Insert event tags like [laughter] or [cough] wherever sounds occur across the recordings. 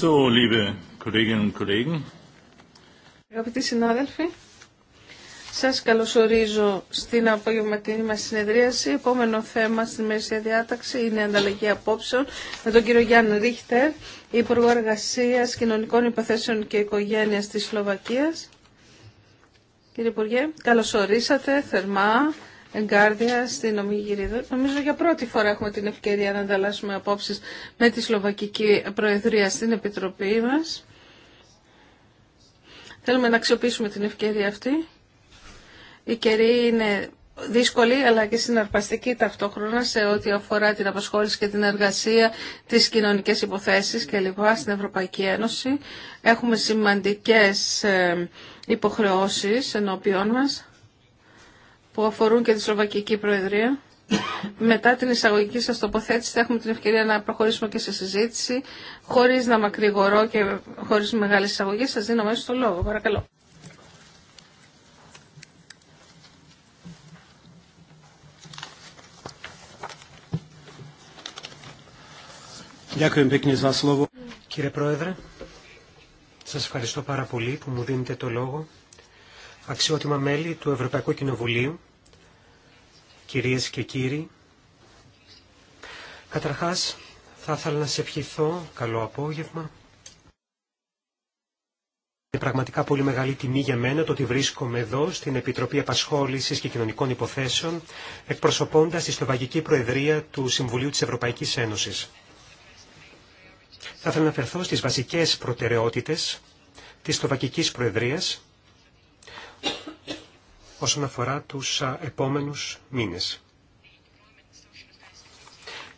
So, liebe Kolleginnen und Kollegen. Αγαπητοί συνάδελφοι, σας καλωσορίζω στην απογευματινή μας συνεδρίαση. Επόμενο θέμα στη μέση διάταξη είναι η ανταλλαγή απόψεων με τον κύριο Γιάννη Ρίχτερ, Υπουργό Εργασία Κοινωνικών Υποθέσεων και οικογένεια της Σλοβακίας. Κύριε Υπουργέ, καλωσορίσατε θερμά Εγκάρδια στην Ομιγυρίδα. Νομίζω για πρώτη φορά έχουμε την ευκαιρία να ανταλλάσσουμε απόψεις με τη Σλοβακική Προεδρία στην Επιτροπή μας. Θέλουμε να αξιοποιήσουμε την ευκαιρία αυτή. Η καιρή είναι δύσκολη αλλά και συναρπαστική ταυτόχρονα σε ό,τι αφορά την απασχόληση και την εργασία, τις κοινωνικές υποθέσεις και λοιπά στην Ευρωπαϊκή Ένωση. Έχουμε σημαντικές ε, υποχρεώσεις ενώπιόν μας που αφορούν και τη Σλοβακική Προεδρία. Μετά την εισαγωγική σας τοποθέτηση θα έχουμε την ευκαιρία να προχωρήσουμε και σε συζήτηση χωρίς να μακρηγορώ και χωρίς μεγάλη εισαγωγή, Σας δίνω μέσα στο λόγο. Παρακαλώ. Κύριε Πρόεδρε, σας ευχαριστώ πάρα πολύ που μου δίνετε το λόγο. Αξιότιμα μέλη του Ευρωπαϊκού Κοινοβουλίου, κυρίες και κύριοι. Καταρχάς, θα ήθελα να σε ευχηθώ καλό απόγευμα. Είναι πραγματικά πολύ μεγάλη τιμή για μένα το ότι βρίσκομαι εδώ στην Επιτροπή Απασχόλησης και Κοινωνικών Υποθέσεων, εκπροσωπώντας τη στοβαγική Προεδρία του Συμβουλίου της Ευρωπαϊκής Ένωσης. Θα ήθελα να αφαιρθώ στις βασικές προτεραιότητες τη Προεδρία όσον αφορά τους επόμενους μήνες.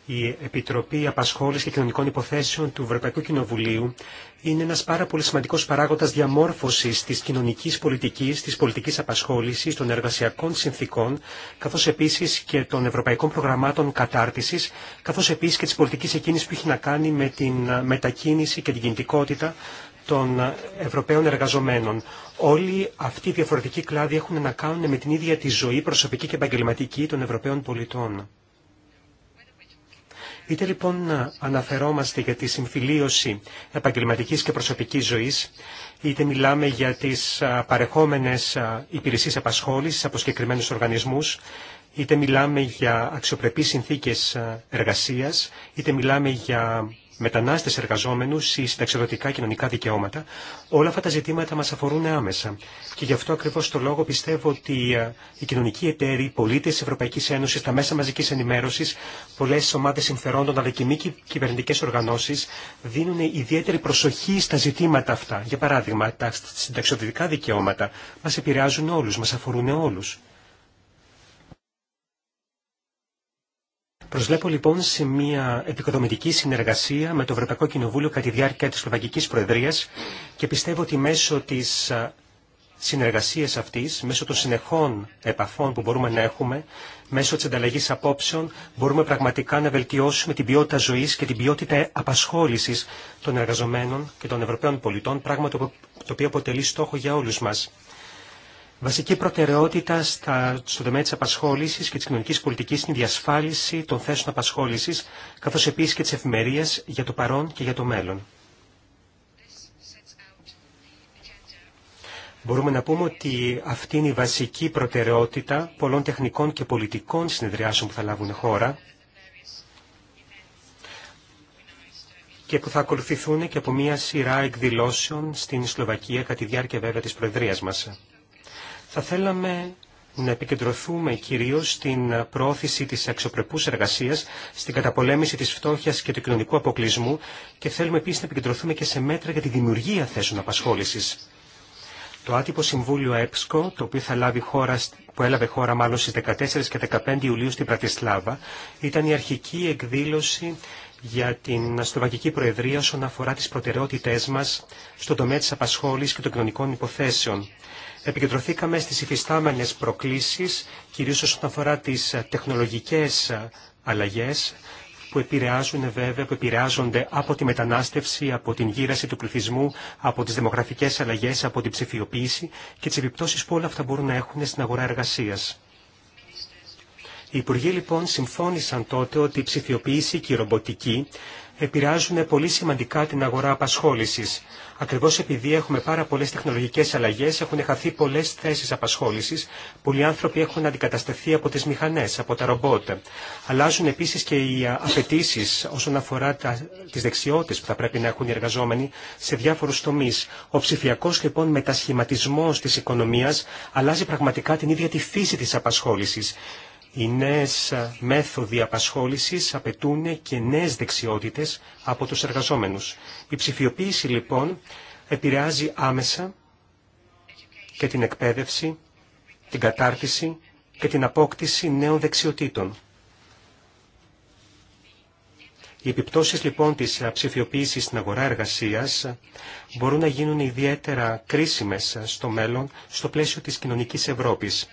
Η Επιτροπή Απασχόληση και Κοινωνικών Υποθέσεων του Ευρωπαϊκού Κοινοβουλίου είναι ένας πάρα πολύ σημαντικός παράγοντας διαμόρφωσης της κοινωνικής πολιτικής, της πολιτικής απασχόλησης, των εργασιακών συνθήκων, καθώς επίσης και των ευρωπαϊκών προγραμμάτων κατάρτισης, καθώς επίσης και της πολιτικής εκείνης που έχει να κάνει με την μετακίνηση και την κινητικότητα, των Ευρωπαίων εργαζομένων. Όλοι αυτοί οι διαφορετικοί κλάδοι έχουν να κάνουν με την ίδια τη ζωή προσωπική και επαγγελματική των Ευρωπαίων πολιτών. Είτε λοιπόν αναφερόμαστε για τη συμφιλίωση επαγγελματικής και προσωπικής ζωής, είτε μιλάμε για τις παρεχόμενες υπηρεσίες απασχόλησης από συγκεκριμένου οργανισμούς, είτε μιλάμε για αξιοπρεπείς συνθήκες εργασίας, είτε μιλάμε για μετανάστες εργαζόμενους ή συνταξιδοτικά κοινωνικά δικαιώματα, όλα αυτά τα ζητήματα μας αφορούν άμεσα. Και γι' αυτό ακριβώς το λόγο πιστεύω ότι ε, οι κοινωνικοί εταίροι, οι πολίτες της Ευρωπαϊκής Ένωσης, τα μέσα μαζικής ενημέρωσης, πολλές ομάδες συμφερόντων, αλλά και μη κυβερνητικές οργανώσεις, δίνουν ιδιαίτερη προσοχή στα ζητήματα αυτά. Για παράδειγμα, τα συνταξιδοτικά δικαιώματα μας επηρεάζουν όλους, μας αφορούν όλους. Προσβλέπω λοιπόν σε μια επικοδομητική συνεργασία με το Ευρωπαϊκό Κοινοβούλιο κατά τη διάρκεια της Σλοβακικής Προεδρίας και πιστεύω ότι μέσω της συνεργασίας αυτής, μέσω των συνεχών επαφών που μπορούμε να έχουμε, μέσω της ανταλλαγής απόψεων, μπορούμε πραγματικά να βελτιώσουμε την ποιότητα ζωής και την ποιότητα απασχόλησης των εργαζομένων και των Ευρωπαίων πολιτών, πράγμα το οποίο αποτελεί στόχο για όλους μας. Βασική προτεραιότητα στα, στον τομέα τη απασχόληση και τη κοινωνική πολιτική είναι η διασφάλιση των θέσεων απασχόληση, καθώ επίση και τη ευημερία για το παρόν και για το μέλλον. Μπορούμε να πούμε ότι αυτή είναι η βασική προτεραιότητα πολλών τεχνικών και πολιτικών συνεδριάσεων που θα λάβουν χώρα και που θα ακολουθηθούν και από μία σειρά εκδηλώσεων στην Σλοβακία κατά τη διάρκεια βέβαια της Προεδρίας μας. Θα θέλαμε να επικεντρωθούμε κυρίως στην πρόθεση της αξιοπρεπούς εργασίας, στην καταπολέμηση της φτώχειας και του κοινωνικού αποκλεισμού και θέλουμε επίσης να επικεντρωθούμε και σε μέτρα για τη δημιουργία θέσεων απασχόλησης. Το άτυπο συμβούλιο ΕΠΣΚΟ, το οποίο θα λάβει χώρα, που έλαβε χώρα μάλλον στις 14 και 15 Ιουλίου στην Πρατισλάβα, ήταν η αρχική εκδήλωση για την Σλοβακική Προεδρία όσον αφορά τις προτεραιότητές μας στον τομέα της απασχόλησης και των κοινωνικών υποθέσεων επικεντρωθήκαμε στις υφιστάμενες προκλήσεις, κυρίως όσον αφορά τις τεχνολογικές αλλαγές που επηρεάζουν βέβαια, που επηρεάζονται από τη μετανάστευση, από την γύραση του πληθυσμού, από τις δημογραφικές αλλαγές, από την ψηφιοποίηση και τις επιπτώσεις που όλα αυτά μπορούν να έχουν στην αγορά εργασίας. Οι Υπουργοί λοιπόν συμφώνησαν τότε ότι η ψηφιοποίηση και η ρομποτική επηρεάζουν πολύ σημαντικά την αγορά απασχόλησης. Ακριβώ επειδή έχουμε πάρα πολλέ τεχνολογικέ αλλαγέ, έχουν χαθεί πολλέ θέσει απασχόληση. Πολλοί άνθρωποι έχουν αντικατασταθεί από τι μηχανέ, από τα ρομπότ. Αλλάζουν επίση και οι απαιτήσει όσον αφορά τι δεξιότητε που θα πρέπει να έχουν οι εργαζόμενοι σε διάφορου τομεί. Ο ψηφιακό λοιπόν μετασχηματισμό τη οικονομία αλλάζει πραγματικά την ίδια τη φύση τη απασχόληση. Οι νέε μέθοδοι απασχόλησης απαιτούν και νέε δεξιότητες από τους εργαζόμενους. Η ψηφιοποίηση λοιπόν επηρεάζει άμεσα και την εκπαίδευση, την κατάρτιση και την απόκτηση νέων δεξιοτήτων. Οι επιπτώσεις λοιπόν της ψηφιοποίησης στην αγορά εργασίας μπορούν να γίνουν ιδιαίτερα κρίσιμες στο μέλλον στο πλαίσιο της κοινωνικής Ευρώπης.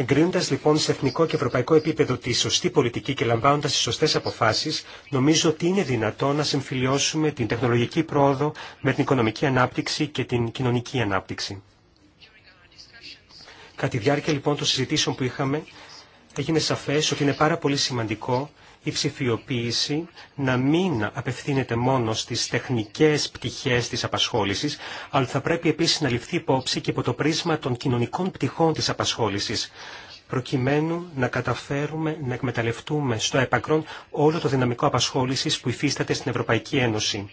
Εγκρίνοντα λοιπόν σε εθνικό και ευρωπαϊκό επίπεδο τη σωστή πολιτική και λαμβάνοντα τις σωστέ αποφάσεις, νομίζω ότι είναι δυνατό να συμφιλιώσουμε την τεχνολογική πρόοδο με την οικονομική ανάπτυξη και την κοινωνική ανάπτυξη. Κατά τη διάρκεια λοιπόν των συζητήσεων που είχαμε, έγινε σαφέ ότι είναι πάρα πολύ σημαντικό η ψηφιοποίηση να μην απευθύνεται μόνο στις τεχνικές πτυχές της απασχόλησης, αλλά θα πρέπει επίσης να ληφθεί υπόψη και από το πρίσμα των κοινωνικών πτυχών της απασχόλησης προκειμένου να καταφέρουμε να εκμεταλλευτούμε στο επακρόν όλο το δυναμικό απασχόλησης που υφίσταται στην Ευρωπαϊκή Ένωση.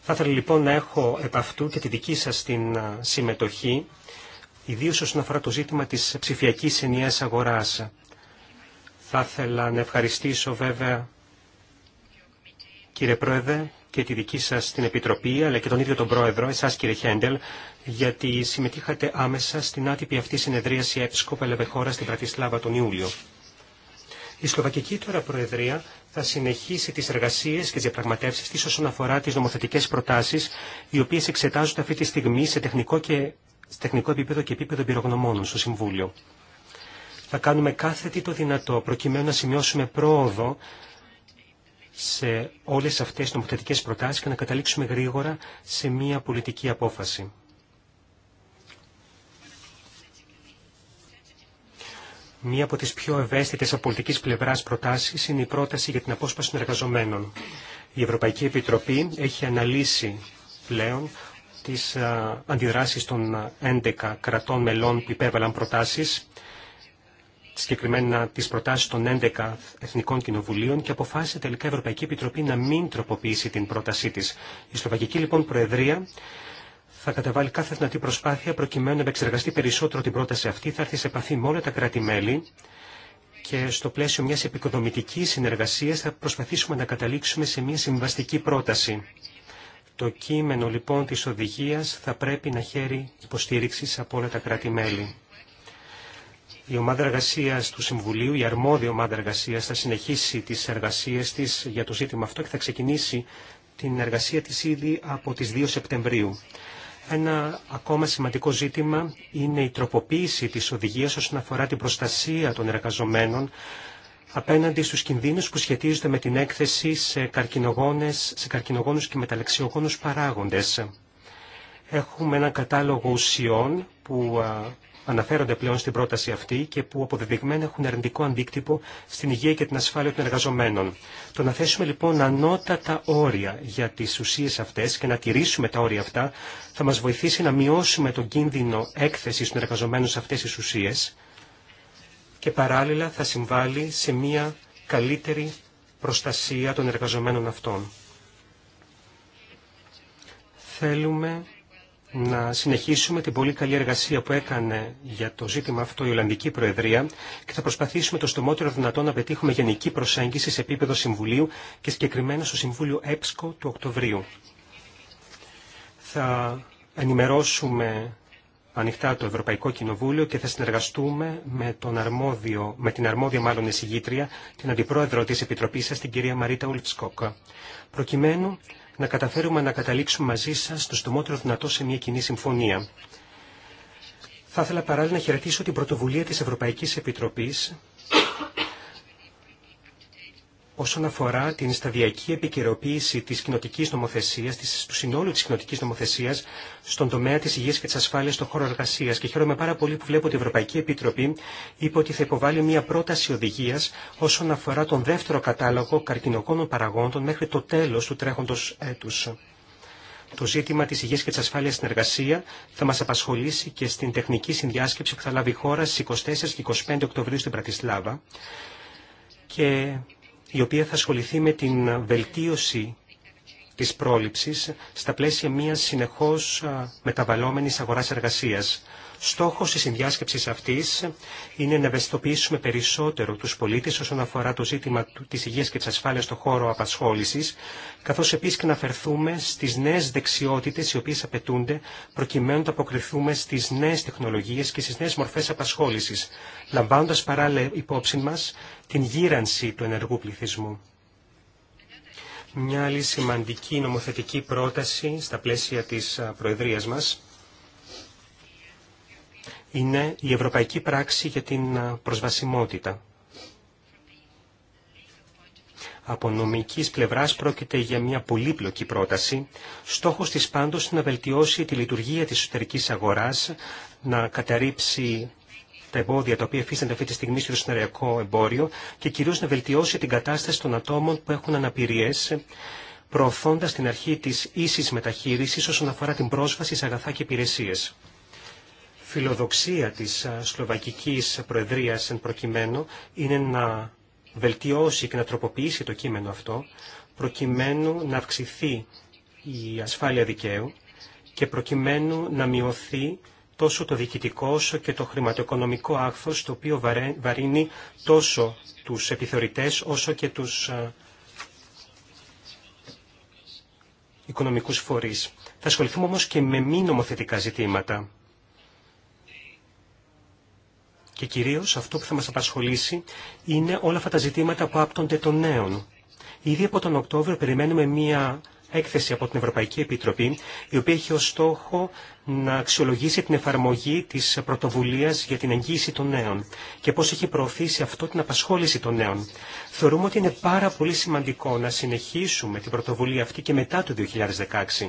Θα ήθελα λοιπόν να έχω επ' αυτού και τη δική σας την συμμετοχή, ιδίως όσον αφορά το ζήτημα της ψηφιακής ενιαίας αγοράς. Θα ήθελα να ευχαριστήσω βέβαια κύριε Πρόεδρε και τη δική σας την Επιτροπή αλλά και τον ίδιο τον Πρόεδρο, εσάς κύριε Χέντελ, γιατί συμμετείχατε άμεσα στην άτυπη αυτή συνεδρίαση ΕΠΣΚΟ Πελεβεχώρα στην Πρατισλάβα τον Ιούλιο. Η Σλοβακική τώρα Προεδρία θα συνεχίσει τις εργασίες και τις διαπραγματεύσεις τη όσον αφορά τις νομοθετικές προτάσεις, οι οποίες εξετάζονται αυτή τη στιγμή σε τεχνικό, και, τεχνικό επίπεδο και επίπεδο εμπειρογνωμόνων στο Συμβούλιο. Θα κάνουμε κάθε τι το δυνατό προκειμένου να σημειώσουμε πρόοδο σε όλες αυτές τις νομοθετικές προτάσεις και να καταλήξουμε γρήγορα σε μία πολιτική απόφαση. Μία από τις πιο ευαίσθητες από πολιτικής πλευράς προτάσεις είναι η πρόταση για την απόσπαση των εργαζομένων. Η Ευρωπαϊκή Επιτροπή έχει αναλύσει πλέον τις αντιδράσεις των 11 κρατών μελών που υπέβαλαν προτάσεις συγκεκριμένα τι προτάσει των 11 Εθνικών Κοινοβουλίων και αποφάσισε τελικά η Ευρωπαϊκή Επιτροπή να μην τροποποιήσει την πρότασή τη. Η Σλοβακική λοιπόν Προεδρία θα καταβάλει κάθε δυνατή προσπάθεια προκειμένου να επεξεργαστεί περισσότερο την πρόταση αυτή, θα έρθει σε επαφή με όλα τα κράτη-μέλη και στο πλαίσιο μια επικοδομητική συνεργασία θα προσπαθήσουμε να καταλήξουμε σε μια συμβαστική πρόταση. Το κείμενο λοιπόν της οδηγίας θα πρέπει να χαίρει υποστήριξης από όλα τα κράτη-μέλη. Η ομάδα εργασία του Συμβουλίου, η αρμόδια ομάδα εργασία, θα συνεχίσει τι εργασίε τη για το ζήτημα αυτό και θα ξεκινήσει την εργασία της ήδη από τις 2 Σεπτεμβρίου. Ένα ακόμα σημαντικό ζήτημα είναι η τροποποίηση της οδηγίας όσον αφορά την προστασία των εργαζομένων απέναντι στους κινδύνους που σχετίζονται με την έκθεση σε, καρκίνογόνου και μεταλλεξιογόνου παράγοντες. Έχουμε έναν κατάλογο ουσιών που αναφέρονται πλέον στην πρόταση αυτή και που αποδεδειγμένα έχουν αρνητικό αντίκτυπο στην υγεία και την ασφάλεια των εργαζομένων. Το να θέσουμε λοιπόν ανώτατα όρια για τις ουσίε αυτές και να τηρήσουμε τα όρια αυτά θα μας βοηθήσει να μειώσουμε τον κίνδυνο έκθεσης των εργαζομένων σε αυτές τις ουσίες και παράλληλα θα συμβάλλει σε μια καλύτερη προστασία των εργαζομένων αυτών. Θέλουμε να συνεχίσουμε την πολύ καλή εργασία που έκανε για το ζήτημα αυτό η Ολλανδική Προεδρία και θα προσπαθήσουμε το στομότερο δυνατό να πετύχουμε γενική προσέγγιση σε επίπεδο Συμβουλίου και συγκεκριμένα στο Συμβούλιο ΕΠΣΚΟ του Οκτωβρίου. Θα ενημερώσουμε ανοιχτά το Ευρωπαϊκό Κοινοβούλιο και θα συνεργαστούμε με, τον αρμόδιο, με την αρμόδια μάλλον εισηγήτρια, την αντιπρόεδρο της Επιτροπής σας, την κυρία Μαρίτα Ουλτσκόκα, να καταφέρουμε να καταλήξουμε μαζί σας το στομότερο δυνατό σε μια κοινή συμφωνία. Θα ήθελα παράλληλα να χαιρετήσω την πρωτοβουλία της Ευρωπαϊκής Επιτροπής όσον αφορά την σταδιακή επικαιροποίηση της κοινοτικής νομοθεσίας, της, του συνόλου της κοινοτικής νομοθεσίας στον τομέα της υγείας και της ασφάλειας στον χώρο εργασίας. Και χαίρομαι πάρα πολύ που βλέπω ότι η Ευρωπαϊκή Επιτροπή είπε ότι θα υποβάλει μια πρόταση οδηγίας όσον αφορά τον δεύτερο κατάλογο καρκινοκόνων παραγόντων μέχρι το τέλος του τρέχοντος έτους. Το ζήτημα της υγείας και της ασφάλειας στην εργασία θα μας απασχολήσει και στην τεχνική συνδιάσκεψη που θα λάβει η χώρα στις 24 και 25 Οκτωβρίου στην Πρατισλάβα. Και η οποία θα ασχοληθεί με την βελτίωση της πρόληψης στα πλαίσια μιας συνεχώς μεταβαλλόμενης αγοράς εργασίας. Στόχος της συνδιάσκεψης αυτής είναι να ευαισθητοποιήσουμε περισσότερο τους πολίτες όσον αφορά το ζήτημα της υγείας και της ασφάλειας στον χώρο απασχόλησης, καθώς επίσης και να αφαιρθούμε στις νέες δεξιότητες οι οποίες απαιτούνται προκειμένου να αποκριθούμε στις νέες τεχνολογίες και στις νέες μορφές απασχόλησης, λαμβάνοντας παράλληλα υπόψη μας την γύρανση του ενεργού πληθυσμού. Μια άλλη σημαντική νομοθετική πρόταση στα πλαίσια της Προεδρίας μας είναι η ευρωπαϊκή πράξη για την προσβασιμότητα. Από νομικής πλευράς πρόκειται για μια πολύπλοκη πρόταση. Στόχος της πάντως να βελτιώσει τη λειτουργία της εσωτερικής αγοράς, να καταρρύψει τα εμπόδια τα οποία εφίστανται αυτή τη στιγμή στο συνεργειακό εμπόριο και κυρίως να βελτιώσει την κατάσταση των ατόμων που έχουν αναπηρίες προωθώντας την αρχή της ίσης μεταχείρισης όσον αφορά την πρόσβαση σε αγαθά και υπηρεσίες φιλοδοξία της Σλοβακικής Προεδρίας εν προκειμένου είναι να βελτιώσει και να τροποποιήσει το κείμενο αυτό προκειμένου να αυξηθεί η ασφάλεια δικαίου και προκειμένου να μειωθεί τόσο το διοικητικό όσο και το χρηματοοικονομικό άκθος το οποίο βαρύνει τόσο τους επιθεωρητές όσο και τους οικονομικούς φορείς. Θα ασχοληθούμε όμως και με μη νομοθετικά ζητήματα. Και κυρίως αυτό που θα μας απασχολήσει είναι όλα αυτά τα ζητήματα που άπτονται των νέων. Ήδη από τον Οκτώβριο περιμένουμε μία έκθεση από την Ευρωπαϊκή Επιτροπή, η οποία έχει ως στόχο να αξιολογήσει την εφαρμογή της πρωτοβουλίας για την εγγύηση των νέων και πώς έχει προωθήσει αυτό την απασχόληση των νέων. Θεωρούμε ότι είναι πάρα πολύ σημαντικό να συνεχίσουμε την πρωτοβουλία αυτή και μετά το 2016.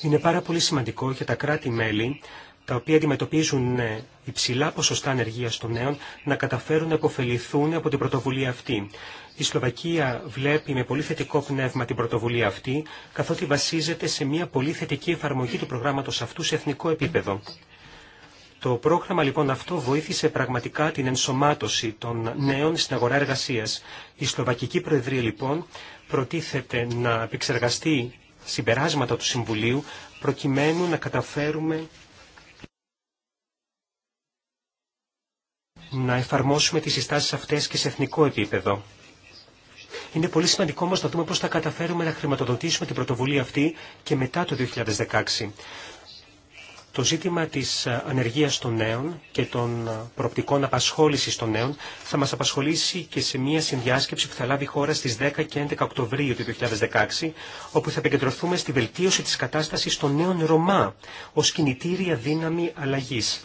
Είναι πάρα πολύ σημαντικό για τα κράτη-μέλη τα οποία αντιμετωπίζουν ε, υψηλά ποσοστά ανεργία των νέων, να καταφέρουν να υποφεληθούν από την πρωτοβουλία αυτή. Η Σλοβακία βλέπει με πολύ θετικό πνεύμα την πρωτοβουλία αυτή, καθότι βασίζεται σε μια πολύ θετική εφαρμογή του προγράμματο αυτού σε εθνικό επίπεδο. Το πρόγραμμα λοιπόν αυτό βοήθησε πραγματικά την ενσωμάτωση των νέων στην αγορά εργασίας. Η Σλοβακική Προεδρία λοιπόν προτίθεται να επεξεργαστεί συμπεράσματα του Συμβουλίου προκειμένου να καταφέρουμε να εφαρμόσουμε τις συστάσεις αυτές και σε εθνικό επίπεδο. Είναι πολύ σημαντικό όμως να δούμε πώς θα καταφέρουμε να χρηματοδοτήσουμε την πρωτοβουλία αυτή και μετά το 2016. Το ζήτημα της ε, ανεργίας των νέων και των ε, προοπτικών απασχόλησης των νέων θα μας απασχολήσει και σε μια συνδιάσκεψη που θα λάβει η χώρα στις 10 και 11 Οκτωβρίου του 2016, όπου θα επικεντρωθούμε στη βελτίωση της κατάστασης των νέων Ρωμά ως κινητήρια δύναμη αλλαγής.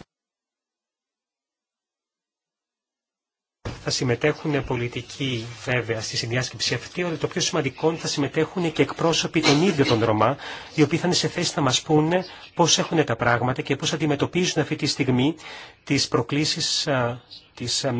θα συμμετέχουν πολιτικοί βέβαια στη συνδιάσκεψη αυτή, αλλά το πιο σημαντικό είναι θα συμμετέχουν και εκπρόσωποι των ίδιων των Ρωμά, οι οποίοι θα είναι σε θέση να μας πούνε πώς έχουν τα πράγματα και πώς αντιμετωπίζουν αυτή τη στιγμή τις προκλήσεις της ε,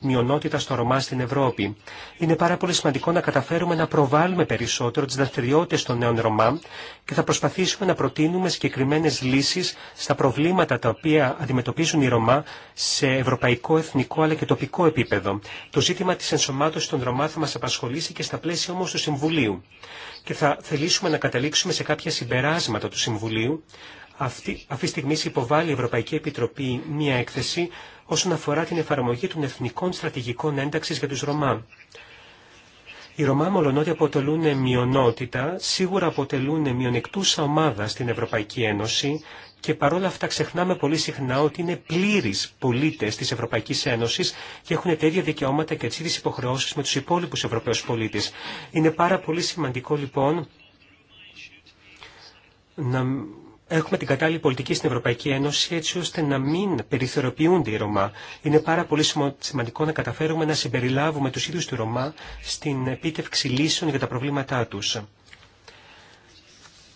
μειονότητας των Ρωμά στην Ευρώπη. Είναι πάρα πολύ σημαντικό να καταφέρουμε να προβάλλουμε περισσότερο τις δραστηριότητες των νέων Ρωμά και θα προσπαθήσουμε να προτείνουμε συγκεκριμένες λύσεις στα προβλήματα τα οποία αντιμετωπίζουν οι Ρωμά σε ευρωπαϊκό, εθνικό αλλά και τοπικό επίπεδο. Το ζήτημα της ενσωμάτωσης των Ρωμά θα μας απασχολήσει και στα πλαίσια όμως του Συμβουλίου και θα θελήσουμε να καταλήξουμε σε κάποια συμπεράσματα του Συμβουλίου αυτή, αυτή τη στιγμή υποβάλλει η Ευρωπαϊκή Επιτροπή μία έκθεση όσον αφορά την εφαρμογή των εθνικών στρατηγικών ένταξη για του Ρωμά. Οι Ρωμά μολονότι αποτελούν μειονότητα, σίγουρα αποτελούν μειονεκτούσα ομάδα στην Ευρωπαϊκή Ένωση και παρόλα αυτά ξεχνάμε πολύ συχνά ότι είναι πλήρει πολίτε τη Ευρωπαϊκή Ένωση και έχουν τέτοια δικαιώματα και τι ίδιε υποχρεώσει με του υπόλοιπου Ευρωπαίου πολίτε. Είναι πάρα πολύ σημαντικό λοιπόν να έχουμε την κατάλληλη πολιτική στην Ευρωπαϊκή Ένωση έτσι ώστε να μην περιθωριοποιούνται οι Ρωμά. Είναι πάρα πολύ σημαντικό να καταφέρουμε να συμπεριλάβουμε τους ίδιους του Ρωμά στην επίτευξη λύσεων για τα προβλήματά τους.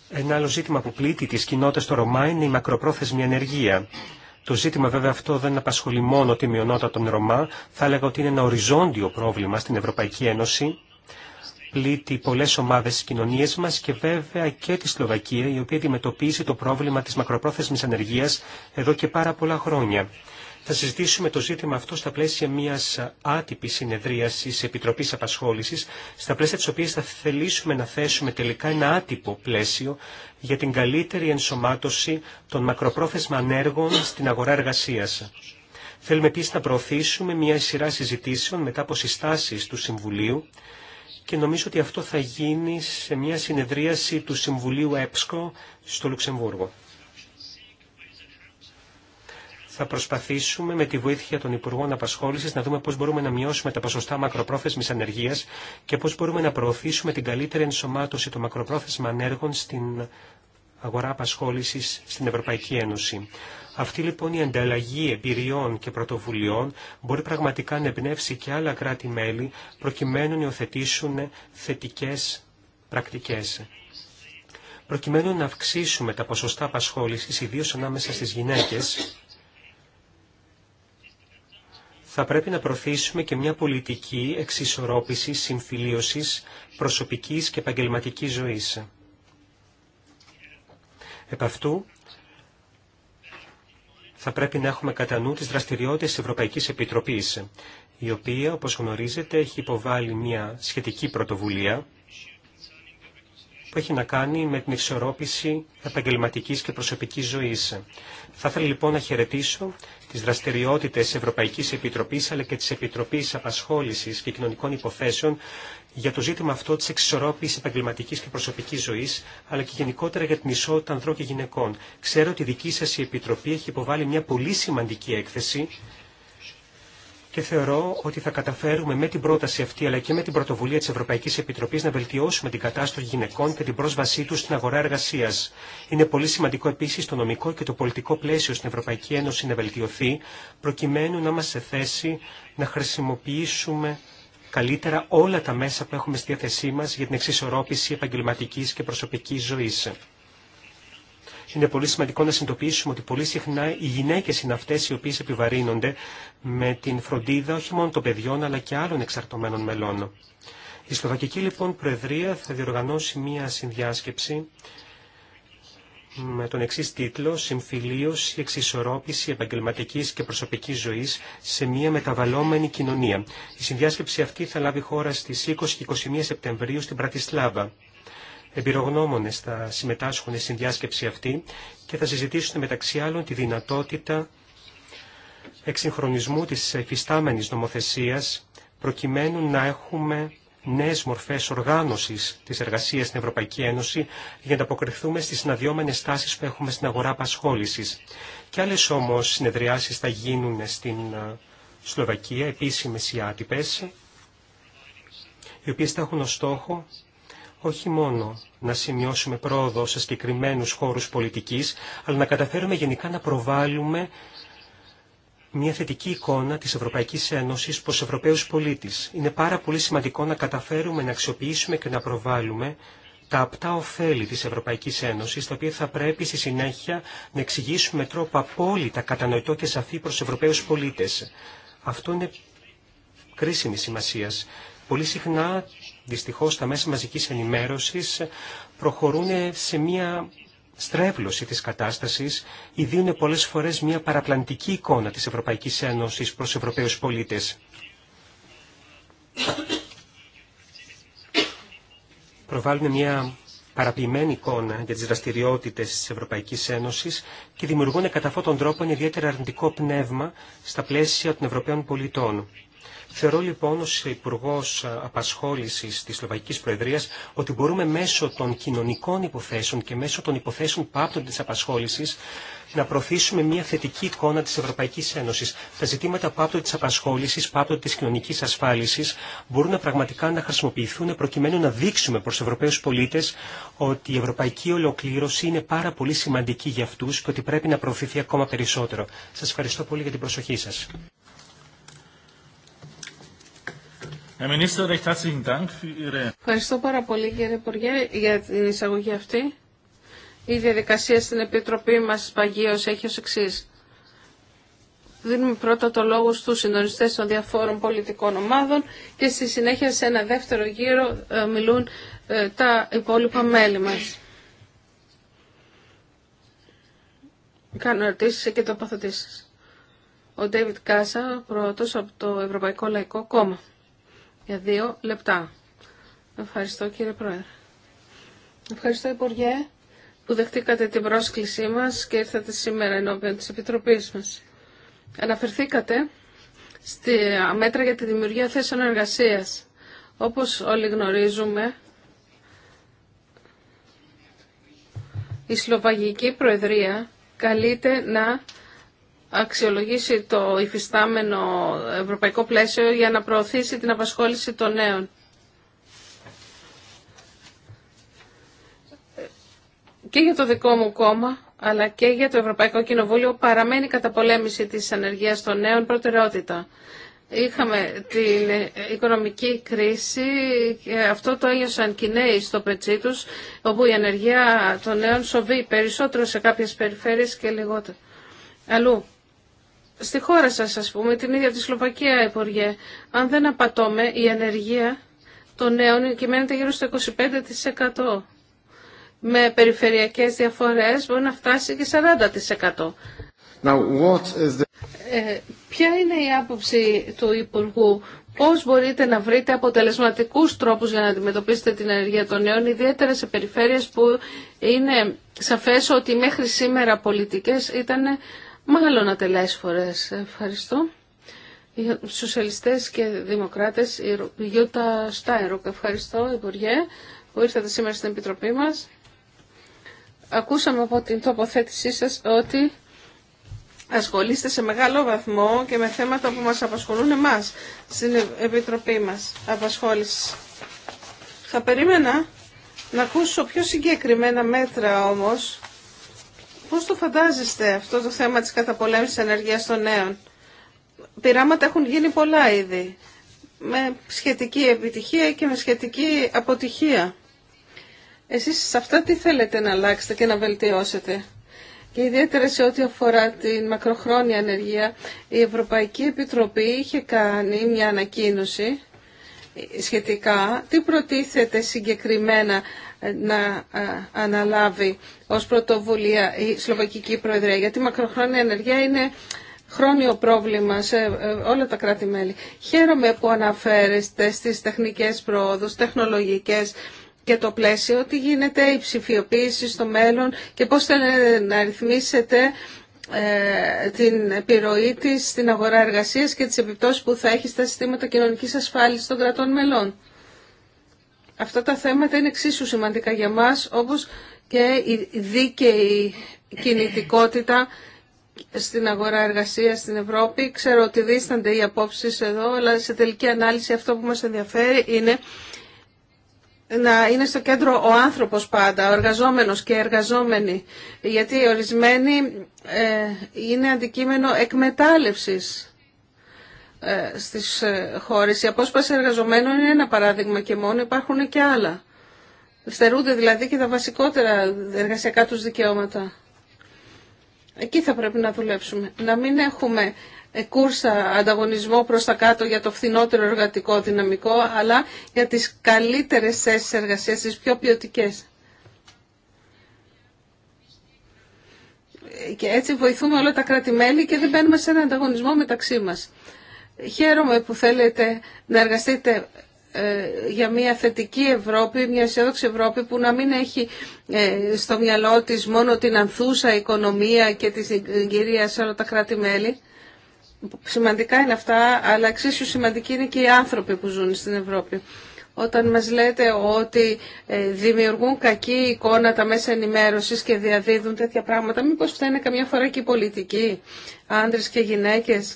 Ένα άλλο ζήτημα που πλήττει τις κοινότητες των Ρωμά είναι η μακροπρόθεσμη ενεργεία. Το ζήτημα βέβαια αυτό δεν απασχολεί μόνο τη μειονότητα των Ρωμά, θα έλεγα ότι είναι ένα οριζόντιο πρόβλημα στην Ευρωπαϊκή Ένωση πλήττει πολλέ ομάδε στι κοινωνίε μα και βέβαια και τη Σλοβακία, η οποία αντιμετωπίζει το πρόβλημα τη μακροπρόθεσμη ανεργία εδώ και πάρα πολλά χρόνια. Θα συζητήσουμε το ζήτημα αυτό στα πλαίσια μια άτυπη συνεδρίαση Επιτροπή Απασχόληση, στα πλαίσια τη οποία θα θελήσουμε να θέσουμε τελικά ένα άτυπο πλαίσιο για την καλύτερη ενσωμάτωση των μακροπρόθεσμα ανέργων στην αγορά εργασία. Θέλουμε επίση να προωθήσουμε μια σειρά συζητήσεων μετά από συστάσει του Συμβουλίου και νομίζω ότι αυτό θα γίνει σε μια συνεδρίαση του Συμβουλίου ΕΠΣΚΟ στο Λουξεμβούργο. Θα προσπαθήσουμε με τη βοήθεια των Υπουργών Απασχόληση να δούμε πώ μπορούμε να μειώσουμε τα ποσοστά μακροπρόθεσμη ανεργία και πώ μπορούμε να προωθήσουμε την καλύτερη ενσωμάτωση των μακροπρόθεσμων ανέργων στην αγορά απασχόληση στην Ευρωπαϊκή Ένωση. Αυτή λοιπόν η ανταλλαγή εμπειριών και πρωτοβουλειών μπορεί πραγματικά να εμπνεύσει και άλλα κράτη-μέλη προκειμένου να υιοθετήσουν θετικές πρακτικές. Προκειμένου να αυξήσουμε τα ποσοστά απασχόλησης, ιδίως ανάμεσα στις γυναίκες, θα πρέπει να προωθήσουμε και μια πολιτική εξισορρόπησης, συμφιλίωσης προσωπικής και επαγγελματικής ζωής. Επ' αυτού θα πρέπει να έχουμε κατά νου τις δραστηριότητες της Ευρωπαϊκής Επιτροπής, η οποία, όπως γνωρίζετε, έχει υποβάλει μια σχετική πρωτοβουλία που έχει να κάνει με την εξορρόπηση επαγγελματικής και προσωπικής ζωής. Θα ήθελα λοιπόν να χαιρετήσω τις δραστηριότητες Ευρωπαϊκής Επιτροπής αλλά και της Επιτροπής Απασχόλησης και Κοινωνικών Υποθέσεων για το ζήτημα αυτό της εξισορρόπησης επαγγελματικής και προσωπικής ζωής, αλλά και γενικότερα για την ισότητα ανδρών και γυναικών. Ξέρω ότι η δική σας η Επιτροπή έχει υποβάλει μια πολύ σημαντική έκθεση και θεωρώ ότι θα καταφέρουμε με την πρόταση αυτή αλλά και με την πρωτοβουλία της Ευρωπαϊκής Επιτροπής να βελτιώσουμε την κατάσταση των γυναικών και την πρόσβασή τους στην αγορά εργασίας. Είναι πολύ σημαντικό επίση το νομικό και το πολιτικό πλαίσιο στην Ευρωπαϊκή Ένωση να βελτιωθεί προκειμένου να είμαστε σε θέση να χρησιμοποιήσουμε καλύτερα όλα τα μέσα που έχουμε στη διάθεσή μας για την εξισορρόπηση επαγγελματικής και προσωπικής ζωής. Είναι πολύ σημαντικό να συνειδητοποιήσουμε ότι πολύ συχνά οι γυναίκες είναι αυτές οι οποίες επιβαρύνονται με την φροντίδα όχι μόνο των παιδιών αλλά και άλλων εξαρτωμένων μελών. Η Σλοβακική λοιπόν Προεδρία θα διοργανώσει μία συνδιάσκεψη με τον εξή τίτλο «Συμφιλίωση, εξισορρόπηση επαγγελματικής και προσωπικής ζωής σε μια μεταβαλλόμενη κοινωνία». Η συνδιάσκεψη αυτή θα λάβει χώρα στις 20 και 21 Σεπτεμβρίου στην Πρατισλάβα. Εμπειρογνώμονες θα συμμετάσχουν στη συνδιάσκεψη αυτή και θα συζητήσουν μεταξύ άλλων τη δυνατότητα εξυγχρονισμού της εφιστάμενης νομοθεσίας προκειμένου να έχουμε νέες μορφές οργάνωσης της εργασίας στην Ευρωπαϊκή Ένωση για να αποκριθούμε στις συναδειόμενες τάσεις που έχουμε στην αγορά απασχόλησης. Και άλλες όμως συνεδριάσεις θα γίνουν στην ε, Σλοβακία, επίσημες ή άτυπες, οι οποίες θα έχουν ως στόχο όχι μόνο να σημειώσουμε πρόοδο σε συγκεκριμένους χώρους πολιτικής, αλλά να καταφέρουμε γενικά να προβάλλουμε μια θετική εικόνα της Ευρωπαϊκής Ένωσης προς Ευρωπαίους πολίτες. Είναι πάρα πολύ σημαντικό να καταφέρουμε να αξιοποιήσουμε και να προβάλλουμε τα απτά ωφέλη της Ευρωπαϊκής Ένωσης, τα οποία θα πρέπει στη συνέχεια να εξηγήσουμε με τρόπο απόλυτα κατανοητό και σαφή προς Ευρωπαίους πολίτες. Αυτό είναι κρίσιμη σημασία. Πολύ συχνά, δυστυχώς, τα μέσα μαζικής ενημέρωσης προχωρούν σε μια στρέβλωση της κατάστασης ή δίνουν πολλές φορές μια παραπλανητική εικόνα της Ευρωπαϊκής Ένωσης προς Ευρωπαίους πολίτες. Προβάλλουν μια παραποιημένη εικόνα για τις δραστηριότητες της Ευρωπαϊκής Ένωσης και δημιουργούν κατά αυτόν τον τρόπο ένα ιδιαίτερα αρνητικό πνεύμα στα πλαίσια των Ευρωπαίων πολιτών. Θεωρώ λοιπόν ως Υπουργό Απασχόλησης της Σλοβακικής Προεδρίας ότι μπορούμε μέσω των κοινωνικών υποθέσεων και μέσω των υποθέσεων που της απασχόλησης να προωθήσουμε μια θετική εικόνα της Ευρωπαϊκής Ένωσης. Τα ζητήματα που της απασχόλησης, που της κοινωνικής ασφάλισης μπορούν να πραγματικά να χρησιμοποιηθούν προκειμένου να δείξουμε προς Ευρωπαίους πολίτες ότι η ευρωπαϊκή ολοκλήρωση είναι πάρα πολύ σημαντική για αυτούς και ότι πρέπει να προωθηθεί ακόμα περισσότερο. Σα ευχαριστώ πολύ για την προσοχή σας. Ευχαριστώ πάρα πολύ κύριε Υπουργέ για την εισαγωγή αυτή. Η διαδικασία στην Επιτροπή μας παγίως έχει ως εξή. Δίνουμε πρώτα το λόγο στους συντονιστές των διαφόρων πολιτικών ομάδων και στη συνέχεια σε ένα δεύτερο γύρο ε, μιλούν ε, τα υπόλοιπα μέλη μας. Κάνω ερωτήσεις και τοποθετήσει. Ο Ντέιβιτ Κάσα, πρώτος από το Ευρωπαϊκό Λαϊκό Κόμμα για δύο λεπτά. Ευχαριστώ κύριε Πρόεδρε. Ευχαριστώ Υπουργέ που δεχτήκατε την πρόσκλησή μας και ήρθατε σήμερα ενώπιον της Επιτροπής μας. Αναφερθήκατε στη μέτρα για τη δημιουργία θέσεων εργασίας. Όπως όλοι γνωρίζουμε, η Σλοβαγική Προεδρία καλείται να αξιολογήσει το υφιστάμενο ευρωπαϊκό πλαίσιο για να προωθήσει την απασχόληση των νέων. Και για το δικό μου κόμμα, αλλά και για το Ευρωπαϊκό Κοινοβούλιο παραμένει η καταπολέμηση της ανεργίας των νέων προτεραιότητα. Είχαμε την οικονομική κρίση και αυτό το ένιωσαν και στο πετσί τους, όπου η ανεργία των νέων σοβεί περισσότερο σε κάποιες περιφέρειες και λιγότερο. Αλλού στη χώρα σας, ας πούμε, την ίδια τη Σλοβακία, Υπουργέ, αν δεν απατώμε, η ανεργία των νέων κυμαίνεται γύρω στο 25%. Με περιφερειακές διαφορές μπορεί να φτάσει και 40%. the... ε, ποια είναι η άποψη του Υπουργού, πώς μπορείτε να βρείτε αποτελεσματικούς τρόπους για να αντιμετωπίσετε την ανεργία των νέων, ιδιαίτερα σε περιφέρειες που είναι σαφές ότι μέχρι σήμερα πολιτικές ήταν Μάλλον ατελές φορές. Ευχαριστώ. Οι σοσιαλιστές και δημοκράτες, η Γιώτα Στάιρουκ. Ευχαριστώ, Υπουργέ, που ήρθατε σήμερα στην Επιτροπή μας. Ακούσαμε από την τοποθέτησή σας ότι ασχολείστε σε μεγάλο βαθμό και με θέματα που μας απασχολούν μας στην Επιτροπή μας απασχόληση. Θα περίμενα να ακούσω πιο συγκεκριμένα μέτρα όμως Πώς το φαντάζεστε αυτό το θέμα της καταπολέμησης ενεργείας των νέων. Πειράματα έχουν γίνει πολλά ήδη. Με σχετική επιτυχία και με σχετική αποτυχία. Εσείς σε αυτά τι θέλετε να αλλάξετε και να βελτιώσετε. Και ιδιαίτερα σε ό,τι αφορά την μακροχρόνια ενέργεια η Ευρωπαϊκή Επιτροπή είχε κάνει μια ανακοίνωση σχετικά, τι προτίθεται συγκεκριμένα να ε, αναλάβει ως πρωτοβουλία η Σλοβακική Προεδρία, γιατί η μακροχρόνια ενεργεία είναι χρόνιο πρόβλημα σε ε, όλα τα κράτη-μέλη. Χαίρομαι που αναφέρεστε στις τεχνικές προόδους, τεχνολογικές και το πλαίσιο, τι γίνεται η ψηφιοποίηση στο μέλλον και πώς θα να ρυθμίσετε ε, την επιρροή τη στην αγορά εργασίας και τις επιπτώσεις που θα έχει στα συστήματα κοινωνικής ασφάλισης των κρατών μελών. Αυτά τα θέματα είναι εξίσου σημαντικά για μας, όπως και η δίκαιη κινητικότητα στην αγορά εργασίας στην Ευρώπη. Ξέρω ότι δίστανται οι απόψει εδώ, αλλά σε τελική ανάλυση αυτό που μα ενδιαφέρει είναι να είναι στο κέντρο ο άνθρωπος πάντα, ο εργαζόμενος και εργαζόμενοι, γιατί ορισμένοι ε, είναι αντικείμενο εκμετάλλευσης ε, στις ε, χώρες. Η απόσπαση εργαζομένων είναι ένα παράδειγμα και μόνο, υπάρχουν και άλλα. Στερούνται δηλαδή και τα βασικότερα εργασιακά τους δικαιώματα. Εκεί θα πρέπει να δουλέψουμε. Να μην έχουμε κούρσα ανταγωνισμό προς τα κάτω για το φθηνότερο εργατικό δυναμικό, αλλά για τις καλύτερες θέσεις εργασίας, τις πιο ποιοτικέ. Και έτσι βοηθούμε όλα τα κράτη-μέλη και δεν μπαίνουμε σε έναν ανταγωνισμό μεταξύ μας. Χαίρομαι που θέλετε να εργαστείτε ε, για μια θετική Ευρώπη, μια αισιόδοξη Ευρώπη που να μην έχει ε, στο μυαλό της μόνο την ανθούσα οικονομία και τη συγκυρία σε όλα τα κράτη-μέλη Σημαντικά είναι αυτά, αλλά εξίσου σημαντικοί είναι και οι άνθρωποι που ζουν στην Ευρώπη. Όταν μας λέτε ότι ε, δημιουργούν κακή εικόνα τα μέσα ενημέρωσης και διαδίδουν τέτοια πράγματα, μήπως φταίνε καμιά φορά και οι πολιτικοί, άντρες και γυναίκες,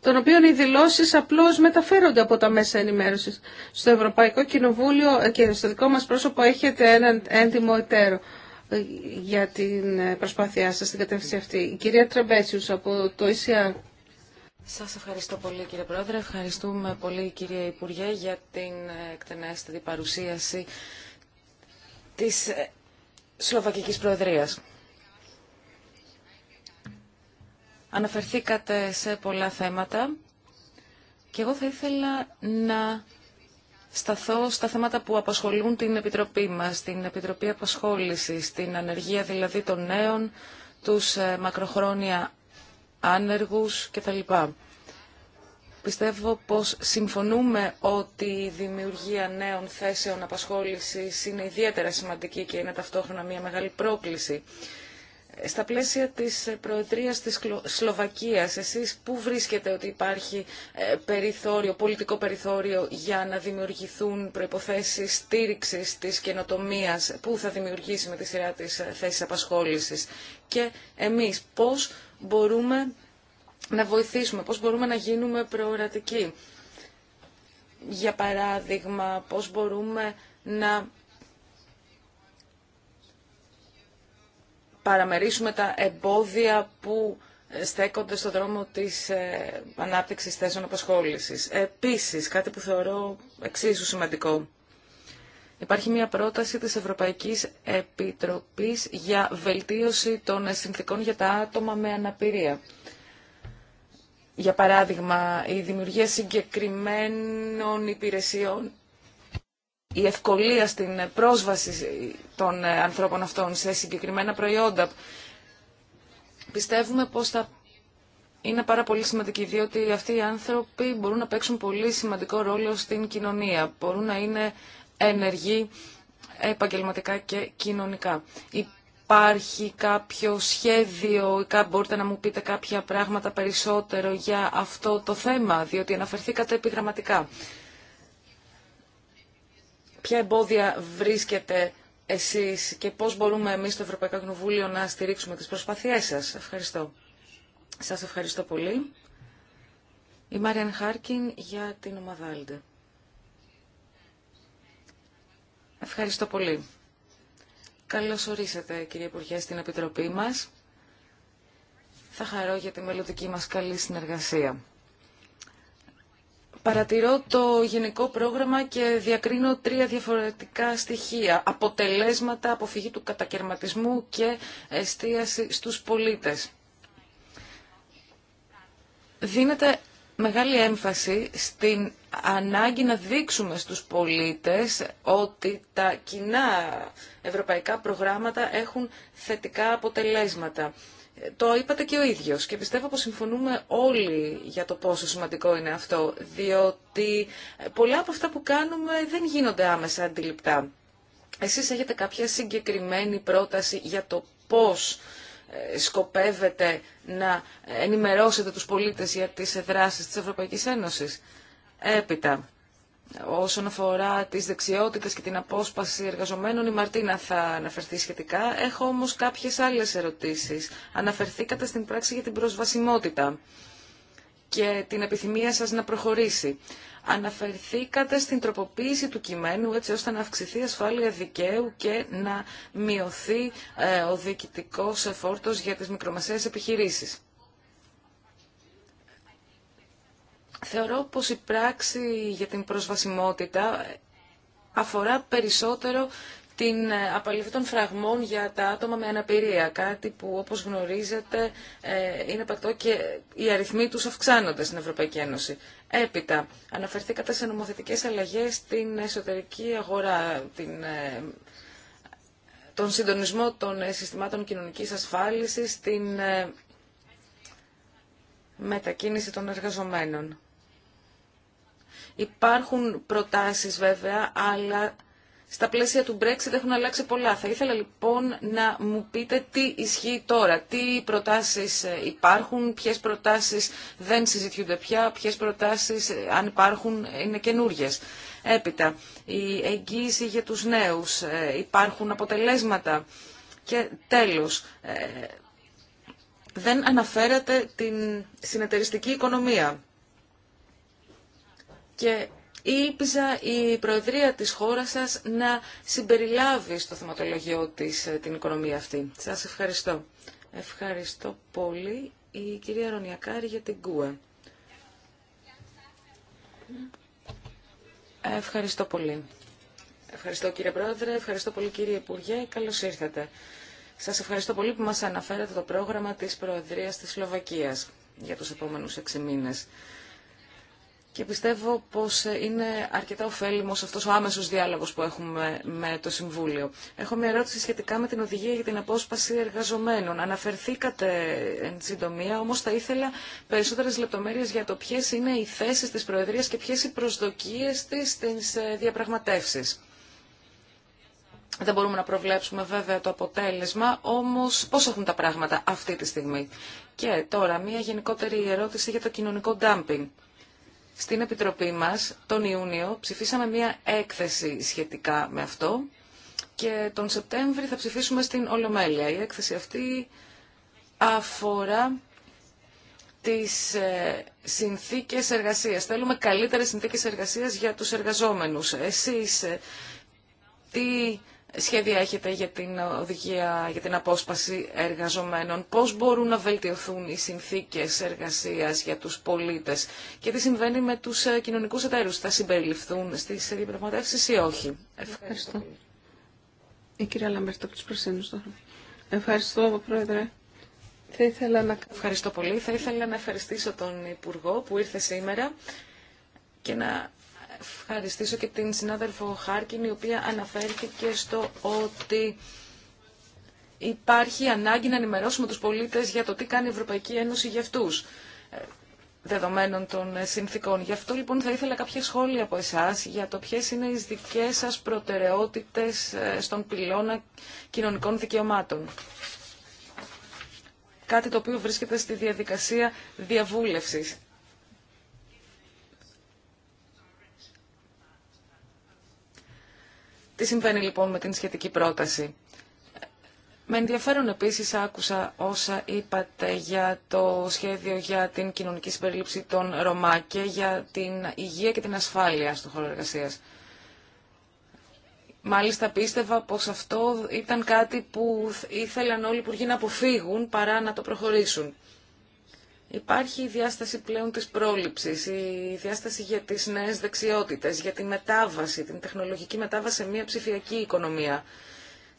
των οποίων οι δηλώσεις απλώς μεταφέρονται από τα μέσα ενημέρωσης. Στο Ευρωπαϊκό Κοινοβούλιο ε, και στο δικό μας πρόσωπο έχετε έναν έντιμο εταίρο για την ε, προσπάθειά σας στην κατεύθυνση αυτή. Η κυρία Τρεμπέσιους από το ΙΣΙΑ. Σας ευχαριστώ πολύ κύριε Πρόεδρε, ευχαριστούμε πολύ κύριε Υπουργέ για την ε, εκτενέστερη παρουσίαση της ε, Σλοβακικής Προεδρίας. Αναφερθήκατε σε πολλά θέματα και εγώ θα ήθελα να σταθώ στα θέματα που απασχολούν την Επιτροπή μας, την Επιτροπή Απασχόλησης, την ανεργία δηλαδή των νέων, τους ε, μακροχρόνια άνεργους κτλ. Πιστεύω πως συμφωνούμε ότι η δημιουργία νέων θέσεων απασχόλησης είναι ιδιαίτερα σημαντική και είναι ταυτόχρονα μια μεγάλη πρόκληση στα πλαίσια της Προεδρίας της Σλοβακίας, εσείς πού βρίσκετε ότι υπάρχει ε, περιθώριο, πολιτικό περιθώριο για να δημιουργηθούν προϋποθέσεις στήριξης της καινοτομίας που θα δημιουργήσει με τη σειρά της ε, θέσης απασχόλησης και εμείς πώς μπορούμε να βοηθήσουμε, πώς μπορούμε να γίνουμε προορατικοί. Για παράδειγμα, πώς μπορούμε να παραμερίσουμε τα εμπόδια που ε, στέκονται στον δρόμο της ε, ανάπτυξης θέσεων απασχόλησης. Επίσης, κάτι που θεωρώ εξίσου σημαντικό, υπάρχει μια πρόταση της Ευρωπαϊκής Επιτροπής για βελτίωση των συνθήκων για τα άτομα με αναπηρία. Για παράδειγμα, η δημιουργία συγκεκριμένων υπηρεσιών η ευκολία στην πρόσβαση των ε, ανθρώπων αυτών σε συγκεκριμένα προϊόντα. Πιστεύουμε πως θα είναι πάρα πολύ σημαντική, διότι αυτοί οι άνθρωποι μπορούν να παίξουν πολύ σημαντικό ρόλο στην κοινωνία. Μπορούν να είναι ενεργοί επαγγελματικά και κοινωνικά. Υπάρχει κάποιο σχέδιο, μπορείτε να μου πείτε κάποια πράγματα περισσότερο για αυτό το θέμα, διότι αναφερθήκατε επιγραμματικά ποια εμπόδια βρίσκετε εσείς και πώς μπορούμε εμείς στο Ευρωπαϊκό Κοινοβούλιο να στηρίξουμε τις προσπάθειές σας. Ευχαριστώ. Σας ευχαριστώ πολύ. Η Μάριαν Χάρκιν για την ομάδα Άλντε. Ευχαριστώ πολύ. Καλώς ορίσατε κύριε Υπουργέ στην Επιτροπή μας. Θα χαρώ για τη μελλοντική μας καλή συνεργασία. Παρατηρώ το γενικό πρόγραμμα και διακρίνω τρία διαφορετικά στοιχεία. Αποτελέσματα, αποφυγή του κατακαιρματισμού και εστίαση στους πολίτες. Δίνεται μεγάλη έμφαση στην ανάγκη να δείξουμε στους πολίτες ότι τα κοινά ευρωπαϊκά προγράμματα έχουν θετικά αποτελέσματα. Το είπατε και ο ίδιος και πιστεύω πως συμφωνούμε όλοι για το πόσο σημαντικό είναι αυτό, διότι πολλά από αυτά που κάνουμε δεν γίνονται άμεσα αντιληπτά. Εσείς έχετε κάποια συγκεκριμένη πρόταση για το πώς ε, σκοπεύετε να ενημερώσετε τους πολίτες για τις δράσεις της Ευρωπαϊκής Ένωσης. Έπειτα, Όσον αφορά τις δεξιότητες και την απόσπαση εργαζομένων, η Μαρτίνα θα αναφερθεί σχετικά. Έχω όμως κάποιες άλλες ερωτήσεις. Αναφερθήκατε στην πράξη για την προσβασιμότητα και την επιθυμία σας να προχωρήσει. Αναφερθήκατε στην τροποποίηση του κειμένου έτσι ώστε να αυξηθεί η ασφάλεια δικαίου και να μειωθεί ε, ο διοικητικός εφόρτος για τις μικρομεσαίες επιχειρήσεις. Θεωρώ πως η πράξη για την προσβασιμότητα αφορά περισσότερο την απαλληφή των φραγμών για τα άτομα με αναπηρία, κάτι που όπως γνωρίζετε ε, είναι πακτό και οι αριθμοί τους αυξάνονται στην Ευρωπαϊκή Ένωση. Έπειτα, αναφερθήκατε σε νομοθετικές αλλαγές στην εσωτερική αγορά, την, ε, τον συντονισμό των ε, συστημάτων κοινωνικής ασφάλισης, την μετακίνηση των εργαζομένων. Υπάρχουν προτάσεις βέβαια, αλλά στα πλαίσια του Brexit έχουν αλλάξει πολλά. Θα ήθελα λοιπόν να μου πείτε τι ισχύει τώρα, τι προτάσεις ε, υπάρχουν, ποιες προτάσεις δεν συζητιούνται πια, ποιες προτάσεις ε, αν υπάρχουν είναι καινούριε. Έπειτα, η εγγύηση για τους νέους, ε, υπάρχουν αποτελέσματα και τέλος, δεν αναφέρατε την συνεταιριστική οικονομία και ήλπιζα η Προεδρία της χώρας σας να συμπεριλάβει στο θεματολογιό της ε, την οικονομία αυτή. Σας ευχαριστώ. Ευχαριστώ πολύ η κυρία Ρωνιακάρη για την ΚΟΕ. Ευχαριστώ πολύ. Ευχαριστώ κύριε Πρόεδρε, ευχαριστώ πολύ κύριε Υπουργέ, καλώς ήρθατε. Σας ευχαριστώ πολύ που μας αναφέρατε το πρόγραμμα της Προεδρίας της Σλοβακίας για τους επόμενους έξι μήνες. Και πιστεύω πως είναι αρκετά ωφέλιμος αυτός ο άμεσος διάλογος που έχουμε με το Συμβούλιο. Έχω μια ερώτηση σχετικά με την οδηγία για την απόσπαση εργαζομένων. Αναφερθήκατε εν συντομία, όμως θα ήθελα περισσότερες λεπτομέρειες για το ποιες είναι οι θέσεις της Προεδρίας και ποιες οι προσδοκίες της στις ε, διαπραγματεύσεις. Δεν μπορούμε να προβλέψουμε βέβαια το αποτέλεσμα, όμως πώς έχουν τα πράγματα αυτή τη στιγμή. Και τώρα μια γενικότερη ερώτηση για το κοινωνικό ντάμπινγκ στην Επιτροπή μας τον Ιούνιο ψηφίσαμε μία έκθεση σχετικά με αυτό και τον Σεπτέμβρη θα ψηφίσουμε στην Ολομέλεια. Η έκθεση αυτή αφορά τις ε, συνθήκες εργασίας. Θέλουμε καλύτερες συνθήκες εργασίας για τους εργαζόμενους. Εσείς ε, τι σχέδια έχετε για την οδηγία, για την απόσπαση εργαζομένων, πώς μπορούν να βελτιωθούν οι συνθήκες εργασίας για τους πολίτες και τι συμβαίνει με τους ε, κοινωνικούς εταίρους, θα συμπεριληφθούν στις διαπραγματεύσεις ή όχι. Ευχαριστώ. Ευχαριστώ. Η οχι ευχαριστω Λαμπερτό από τους Ευχαριστώ, Πρόεδρε. Θα ήθελα να... Ευχαριστώ πολύ. Θα ήθελα να ευχαριστήσω τον Υπουργό που ήρθε σήμερα και να ευχαριστήσω και την συνάδελφο Χάρκιν, η οποία αναφέρθηκε στο ότι υπάρχει ανάγκη να ενημερώσουμε τους πολίτες για το τι κάνει η Ευρωπαϊκή Ένωση για αυτούς ε, δεδομένων των ε, συνθήκων. Γι' αυτό λοιπόν θα ήθελα κάποια σχόλια από εσάς για το ποιες είναι οι δικές σας προτεραιότητες ε, στον πυλώνα κοινωνικών δικαιωμάτων. Κάτι το οποίο βρίσκεται στη διαδικασία διαβούλευσης. Τι συμβαίνει λοιπόν με την σχετική πρόταση. Με ενδιαφέρον επίσης άκουσα όσα είπατε για το σχέδιο για την κοινωνική συμπερίληψη των Ρωμά και για την υγεία και την ασφάλεια στον χώρο εργασίας. Μάλιστα πίστευα πως αυτό ήταν κάτι που ήθελαν όλοι οι υπουργοί να αποφύγουν παρά να το προχωρήσουν. Υπάρχει η διάσταση πλέον της πρόληψης, η διάσταση για τις νέες δεξιότητες, για τη μετάβαση, την τεχνολογική μετάβαση σε μια ψηφιακή οικονομία.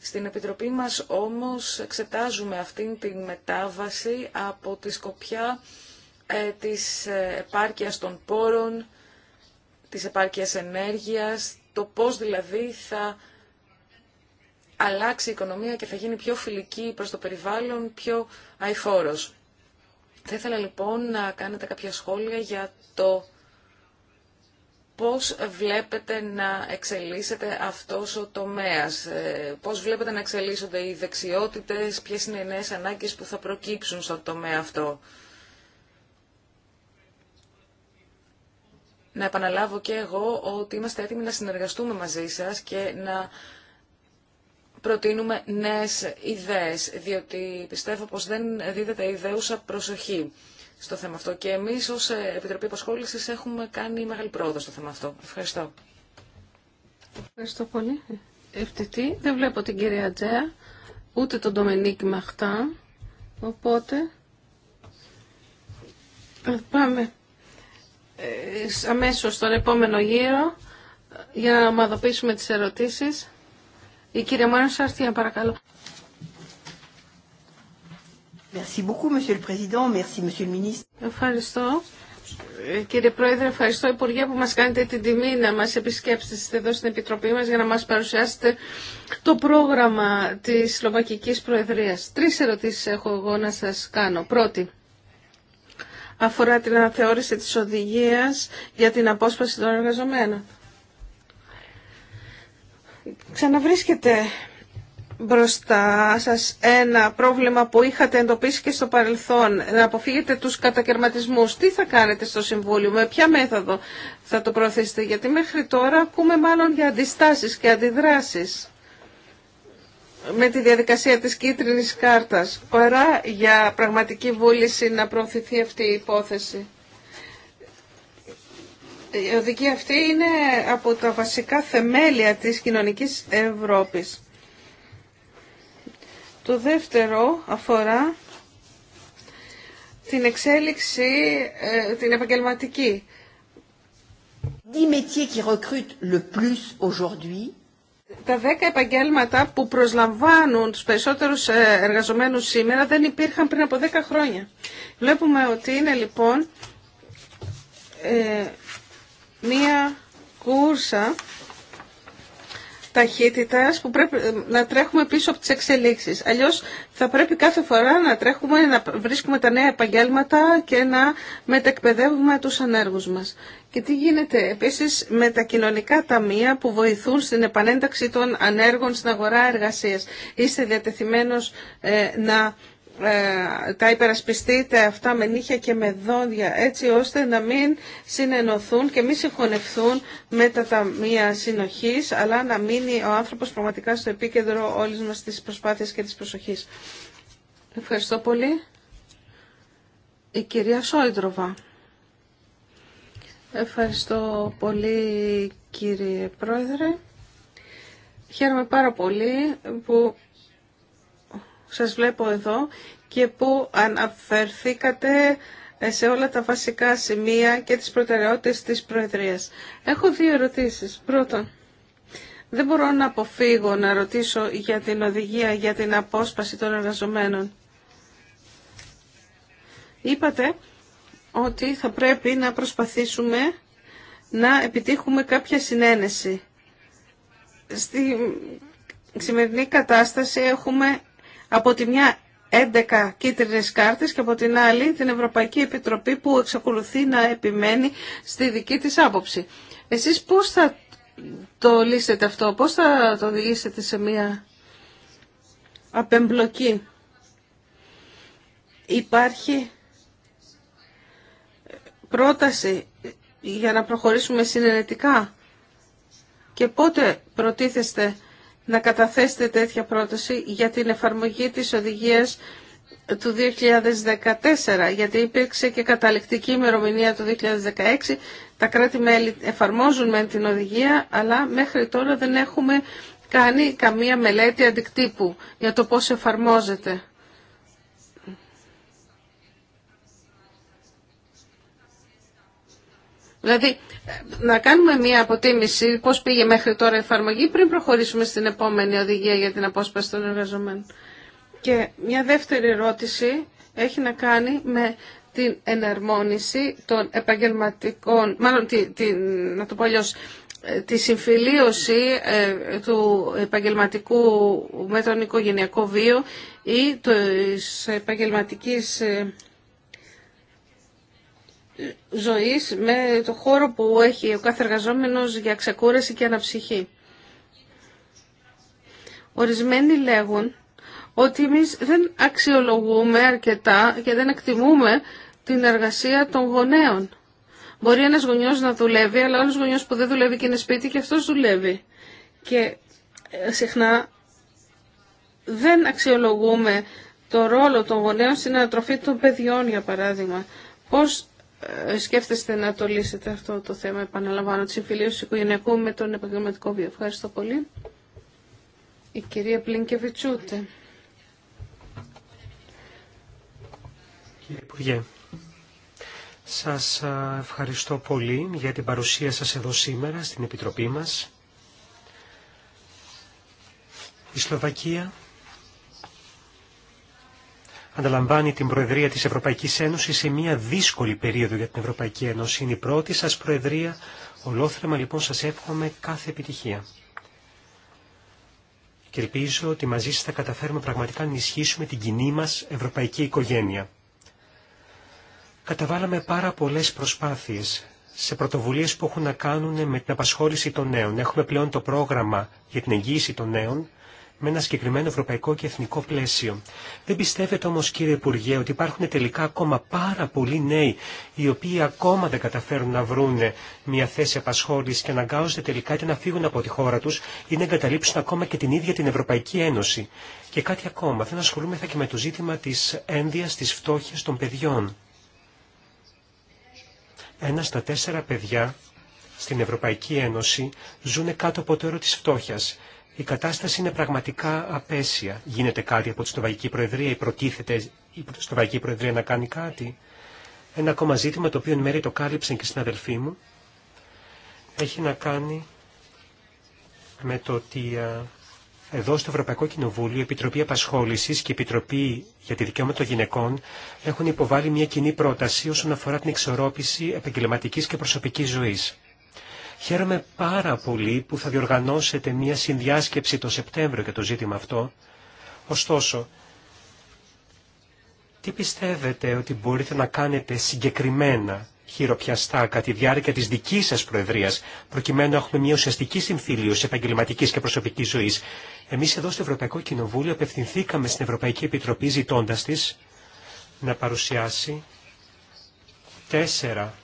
Στην Επιτροπή μας όμως εξετάζουμε αυτήν την μετάβαση από τη σκοπιά ε, της ε, επάρκειας των πόρων, της επάρκειας ενέργειας, το πώς δηλαδή θα αλλάξει η οικονομία και θα γίνει πιο φιλική προς το περιβάλλον, πιο αηφόρος. Θα ήθελα λοιπόν να κάνετε κάποια σχόλια για το πώς βλέπετε να εξελίσσεται αυτός ο τομέας, ε, πώς βλέπετε να εξελίσσονται οι δεξιότητες, ποιες είναι οι νέες ανάγκες που θα προκύψουν στο τομέα αυτό. Να επαναλάβω και εγώ ότι είμαστε έτοιμοι να συνεργαστούμε μαζί σας και να προτείνουμε νέες ιδέες, διότι πιστεύω πως δεν δίδεται ιδέουσα προσοχή στο θέμα αυτό και εμείς ως Επιτροπή Απασχόλησης έχουμε κάνει μεγάλη πρόοδο στο θέμα αυτό. Ευχαριστώ. Ευχαριστώ πολύ. Ευτυχή. Δεν βλέπω την κυρία Τζέα, ούτε τον Ντομενίκ Μαχτά, οπότε πάμε ε, αμέσως στον επόμενο γύρο για να ομαδοποιήσουμε τις ερωτήσεις. Η κυρία Μόρα Σάρτια, παρακαλώ. Ευχαριστώ. Κύριε Πρόεδρε, ευχαριστώ Υπουργέ που μας κάνετε την τιμή να μας επισκέψετε εδώ στην Επιτροπή μας για να μας παρουσιάσετε το πρόγραμμα της Σλοβακικής Προεδρίας. Τρεις ερωτήσεις έχω εγώ να σας κάνω. Πρώτη, αφορά την αναθεώρηση της οδηγίας για την απόσπαση των εργαζομένων. Ξαναβρίσκεται μπροστά σας ένα πρόβλημα που είχατε εντοπίσει και στο παρελθόν, να αποφύγετε τους κατακαιρματισμούς. Τι θα κάνετε στο Συμβούλιο, με ποια μέθοδο θα το προωθήσετε, γιατί μέχρι τώρα ακούμε μάλλον για αντιστάσεις και αντιδράσεις με τη διαδικασία της κίτρινης κάρτας. Παρά για πραγματική βούληση να προωθηθεί αυτή η υπόθεση η οδηγία αυτή είναι από τα βασικά θεμέλια της κοινωνικής Ευρώπης. Το δεύτερο αφορά την εξέλιξη ε, την επαγγελματική. Τα δέκα επαγγέλματα που προσλαμβάνουν τους περισσότερους ε, εργαζομένους σήμερα δεν υπήρχαν πριν από δέκα χρόνια. Βλέπουμε ότι είναι λοιπόν ε, μία κούρσα ταχύτητας που πρέπει ε, να τρέχουμε πίσω από τις εξελίξεις. Αλλιώς θα πρέπει κάθε φορά να τρέχουμε, να βρίσκουμε τα νέα επαγγέλματα και να μετεκπαιδεύουμε τους ανέργους μας. Και τι γίνεται επίσης με τα κοινωνικά ταμεία που βοηθούν στην επανένταξη των ανέργων στην αγορά εργασίας. Είστε διατεθειμένος ε, να ε, τα υπερασπιστείτε αυτά με νύχια και με δόντια έτσι ώστε να μην συνενωθούν και μην συγχωνευθούν με τα ταμεία συνοχής αλλά να μείνει ο άνθρωπος πραγματικά στο επίκεντρο όλης μας της προσπάθειας και της προσοχής. Ευχαριστώ πολύ. Η κυρία Σόιντροβα. Ευχαριστώ πολύ κύριε Πρόεδρε. Χαίρομαι πάρα πολύ που σας βλέπω εδώ και που αναφερθήκατε σε όλα τα βασικά σημεία και τις προτεραιότητες της Προεδρίας. Έχω δύο ερωτήσεις. Πρώτον, δεν μπορώ να αποφύγω να ρωτήσω για την οδηγία για την απόσπαση των εργαζομένων. Είπατε ότι θα πρέπει να προσπαθήσουμε να επιτύχουμε κάποια συνένεση. Στη σημερινή κατάσταση έχουμε από τη μια 11 κίτρινες κάρτες και από την άλλη την Ευρωπαϊκή Επιτροπή που εξακολουθεί να επιμένει στη δική της άποψη. Εσείς πώς θα το λύσετε αυτό, πώς θα το οδηγήσετε σε μια απεμπλοκή. Υπάρχει πρόταση για να προχωρήσουμε συνενετικά και πότε προτίθεστε να καταθέσετε τέτοια πρόταση για την εφαρμογή της οδηγίας του 2014, γιατί υπήρξε και καταληκτική ημερομηνία του 2016. Τα κράτη-μέλη εφαρμόζουν με την οδηγία, αλλά μέχρι τώρα δεν έχουμε κάνει καμία μελέτη αντικτύπου για το πώς εφαρμόζεται. Δηλαδή, να κάνουμε μία αποτίμηση πώς πήγε μέχρι τώρα η εφαρμογή πριν προχωρήσουμε στην επόμενη οδηγία για την απόσπαση των εργαζομένων. Και μια δεύτερη ερώτηση έχει να κάνει με την εναρμόνιση των επαγγελματικών, μάλλον την, να το πω αλλιώς, ε, τη συμφιλίωση ε, του επαγγελματικού με τον οικογενειακό βίο ή της επαγγελματικής ε, ζωής με το χώρο που έχει ο κάθε εργαζόμενος για ξεκούραση και αναψυχή. Ορισμένοι λέγουν ότι εμείς δεν αξιολογούμε αρκετά και δεν εκτιμούμε την εργασία των γονέων. Μπορεί ένας γονιός να δουλεύει, αλλά ένας γονιός που δεν δουλεύει και είναι σπίτι και αυτός δουλεύει. Και ε, συχνά δεν αξιολογούμε το ρόλο των γονέων στην ανατροφή των παιδιών, για παράδειγμα. Ε, σκέφτεστε να το λύσετε αυτό το θέμα, επαναλαμβάνω, τη συμφιλίωση οικογενειακού με τον επαγγελματικό βίο. Ευχαριστώ πολύ. Η κυρία Πλίνκεβιτσούτε. Κύριε Υπουργέ, σας ευχαριστώ πολύ για την παρουσία σας εδώ σήμερα στην Επιτροπή μας. Η Σλοβακία αναλαμβάνει την Προεδρία της Ευρωπαϊκής Ένωσης σε μια δύσκολη περίοδο για την Ευρωπαϊκή Ένωση. Είναι η πρώτη σας Προεδρία. Ολόθρεμα λοιπόν σας εύχομαι κάθε επιτυχία. Και ελπίζω ότι μαζί σας θα καταφέρουμε πραγματικά να ενισχύσουμε την κοινή μας ευρωπαϊκή οικογένεια. Καταβάλαμε πάρα πολλές προσπάθειες σε πρωτοβουλίες που έχουν να κάνουν με την απασχόληση των νέων. Έχουμε πλέον το πρόγραμμα για την εγγύηση των νέων, με ένα συγκεκριμένο ευρωπαϊκό και εθνικό πλαίσιο. Δεν πιστεύετε όμως κύριε Υπουργέ ότι υπάρχουν τελικά ακόμα πάρα πολλοί νέοι οι οποίοι ακόμα δεν καταφέρουν να βρουν μια θέση απασχόληση και αναγκάζονται τελικά είτε να φύγουν από τη χώρα τους ή να εγκαταλείψουν ακόμα και την ίδια την Ευρωπαϊκή Ένωση. Και κάτι ακόμα, δεν ασχολούμεθα και με το ζήτημα της ένδυας της φτώχειας των παιδιών. Ένα στα τέσσερα παιδιά στην Ευρωπαϊκή Ένωση ζουν κάτω από το όρο της φτώχειας η κατάσταση είναι πραγματικά απέσια. Γίνεται κάτι από τη Στοβαική Προεδρία ή προτίθεται η Σλοβακική στοβαικη προεδρια να κάνει κάτι. Ένα ακόμα ζήτημα το οποίο εν μέρει το κάλυψαν και αδελφή μου έχει να κάνει με το ότι εδώ στο Ευρωπαϊκό Κοινοβούλιο η Επιτροπή Απασχόληση και η Επιτροπή για τη Δικαιώματα των Γυναικών έχουν υποβάλει μια κοινή πρόταση όσον αφορά την εξορρόπηση επαγγελματικής και προσωπικής ζωής. Χαίρομαι πάρα πολύ που θα διοργανώσετε μια συνδιάσκεψη το Σεπτέμβριο για το ζήτημα αυτό. Ωστόσο, τι πιστεύετε ότι μπορείτε να κάνετε συγκεκριμένα χειροπιαστά κατά τη διάρκεια της δικής σας προεδρίας, προκειμένου να έχουμε μια ουσιαστική συμφίλιωση επαγγελματικής και προσωπικής ζωής. Εμείς εδώ στο Ευρωπαϊκό Κοινοβούλιο απευθυνθήκαμε στην Ευρωπαϊκή Επιτροπή ζητώντας της να παρουσιάσει τέσσερα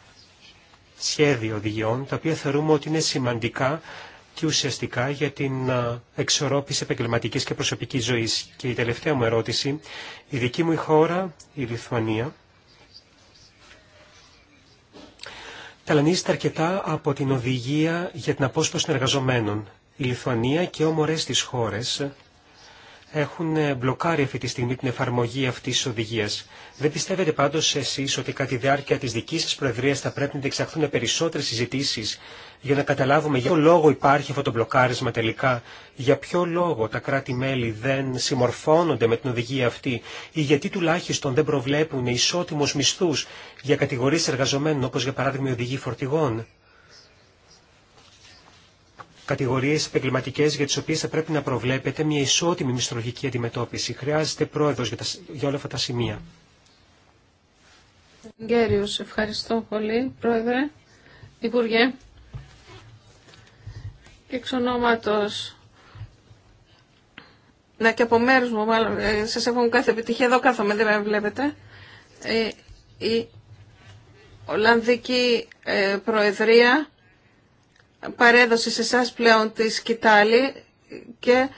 Σχέδιο οδηγιών, τα οποία θεωρούμε ότι είναι σημαντικά και ουσιαστικά για την εξορρόπηση επαγγελματική και προσωπική ζωή. Και η τελευταία μου ερώτηση, η δική μου χώρα, η Λιθουανία, ταλανίζεται αρκετά από την οδηγία για την απόσπαση των εργαζομένων. Η Λιθουανία και όμορες τις χώρες έχουν μπλοκάρει αυτή τη στιγμή την εφαρμογή αυτής της οδηγίας. Δεν πιστεύετε πάντως εσείς ότι κατά τη διάρκεια της δικής σας προεδρίας θα πρέπει να διεξαχθούν περισσότερες συζητήσεις για να καταλάβουμε για ποιο λόγο υπάρχει αυτό το μπλοκάρισμα τελικά, για ποιο λόγο τα κράτη-μέλη δεν συμμορφώνονται με την οδηγία αυτή ή γιατί τουλάχιστον δεν προβλέπουν ισότιμους μισθούς για κατηγορίες εργαζομένων όπως για παράδειγμα οι οδηγοί φορτηγών κατηγορίες επαγγελματικέ για τι οποίε θα πρέπει να προβλέπετε μια ισότιμη μισθολογική αντιμετώπιση. Χρειάζεται πρόεδρος για, για όλα αυτά τα σημεία. Γέριος, ευχαριστώ πολύ, Πρόεδρε, Υπουργέ. Εξ ονόματος, να και από μέρους μου, μάλλον, ε, σας έχω κάθε επιτυχία, εδώ κάθομαι, δεν με βλέπετε. Ε, η Ολλανδική ε, Προεδρία παρέδωσε σε εσά πλέον τη σκητάλη και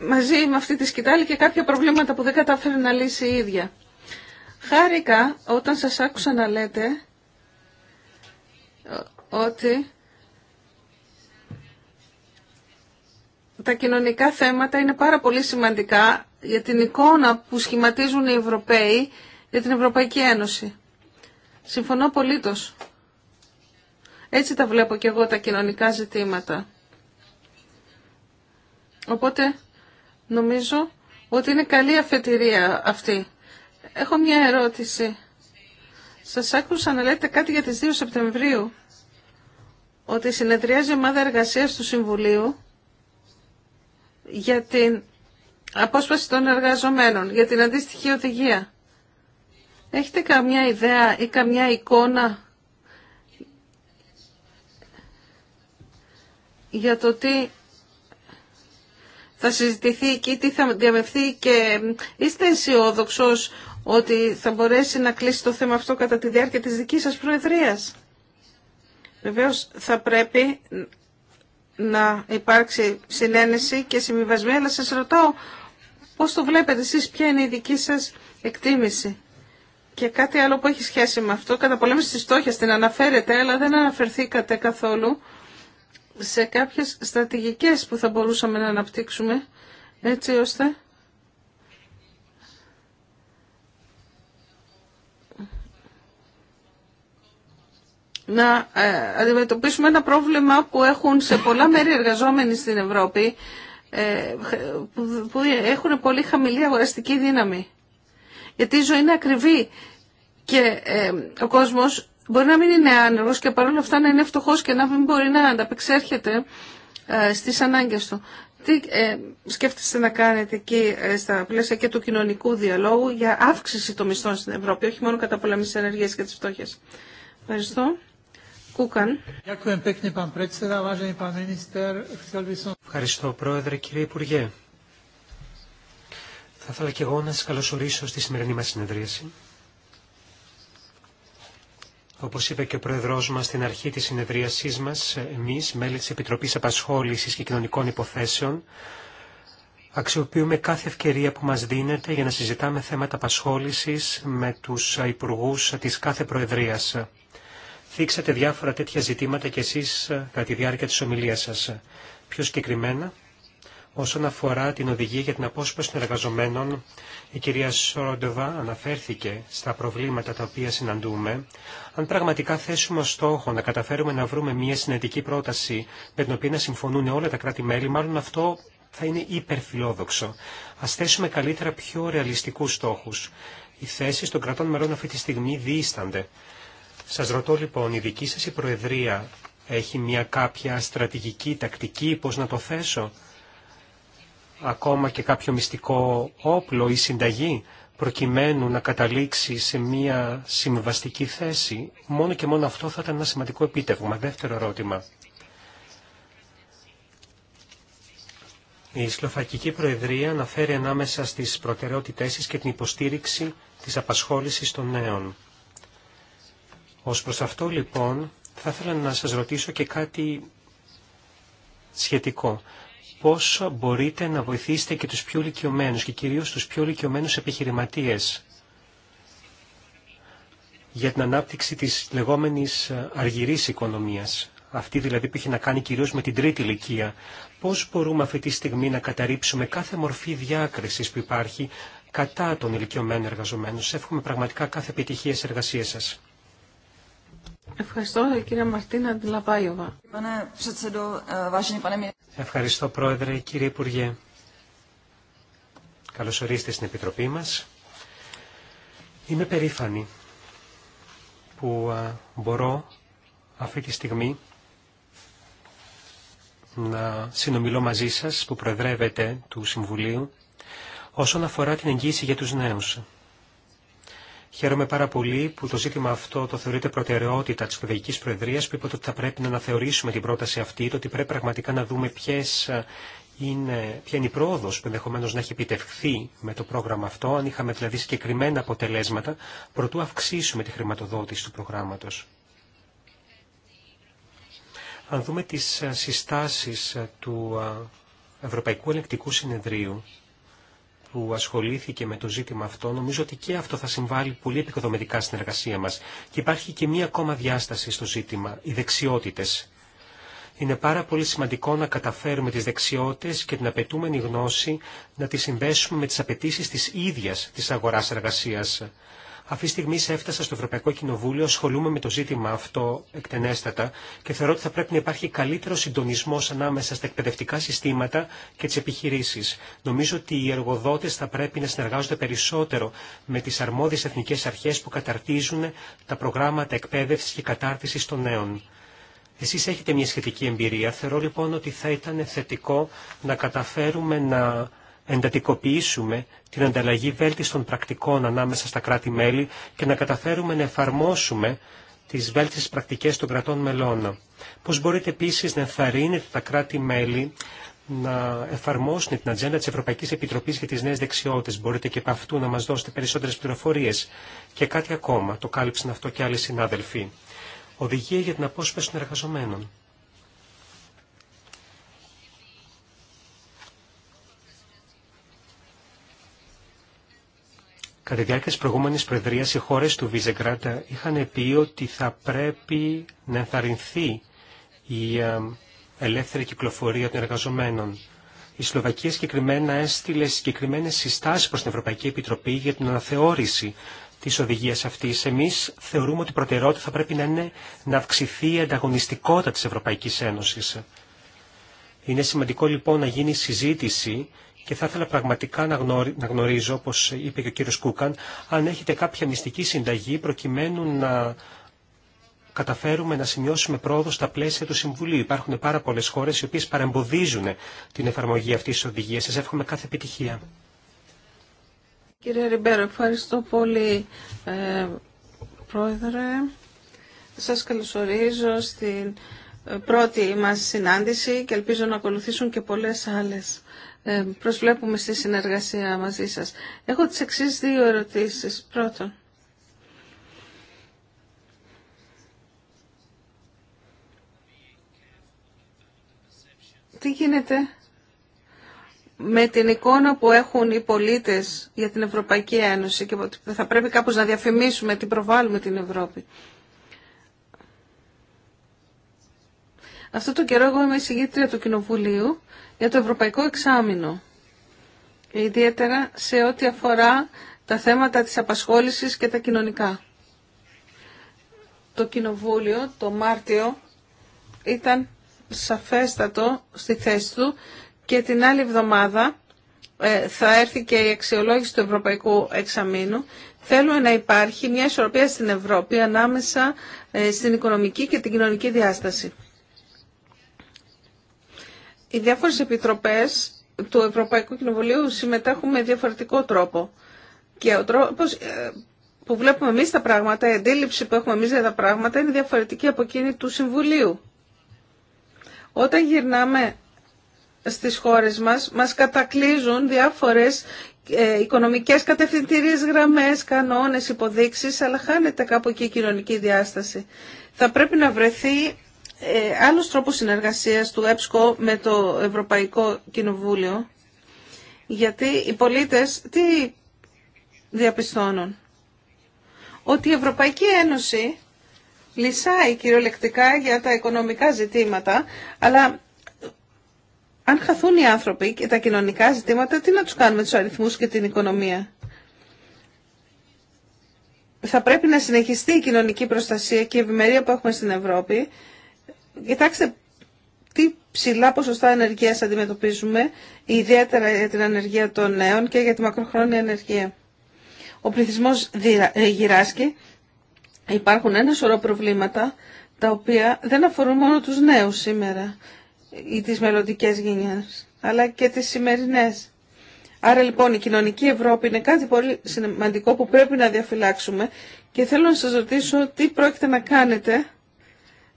μαζί με αυτή τη σκητάλη και κάποια προβλήματα που δεν κατάφερε να λύσει η ίδια. Χάρηκα όταν σας άκουσα να λέτε ε, ότι τα κοινωνικά θέματα είναι πάρα πολύ σημαντικά για την εικόνα που σχηματίζουν οι Ευρωπαίοι για την Ευρωπαϊκή Ένωση. Συμφωνώ απολύτως. Έτσι τα βλέπω και εγώ τα κοινωνικά ζητήματα. Οπότε νομίζω ότι είναι καλή αφετηρία αυτή. Έχω μια ερώτηση. Σας άκουσα να λέτε κάτι για τις 2 Σεπτεμβρίου. Ότι συνεδριάζει η ομάδα εργασίας του Συμβουλίου για την απόσπαση των εργαζομένων, για την αντίστοιχη οδηγία. Έχετε καμιά ιδέα ή καμιά εικόνα για το τι θα συζητηθεί και τι θα διαμευθεί και είστε αισιόδοξο ότι θα μπορέσει να κλείσει το θέμα αυτό κατά τη διάρκεια της δικής σας προεδρίας. Βεβαίως θα πρέπει να υπάρξει συνένεση και συμβιβασμή, αλλά σας ρωτάω πώς το βλέπετε εσείς, ποια είναι η δική σας εκτίμηση. Και κάτι άλλο που έχει σχέση με αυτό, κατά πολέμηση της την αναφέρετε, αλλά δεν αναφερθήκατε καθόλου σε κάποιες στρατηγικές που θα μπορούσαμε να αναπτύξουμε έτσι ώστε να ε, αντιμετωπίσουμε ένα πρόβλημα που έχουν σε πολλά μέρη εργαζόμενοι στην Ευρώπη ε, που έχουν πολύ χαμηλή αγοραστική δύναμη. Γιατί η ζωή είναι ακριβή και ε, ο κόσμος μπορεί να μην είναι άνεργος και παρόλα αυτά να είναι φτωχό και να μην μπορεί να ανταπεξέρχεται ε, στις ανάγκες του. Τι ε, σκέφτεστε να κάνετε εκεί ε, στα πλαίσια και του κοινωνικού διαλόγου για αύξηση των μισθών στην Ευρώπη, όχι μόνο κατά πολέμηση ενεργείας και της φτώχειας. Ευχαριστώ. Κούκαν. Ευχαριστώ, Πρόεδρε, κύριε Υπουργέ. Θα ήθελα και εγώ να σα καλωσορίσω στη σημερινή μα συνεδρίαση. Όπως είπε και ο Πρόεδρός μας στην αρχή της συνεδρίασής μας, εμείς, μέλη της Επιτροπής Απασχόλησης και Κοινωνικών Υποθέσεων, αξιοποιούμε κάθε ευκαιρία που μας δίνεται για να συζητάμε θέματα απασχόλησης με τους υπουργού της κάθε Προεδρίας. Θίξατε διάφορα τέτοια ζητήματα κι εσείς ε, κατά τη διάρκεια της ομιλίας σας. Πιο συγκεκριμένα, όσον αφορά την οδηγία για την απόσπαση των εργαζομένων η κυρία Σόροντοβα αναφέρθηκε στα προβλήματα τα οποία συναντούμε. Αν πραγματικά θέσουμε ως στόχο να καταφέρουμε να βρούμε μια συνετική πρόταση με την οποία να συμφωνούν όλα τα κράτη-μέλη, μάλλον αυτό θα είναι υπερφιλόδοξο. Ας θέσουμε καλύτερα πιο ρεαλιστικούς στόχους. Οι θέσει των κρατών μελών αυτή τη στιγμή διήστανται. Σας ρωτώ λοιπόν, η δική σας η Προεδρία έχει μια κάποια στρατηγική, τακτική, πώς να το θέσω ακόμα και κάποιο μυστικό όπλο ή συνταγή προκειμένου να καταλήξει σε μια συμβαστική θέση, μόνο και μόνο αυτό θα ήταν ένα σημαντικό επίτευγμα. Δεύτερο ερώτημα. Η σλοφακικη Προεδρία αναφέρει ανάμεσα στις προτεραιότητές της και την υποστήριξη της απασχόλησης των νέων. Ως προς αυτό λοιπόν θα ήθελα να σας ρωτήσω και κάτι σχετικό πώς μπορείτε να βοηθήσετε και τους πιο ηλικιωμένους και κυρίως τους πιο ηλικιωμένους επιχειρηματίες για την ανάπτυξη της λεγόμενης ε, αργυρής οικονομίας, αυτή δηλαδή που έχει να κάνει κυρίως με την τρίτη ηλικία. Πώς μπορούμε αυτή τη στιγμή να καταρρύψουμε κάθε μορφή διάκρισης που υπάρχει κατά των ηλικιωμένων εργαζομένων. Εύχομαι πραγματικά κάθε επιτυχία σε εργασία σας. Ευχαριστώ, κύριε Μαρτίνα Ευχαριστώ, Πρόεδρε, κύριε Υπουργέ. Καλώς ορίστε στην Επιτροπή μας. Είμαι περήφανη που μπορώ αυτή τη στιγμή να συνομιλώ μαζί σας που προεδρεύετε του Συμβουλίου όσον αφορά την εγγύηση για τους νέους. Χαίρομαι πάρα πολύ που το ζήτημα αυτό το θεωρείται προτεραιότητα τη Κυριακή Προεδρία, που είπε ότι θα πρέπει να αναθεωρήσουμε την πρόταση αυτή, το ότι πρέπει πραγματικά να δούμε ποιες ε, είναι, ποια είναι η πρόοδο που ενδεχομένω να έχει επιτευχθεί με το πρόγραμμα αυτό, αν είχαμε δηλαδή συγκεκριμένα αποτελέσματα, προτού αυξήσουμε τη χρηματοδότηση του προγράμματο. Αν δούμε τις ε, συστάσεις ε, του Ευρωπαϊκού Ελεκτικού Συνεδρίου, που ασχολήθηκε με το ζήτημα αυτό, νομίζω ότι και αυτό θα συμβάλλει πολύ επικοδομητικά στην εργασία μας. Και υπάρχει και μία ακόμα διάσταση στο ζήτημα, οι δεξιότητες. Είναι πάρα πολύ σημαντικό να καταφέρουμε τις δεξιότητες και την απαιτούμενη γνώση να τις συνδέσουμε με τις απαιτήσεις της ίδιας της αγοράς εργασίας. Αυτή τη στιγμή έφτασα στο Ευρωπαϊκό Κοινοβούλιο, ασχολούμαι με το ζήτημα αυτό εκτενέστατα και θεωρώ ότι θα πρέπει να υπάρχει καλύτερο συντονισμό ανάμεσα στα εκπαιδευτικά συστήματα και τι επιχειρήσει. Νομίζω ότι οι εργοδότε θα πρέπει να συνεργάζονται περισσότερο με τι αρμόδιε εθνικέ αρχέ που καταρτίζουν τα προγράμματα εκπαίδευση και κατάρτιση των νέων. Εσείς έχετε μια σχετική εμπειρία. Θεωρώ λοιπόν ότι θα ήταν θετικό να καταφέρουμε να εντατικοποιήσουμε την ανταλλαγή βέλτιστων πρακτικών ανάμεσα στα κράτη-μέλη και να καταφέρουμε να εφαρμόσουμε τις βέλτιστες πρακτικές των κρατών μελών. Πώς μπορείτε επίσης να ενθαρρύνετε τα κράτη-μέλη να εφαρμόσουν την ατζέντα της Ευρωπαϊκής Επιτροπής για τις νέες δεξιότητες. Μπορείτε και από αυτού να μας δώσετε περισσότερες πληροφορίες. Και κάτι ακόμα, το κάλυψαν αυτό και άλλοι συνάδελφοι. Οδηγία για την απόσπαση των εργαζομένων. Κατά τη διάρκεια τη προηγούμενη Προεδρία, οι χώρε του Βίζεγκράτα είχαν πει ότι θα πρέπει να ενθαρρυνθεί η ε, ελεύθερη κυκλοφορία των εργαζομένων. Η Σλοβακία συγκεκριμένα έστειλε συγκεκριμένε συστάσει προ την Ευρωπαϊκή Επιτροπή για την αναθεώρηση τη οδηγία αυτή. Εμεί θεωρούμε ότι η προτεραιότητα θα πρέπει να είναι να αυξηθεί η ανταγωνιστικότητα τη Ευρωπαϊκή Ένωση. Είναι σημαντικό λοιπόν να γίνει συζήτηση και θα ήθελα πραγματικά να, να γνωρίζω, όπως είπε και ο κύριος Κούκαν, αν έχετε κάποια μυστική συνταγή προκειμένου να καταφέρουμε να σημειώσουμε πρόοδο στα πλαίσια του Συμβουλίου. Υπάρχουν πάρα πολλές χώρες οι οποίες παρεμποδίζουν την εφαρμογή αυτής της οδηγίας. Σας εύχομαι κάθε επιτυχία. Κύριε Ριμπέρο, ευχαριστώ πολύ, ε, Πρόεδρε. Σας καλωσορίζω στην ε, πρώτη μας συνάντηση και ελπίζω να ακολουθήσουν και πολλές άλλες. Ε, προσβλέπουμε στη συνεργασία μαζί σας. Έχω τις εξής δύο ερωτήσεις. Πρώτον, τι γίνεται με την εικόνα που έχουν οι πολίτες για την Ευρωπαϊκή Ένωση και θα πρέπει κάπως να διαφημίσουμε, την προβάλλουμε την Ευρώπη. Αυτό το καιρό εγώ είμαι εισηγήτρια του Κοινοβουλίου για το Ευρωπαϊκό Εξάμεινο. Ιδιαίτερα σε ό,τι αφορά τα θέματα της απασχόλησης και τα κοινωνικά. Το Κοινοβούλιο το Μάρτιο ήταν σαφέστατο στη θέση του και την άλλη εβδομάδα ε, θα έρθει και η αξιολόγηση του Ευρωπαϊκού Εξαμήνου. Θέλουμε να υπάρχει μια ισορροπία στην Ευρώπη ανάμεσα ε, στην οικονομική και την κοινωνική διάσταση. Οι διάφορες επιτροπές του Ευρωπαϊκού Κοινοβουλίου συμμετέχουν με διαφορετικό τρόπο. Και ο τρόπος ε, που βλέπουμε εμείς τα πράγματα, η αντίληψη που έχουμε εμείς για τα πράγματα είναι διαφορετική από εκείνη του Συμβουλίου. Όταν γυρνάμε στις χώρες μας, μας κατακλείζουν διάφορες ε, οικονομικές κατευθυντήριες γραμμές, κανόνες, υποδείξεις, αλλά χάνεται κάπου εκεί η κοινωνική διάσταση. Θα πρέπει να βρεθεί ε, άλλος τρόπος συνεργασίας του ΕΠΣΚΟ με το Ευρωπαϊκό Κοινοβούλιο, γιατί οι πολίτες τι διαπιστώνουν. Ότι η Ευρωπαϊκή Ένωση λυσάει κυριολεκτικά για τα οικονομικά ζητήματα, αλλά αν χαθούν οι άνθρωποι και τα κοινωνικά ζητήματα, τι να τους κάνουμε τους αριθμούς και την οικονομία. Θα πρέπει να συνεχιστεί η κοινωνική προστασία και η ευημερία που έχουμε στην Ευρώπη Κοιτάξτε τι ψηλά ποσοστά ενεργείας αντιμετωπίζουμε, ιδιαίτερα για την ανεργία των νέων και για τη μακροχρόνια ανεργία. Ο πληθυσμός ε, γυράσκει, υπάρχουν ένα σωρό προβλήματα, τα οποία δεν αφορούν μόνο τους νέους σήμερα ή τις μελλοντικέ γενιέ, αλλά και τις σημερινές. Άρα λοιπόν η κοινωνική Ευρώπη είναι κάτι πολύ σημαντικό που πρέπει να διαφυλάξουμε και θέλω να σας ρωτήσω τι πρόκειται να κάνετε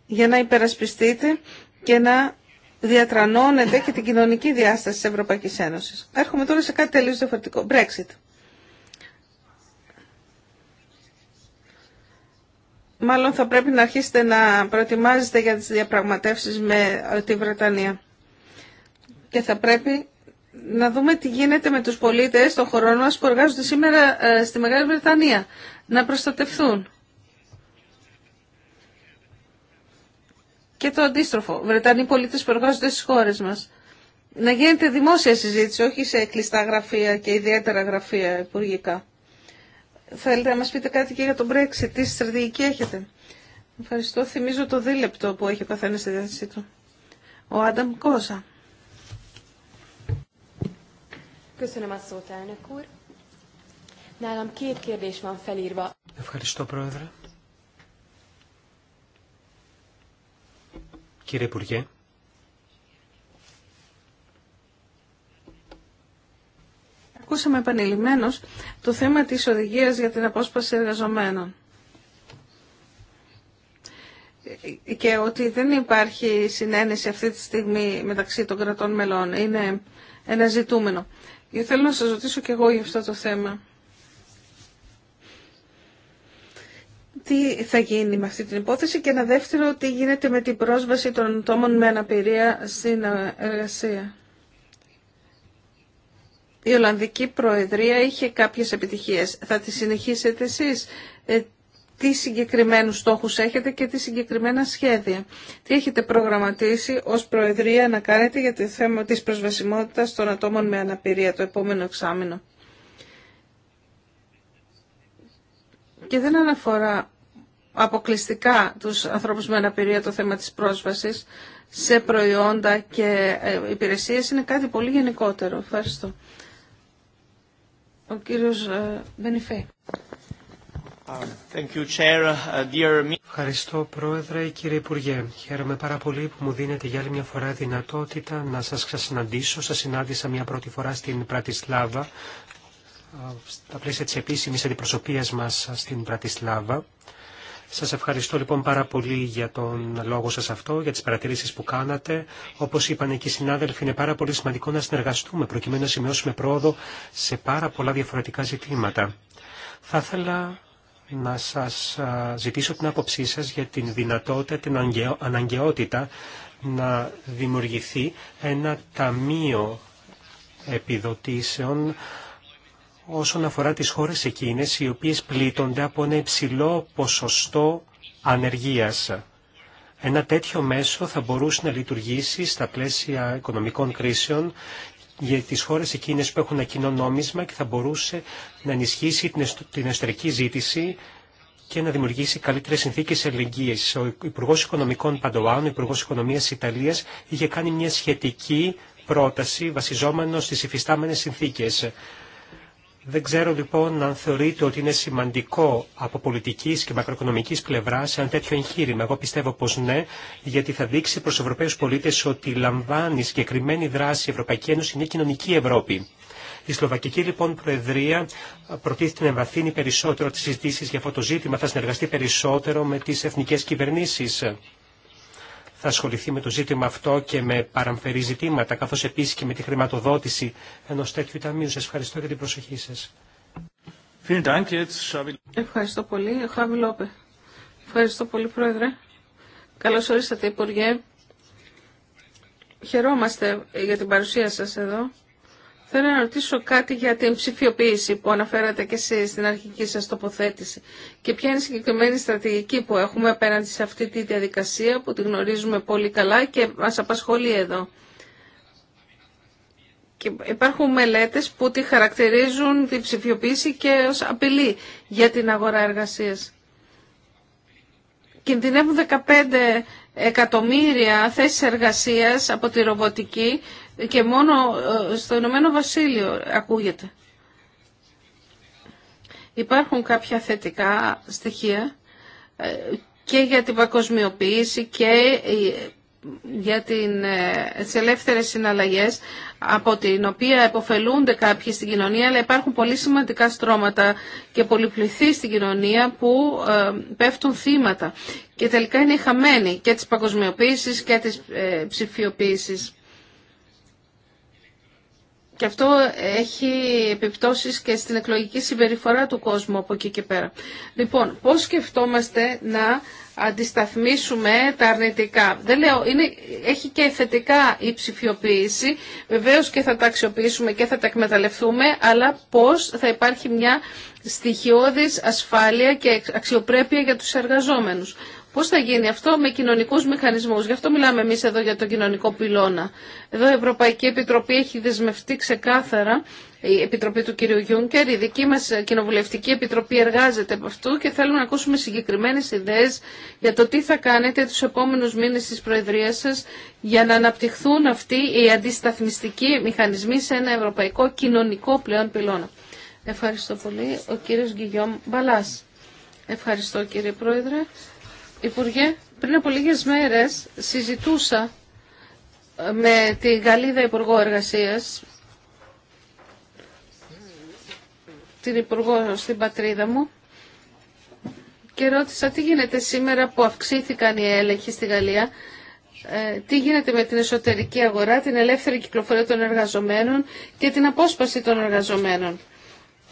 για να υπερασπιστείτε και να διατρανώνετε και την κοινωνική διάσταση της Ευρωπαϊκής Ένωσης. Έρχομαι τώρα σε κάτι τελείως διαφορετικό. Brexit. Μάλλον θα πρέπει να αρχίσετε να προετοιμάζεστε για τις διαπραγματεύσεις με ε, τη Βρετανία. Και θα πρέπει να δούμε τι γίνεται με τους πολίτες των χωρών μας που εργάζονται σήμερα ε, στη Μεγάλη Βρετανία. Να προστατευθούν. και το αντίστροφο, Βρετανοί πολίτες που εργάζονται στις χώρες μας. Να γίνεται δημόσια συζήτηση, όχι σε κλειστά γραφεία και ιδιαίτερα γραφεία υπουργικά. Θέλετε να μα πείτε κάτι και για τον Brexit, τι στρατηγική έχετε. Ευχαριστώ. Θυμίζω το δίλεπτο που έχει ο καθένα στη διάθεσή του. Ο Άνταμ Κόσα. Ευχαριστώ, Πρόεδρε. Κύριε Υπουργέ. Ακούσαμε επανειλημμένως το θέμα της οδηγίας για την απόσπαση εργαζομένων και ότι δεν υπάρχει συνένεση αυτή τη στιγμή μεταξύ των κρατών μελών. Είναι ένα ζητούμενο. Και θέλω να σας ρωτήσω και εγώ για αυτό το θέμα. τι θα γίνει με αυτή την υπόθεση και ένα δεύτερο τι γίνεται με την πρόσβαση των ατόμων με αναπηρία στην εργασία. Η Ολλανδική Προεδρία είχε κάποιες επιτυχίες. Θα τις συνεχίσετε εσείς. Ε, τι συγκεκριμένους στόχους έχετε και τι συγκεκριμένα σχέδια. Τι έχετε προγραμματίσει ως Προεδρία να κάνετε για το θέμα της προσβασιμότητας των ατόμων με αναπηρία το επόμενο εξάμεινο. Και δεν αναφορά αποκλειστικά τους ανθρώπους με αναπηρία το θέμα της πρόσβασης σε προϊόντα και ε, υπηρεσίες είναι κάτι πολύ γενικότερο. Ευχαριστώ. Ο κύριος ε, Μπενιφέ. Uh, uh, Ευχαριστώ Πρόεδρε, κύριε Υπουργέ. Χαίρομαι πάρα πολύ που μου δίνετε για άλλη μια φορά δυνατότητα να σας ξανασυναντήσω. Σας συνάντησα μια πρώτη φορά στην Πρατισλάβα, uh, στα πλαίσια της επίσημης αντιπροσωπείας μας στην Πρατισλάβα. Σας ευχαριστώ λοιπόν πάρα πολύ για τον λόγο σας αυτό, για τις παρατηρήσεις που κάνατε. Όπως είπαν και οι συνάδελφοι, είναι πάρα πολύ σημαντικό να συνεργαστούμε προκειμένου να σημειώσουμε πρόοδο σε πάρα πολλά διαφορετικά ζητήματα. Θα ήθελα να σας ζητήσω την άποψή σας για την δυνατότητα, την αναγκαιότητα να δημιουργηθεί ένα ταμείο επιδοτήσεων όσον αφορά τις χώρες εκείνες οι οποίες πλήττονται από ένα υψηλό ποσοστό ανεργίας. Ένα τέτοιο μέσο θα μπορούσε να λειτουργήσει στα πλαίσια οικονομικών κρίσεων για τις χώρες εκείνες που έχουν ένα κοινό νόμισμα και θα μπορούσε να ενισχύσει την εσωτερική ζήτηση και να δημιουργήσει καλύτερες συνθήκες ελληνικής. Ο Υπουργός Οικονομικών Παντοάν, ο Υπουργός Οικονομίας Ιταλίας, είχε κάνει μια σχετική πρόταση βασιζόμενο στις υφιστάμενες συνθήκες. Δεν ξέρω λοιπόν αν θεωρείτε ότι είναι σημαντικό από πολιτική και μακροοικονομική πλευρά σε ένα τέτοιο εγχείρημα. Εγώ πιστεύω πω ναι, γιατί θα δείξει προ Ευρωπαίου πολίτε ότι λαμβάνει συγκεκριμένη δράση η Ευρωπαϊκή Ένωση μια κοινωνική Ευρώπη. Η Σλοβακική λοιπόν Προεδρία προτίθεται να εμβαθύνει περισσότερο τι συζητήσει για αυτό το ζήτημα, θα συνεργαστεί περισσότερο με τι εθνικέ κυβερνήσει θα ασχοληθεί με το ζήτημα αυτό και με παραμφερή ζητήματα, καθώς επίσης και με τη χρηματοδότηση ενός τέτοιου ταμείου. Σας ευχαριστώ για την προσοχή σας. Ευχαριστώ πολύ, Χάβι Λόπε. Ευχαριστώ πολύ, Πρόεδρε. Καλώς ορίσατε, Υπουργέ. Χαιρόμαστε για την παρουσία σας εδώ. Θέλω να ρωτήσω κάτι για την ψηφιοποίηση που αναφέρατε και εσείς στην αρχική σας τοποθέτηση και ποια είναι η συγκεκριμένη στρατηγική που έχουμε απέναντι σε αυτή τη διαδικασία που τη γνωρίζουμε πολύ καλά και μας απασχολεί εδώ. Και υπάρχουν μελέτες που τη χαρακτηρίζουν την ψηφιοποίηση και ως απειλή για την αγορά εργασίας. Κινδυνεύουν 15 εκατομμύρια θέσεις εργασίας από τη ρομποτική και μόνο ε, στο Ηνωμένο Βασίλειο ακούγεται. Υπάρχουν κάποια θετικά στοιχεία ε, και για την παγκοσμιοποίηση και ε, για την, τις ελεύθερες συναλλαγές από την οποία επωφελούνται κάποιοι στην κοινωνία αλλά υπάρχουν πολύ σημαντικά στρώματα και πολυπληθεί στην κοινωνία που πέφτουν θύματα και τελικά είναι χαμένοι και της παγκοσμιοποίησης και της ψηφιοποίησης. Και αυτό έχει επιπτώσεις και στην εκλογική συμπεριφορά του κόσμου από εκεί και πέρα. Λοιπόν, πώς σκεφτόμαστε να αντισταθμίσουμε τα αρνητικά. Δεν λέω, είναι, έχει και θετικά η ψηφιοποίηση, βεβαίως και θα τα αξιοποιήσουμε και θα τα εκμεταλλευτούμε, αλλά πώς θα υπάρχει μια στοιχειώδης ασφάλεια και αξιοπρέπεια για τους εργαζόμενους. Πώ θα γίνει αυτό με κοινωνικού μηχανισμού. Γι' αυτό μιλάμε εμεί εδώ για τον κοινωνικό πυλώνα. Εδώ η Ευρωπαϊκή Επιτροπή έχει δεσμευτεί ξεκάθαρα, η Επιτροπή του κ. Γιούνκερ, η δική μα Κοινοβουλευτική Επιτροπή εργάζεται από αυτού και θέλουμε να ακούσουμε συγκεκριμένε ιδέε για το τι θα κάνετε του επόμενου μήνε τη Προεδρία σα για να αναπτυχθούν αυτοί οι αντισταθμιστικοί μηχανισμοί σε ένα ευρωπαϊκό κοινωνικό πλέον πυλώνα. Ευχαριστώ πολύ. Ο κύριος Γκυγιόμ Μπαλάς. Ευχαριστώ κύριε Πρόεδρε. Υπουργέ, πριν από λίγες μέρες συζητούσα ε, με τη Γαλλίδα Υπουργό Εργασίας, την Υπουργό στην πατρίδα μου, και ρώτησα τι γίνεται σήμερα που αυξήθηκαν οι έλεγχοι στη Γαλλία, ε, τι γίνεται με την εσωτερική αγορά, την ελεύθερη κυκλοφορία των εργαζομένων και την απόσπαση των εργαζομένων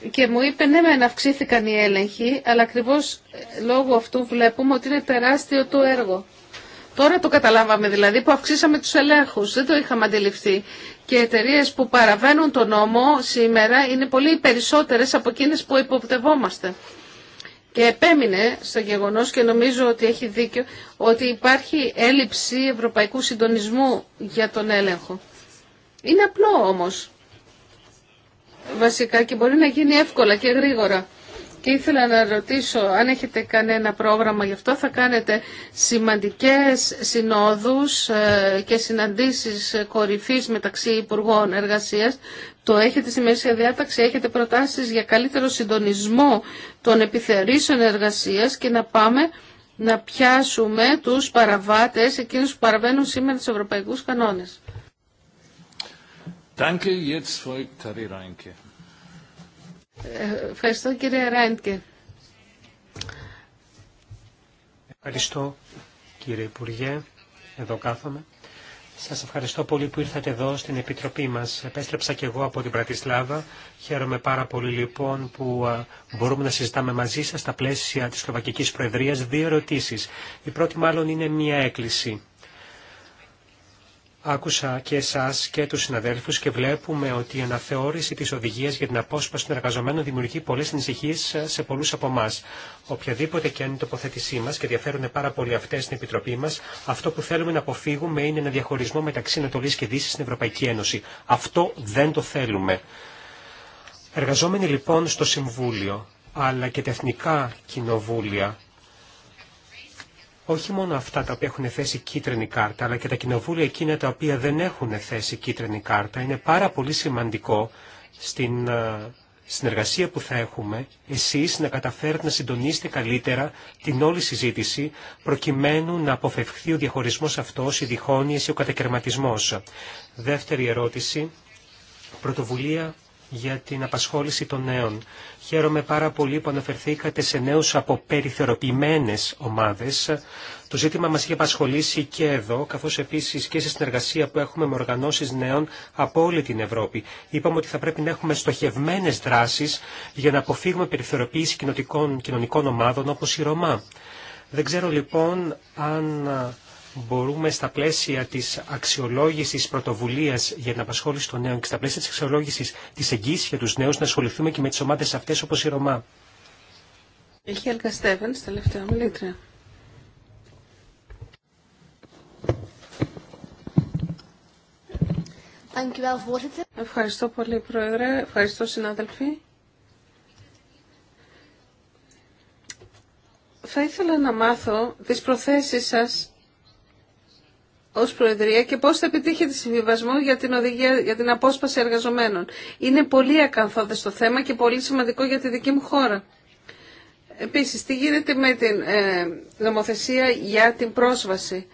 και μου είπε ναι μεν αυξήθηκαν οι έλεγχοι, αλλά ακριβώ ε, λόγω αυτού βλέπουμε ότι είναι τεράστιο το έργο. Τώρα το καταλάβαμε δηλαδή που αυξήσαμε τους ελέγχους, δεν το είχαμε αντιληφθεί. Και εταιρείε που παραβαίνουν τον νόμο σήμερα είναι πολύ περισσότερες από εκείνες που υποπτευόμαστε. Και επέμεινε στο γεγονός και νομίζω ότι έχει δίκιο ότι υπάρχει έλλειψη ευρωπαϊκού συντονισμού για τον έλεγχο. Είναι απλό όμως βασικά και μπορεί να γίνει εύκολα και γρήγορα. Και ήθελα να ρωτήσω αν έχετε κανένα πρόγραμμα γι' αυτό θα κάνετε σημαντικές συνόδους ε, και συναντήσεις ε, κορυφής μεταξύ Υπουργών Εργασίας. Το έχετε στη μέση διάταξη, έχετε προτάσεις για καλύτερο συντονισμό των επιθερήσεων εργασίας και να πάμε να πιάσουμε τους παραβάτες, εκείνους που παραβαίνουν σήμερα τους ευρωπαϊκούς κανόνες. Danke, jetzt Ευχαριστώ κύριε Ράιντκε. Ευχαριστώ κύριε Υπουργέ. Εδώ κάθομαι. Σας ευχαριστώ πολύ που ήρθατε εδώ στην Επιτροπή μας. Επέστρεψα και εγώ από την Πρατισλάβα. Χαίρομαι πάρα πολύ λοιπόν που μπορούμε να συζητάμε μαζί σας στα πλαίσια της Σλοβακικής Προεδρίας δύο ερωτήσεις. Η πρώτη μάλλον είναι μια έκκληση. Άκουσα και εσά και του συναδέλφου και βλέπουμε ότι η αναθεώρηση τη οδηγία για την απόσπαση των εργαζομένων δημιουργεί πολλέ ανησυχίε σε πολλού από εμά. Οποιαδήποτε και αν είναι η τοποθέτησή μα και ενδιαφέρουν πάρα πολύ αυτέ στην Επιτροπή μα, αυτό που θέλουμε να αποφύγουμε είναι ένα διαχωρισμό μεταξύ Ανατολή και Δύση στην Ευρωπαϊκή Ένωση. Αυτό δεν το θέλουμε. Εργαζόμενοι λοιπόν στο Συμβούλιο αλλά και τα εθνικά κοινοβούλια όχι μόνο αυτά τα οποία έχουν θέσει κίτρινη κάρτα, αλλά και τα κοινοβούλια εκείνα τα οποία δεν έχουν θέσει κίτρινη κάρτα, είναι πάρα πολύ σημαντικό στην ε, συνεργασία που θα έχουμε, εσείς να καταφέρετε να συντονίσετε καλύτερα την όλη συζήτηση, προκειμένου να αποφευχθεί ο διαχωρισμός αυτός, η διχόνοια ή ο κατακαιρματισμός. Δεύτερη ερώτηση, πρωτοβουλία για την απασχόληση των νέων. Χαίρομαι πάρα πολύ που αναφερθήκατε σε νέους από περιθεροποιημένες ομάδες. Το ζήτημα μας είχε απασχολήσει και εδώ, καθώς επίσης και σε συνεργασία που έχουμε με οργανώσεις νέων από όλη την Ευρώπη. Είπαμε ότι θα πρέπει να έχουμε στοχευμένες δράσεις για να αποφύγουμε περιθεροποίηση κοινωνικών ομάδων όπως η Ρωμά. Δεν ξέρω λοιπόν αν μπορούμε στα πλαίσια της αξιολόγησης πρωτοβουλίας για την απασχόληση των νέων και στα πλαίσια της αξιολόγησης της εγγύησης για τους νέους να ασχοληθούμε και με τις ομάδες αυτές όπως η Ρωμά. Έχει τελευταία μιλήτρια. Ευχαριστώ πολύ, Πρόεδρε. Ευχαριστώ, συνάδελφοι. Θα ήθελα να μάθω τις προθέσεις σας ως Προεδρία και πώς θα επιτύχετε συμβιβασμό για την οδηγία για την απόσπαση εργαζομένων. Είναι πολύ ακαθόδε το θέμα και πολύ σημαντικό για τη δική μου χώρα. Επίσης, τι γίνεται με την ε, νομοθεσία για την πρόσβαση,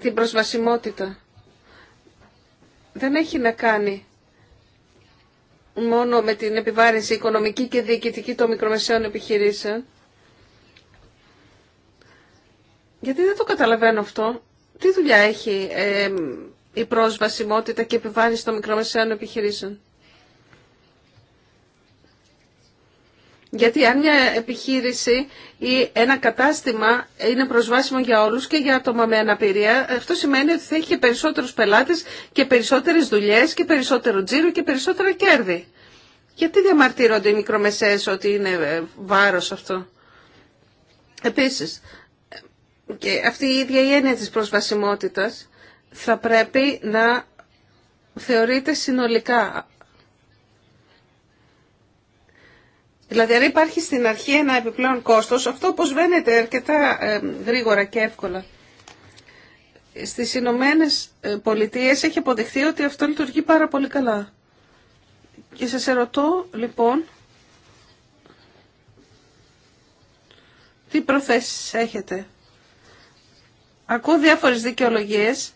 την προσβασιμότητα. Δεν έχει να κάνει μόνο με την επιβάρυνση οικονομική και διοικητική των μικρομεσαίων επιχειρήσεων. Γιατί δεν το καταλαβαίνω αυτό τι δουλειά έχει ε, η πρόσβασιμότητα και επιβάλληση των μικρομεσαίων επιχειρήσεων. Γιατί αν μια επιχείρηση ή ένα κατάστημα είναι προσβάσιμο για όλους και για άτομα με αναπηρία, αυτό σημαίνει ότι θα έχει και περισσότερους πελάτες και περισσότερες δουλειές και περισσότερο τζίρο και περισσότερα κέρδη. Γιατί διαμαρτύρονται οι μικρομεσαίες ότι είναι ε, βάρος αυτό. Επίσης, και αυτή η ίδια η έννοια της προσβασιμότητας θα πρέπει να θεωρείται συνολικά. Δηλαδή αν υπάρχει στην αρχή ένα επιπλέον κόστος, αυτό όπως βαίνεται αρκετά ε, γρήγορα και εύκολα. Στις Ηνωμένε ε, Πολιτείες έχει αποδειχθεί ότι αυτό λειτουργεί πάρα πολύ καλά. Και σας ερωτώ λοιπόν τι προθέσεις έχετε. Ακούω διάφορες δικαιολογίες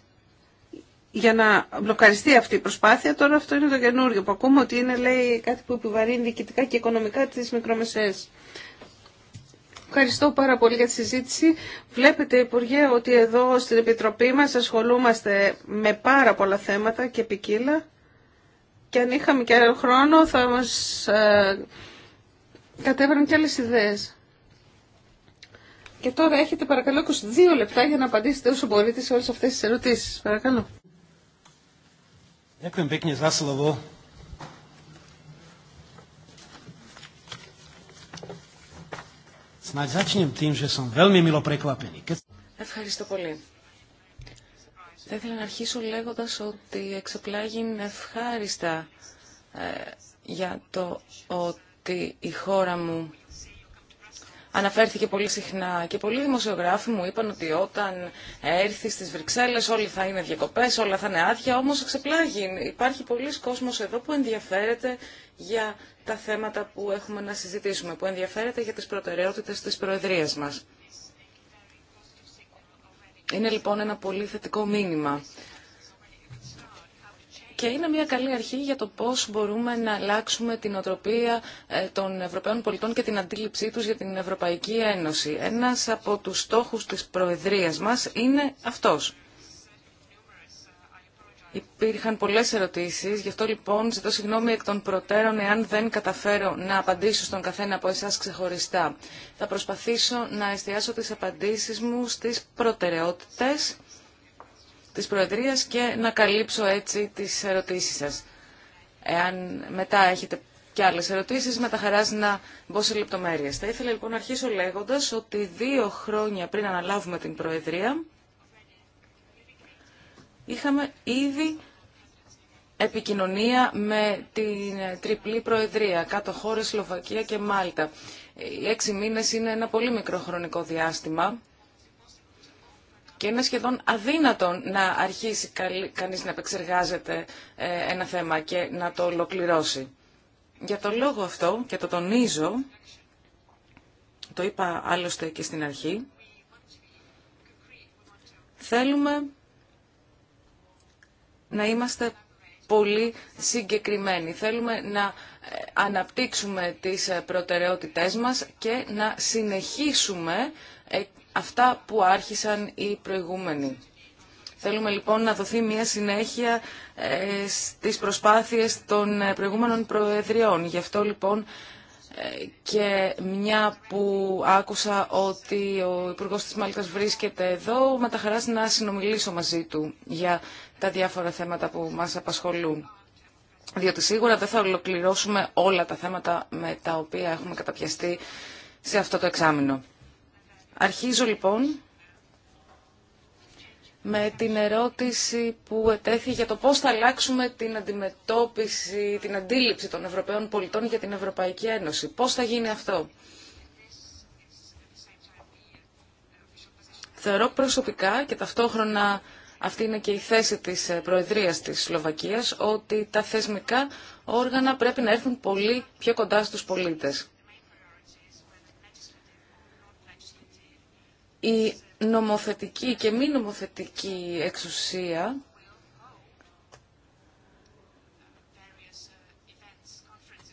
για να μπλοκαριστεί αυτή η προσπάθεια. Τώρα αυτό είναι το καινούριο που ακούμε ότι είναι λέει κάτι που επιβαρύνει διοικητικά και οικονομικά τις μικρομεσαίες. Ευχαριστώ πάρα πολύ για τη συζήτηση. Βλέπετε, Υπουργέ, ότι εδώ στην Επιτροπή μας ασχολούμαστε με πάρα πολλά θέματα και ποικίλα. Και αν είχαμε και άλλο χρόνο θα μας ε, κατέβαιναν και άλλες ιδέες. Και τώρα έχετε παρακαλώ 22 λεπτά για να απαντήσετε όσο μπορείτε σε όλες αυτές τις ερωτήσεις. Παρακαλώ. Ευχαριστώ πολύ. Θα ήθελα να αρχίσω λέγοντας ότι εξεπλάγει ευχάριστα ε, για το ότι η χώρα μου αναφέρθηκε πολύ συχνά και πολλοί δημοσιογράφοι μου είπαν ότι όταν έρθει στις Βρυξέλλες όλοι θα είναι διακοπές, όλα θα είναι άδεια, όμως ξεπλάγει. Υπάρχει πολλοί κόσμος εδώ που ενδιαφέρεται για τα θέματα που έχουμε να συζητήσουμε, που ενδιαφέρεται για τις προτεραιότητες της Προεδρίας μας. Είναι λοιπόν ένα πολύ θετικό μήνυμα και είναι μια καλή αρχή για το πώ μπορούμε να αλλάξουμε την οτροπία ε, των Ευρωπαίων πολιτών και την αντίληψή τους για την Ευρωπαϊκή Ένωση. Ένα από τους στόχους της Προεδρίας μας είναι αυτός. Υπήρχαν πολλές ερωτήσεις, γι' αυτό λοιπόν ζητώ συγγνώμη εκ των προτέρων εάν δεν καταφέρω να απαντήσω στον καθένα από εσά ξεχωριστά. Θα προσπαθήσω να εστιάσω τι απαντήσει μου στι προτεραιότητες της Προεδρίας και να καλύψω έτσι τις ερωτήσεις σας. Εάν μετά έχετε και άλλες ερωτήσεις, με τα χαράς να μπω σε λεπτομέρειες. Θα ήθελα λοιπόν να αρχίσω λέγοντας ότι δύο χρόνια πριν αναλάβουμε την Προεδρία, είχαμε ήδη επικοινωνία με την τριπλή Προεδρία, κάτω χώρες, Σλοβακία και Μάλτα. Οι έξι μήνες είναι ένα πολύ μικρό χρονικό διάστημα και είναι σχεδόν αδύνατον να αρχίσει κανείς να επεξεργάζεται ε, ένα θέμα και να το ολοκληρώσει. Για τον λόγο αυτό, και το τονίζω, το είπα άλλωστε και στην αρχή, θέλουμε να είμαστε πολύ συγκεκριμένοι. Θέλουμε να ε, αναπτύξουμε τις ε, προτεραιότητές μας και να συνεχίσουμε αυτά που άρχισαν οι προηγούμενοι. Θέλουμε λοιπόν να δοθεί μια συνέχεια ε, στις προσπάθειες των ε, προηγούμενων προεδριών. Γι' αυτό λοιπόν ε, και μια που άκουσα ότι ο υπουργό της Μάλτας βρίσκεται εδώ, με τα χαρά να συνομιλήσω μαζί του για τα διάφορα θέματα που μας απασχολούν. Διότι σίγουρα δεν θα ολοκληρώσουμε όλα τα θέματα με τα οποία έχουμε καταπιαστεί σε αυτό το εξάμεινο. Αρχίζω λοιπόν με την ερώτηση που ετέθη για το πώς θα αλλάξουμε την αντιμετώπιση, την αντίληψη των Ευρωπαίων πολιτών για την Ευρωπαϊκή Ένωση. Πώς θα γίνει αυτό. Θεωρώ προσωπικά και ταυτόχρονα αυτή είναι και η θέση της Προεδρίας της Σλοβακίας, ότι τα θεσμικά όργανα πρέπει να έρθουν πολύ πιο κοντά στους πολίτες. η νομοθετική και μη νομοθετική εξουσία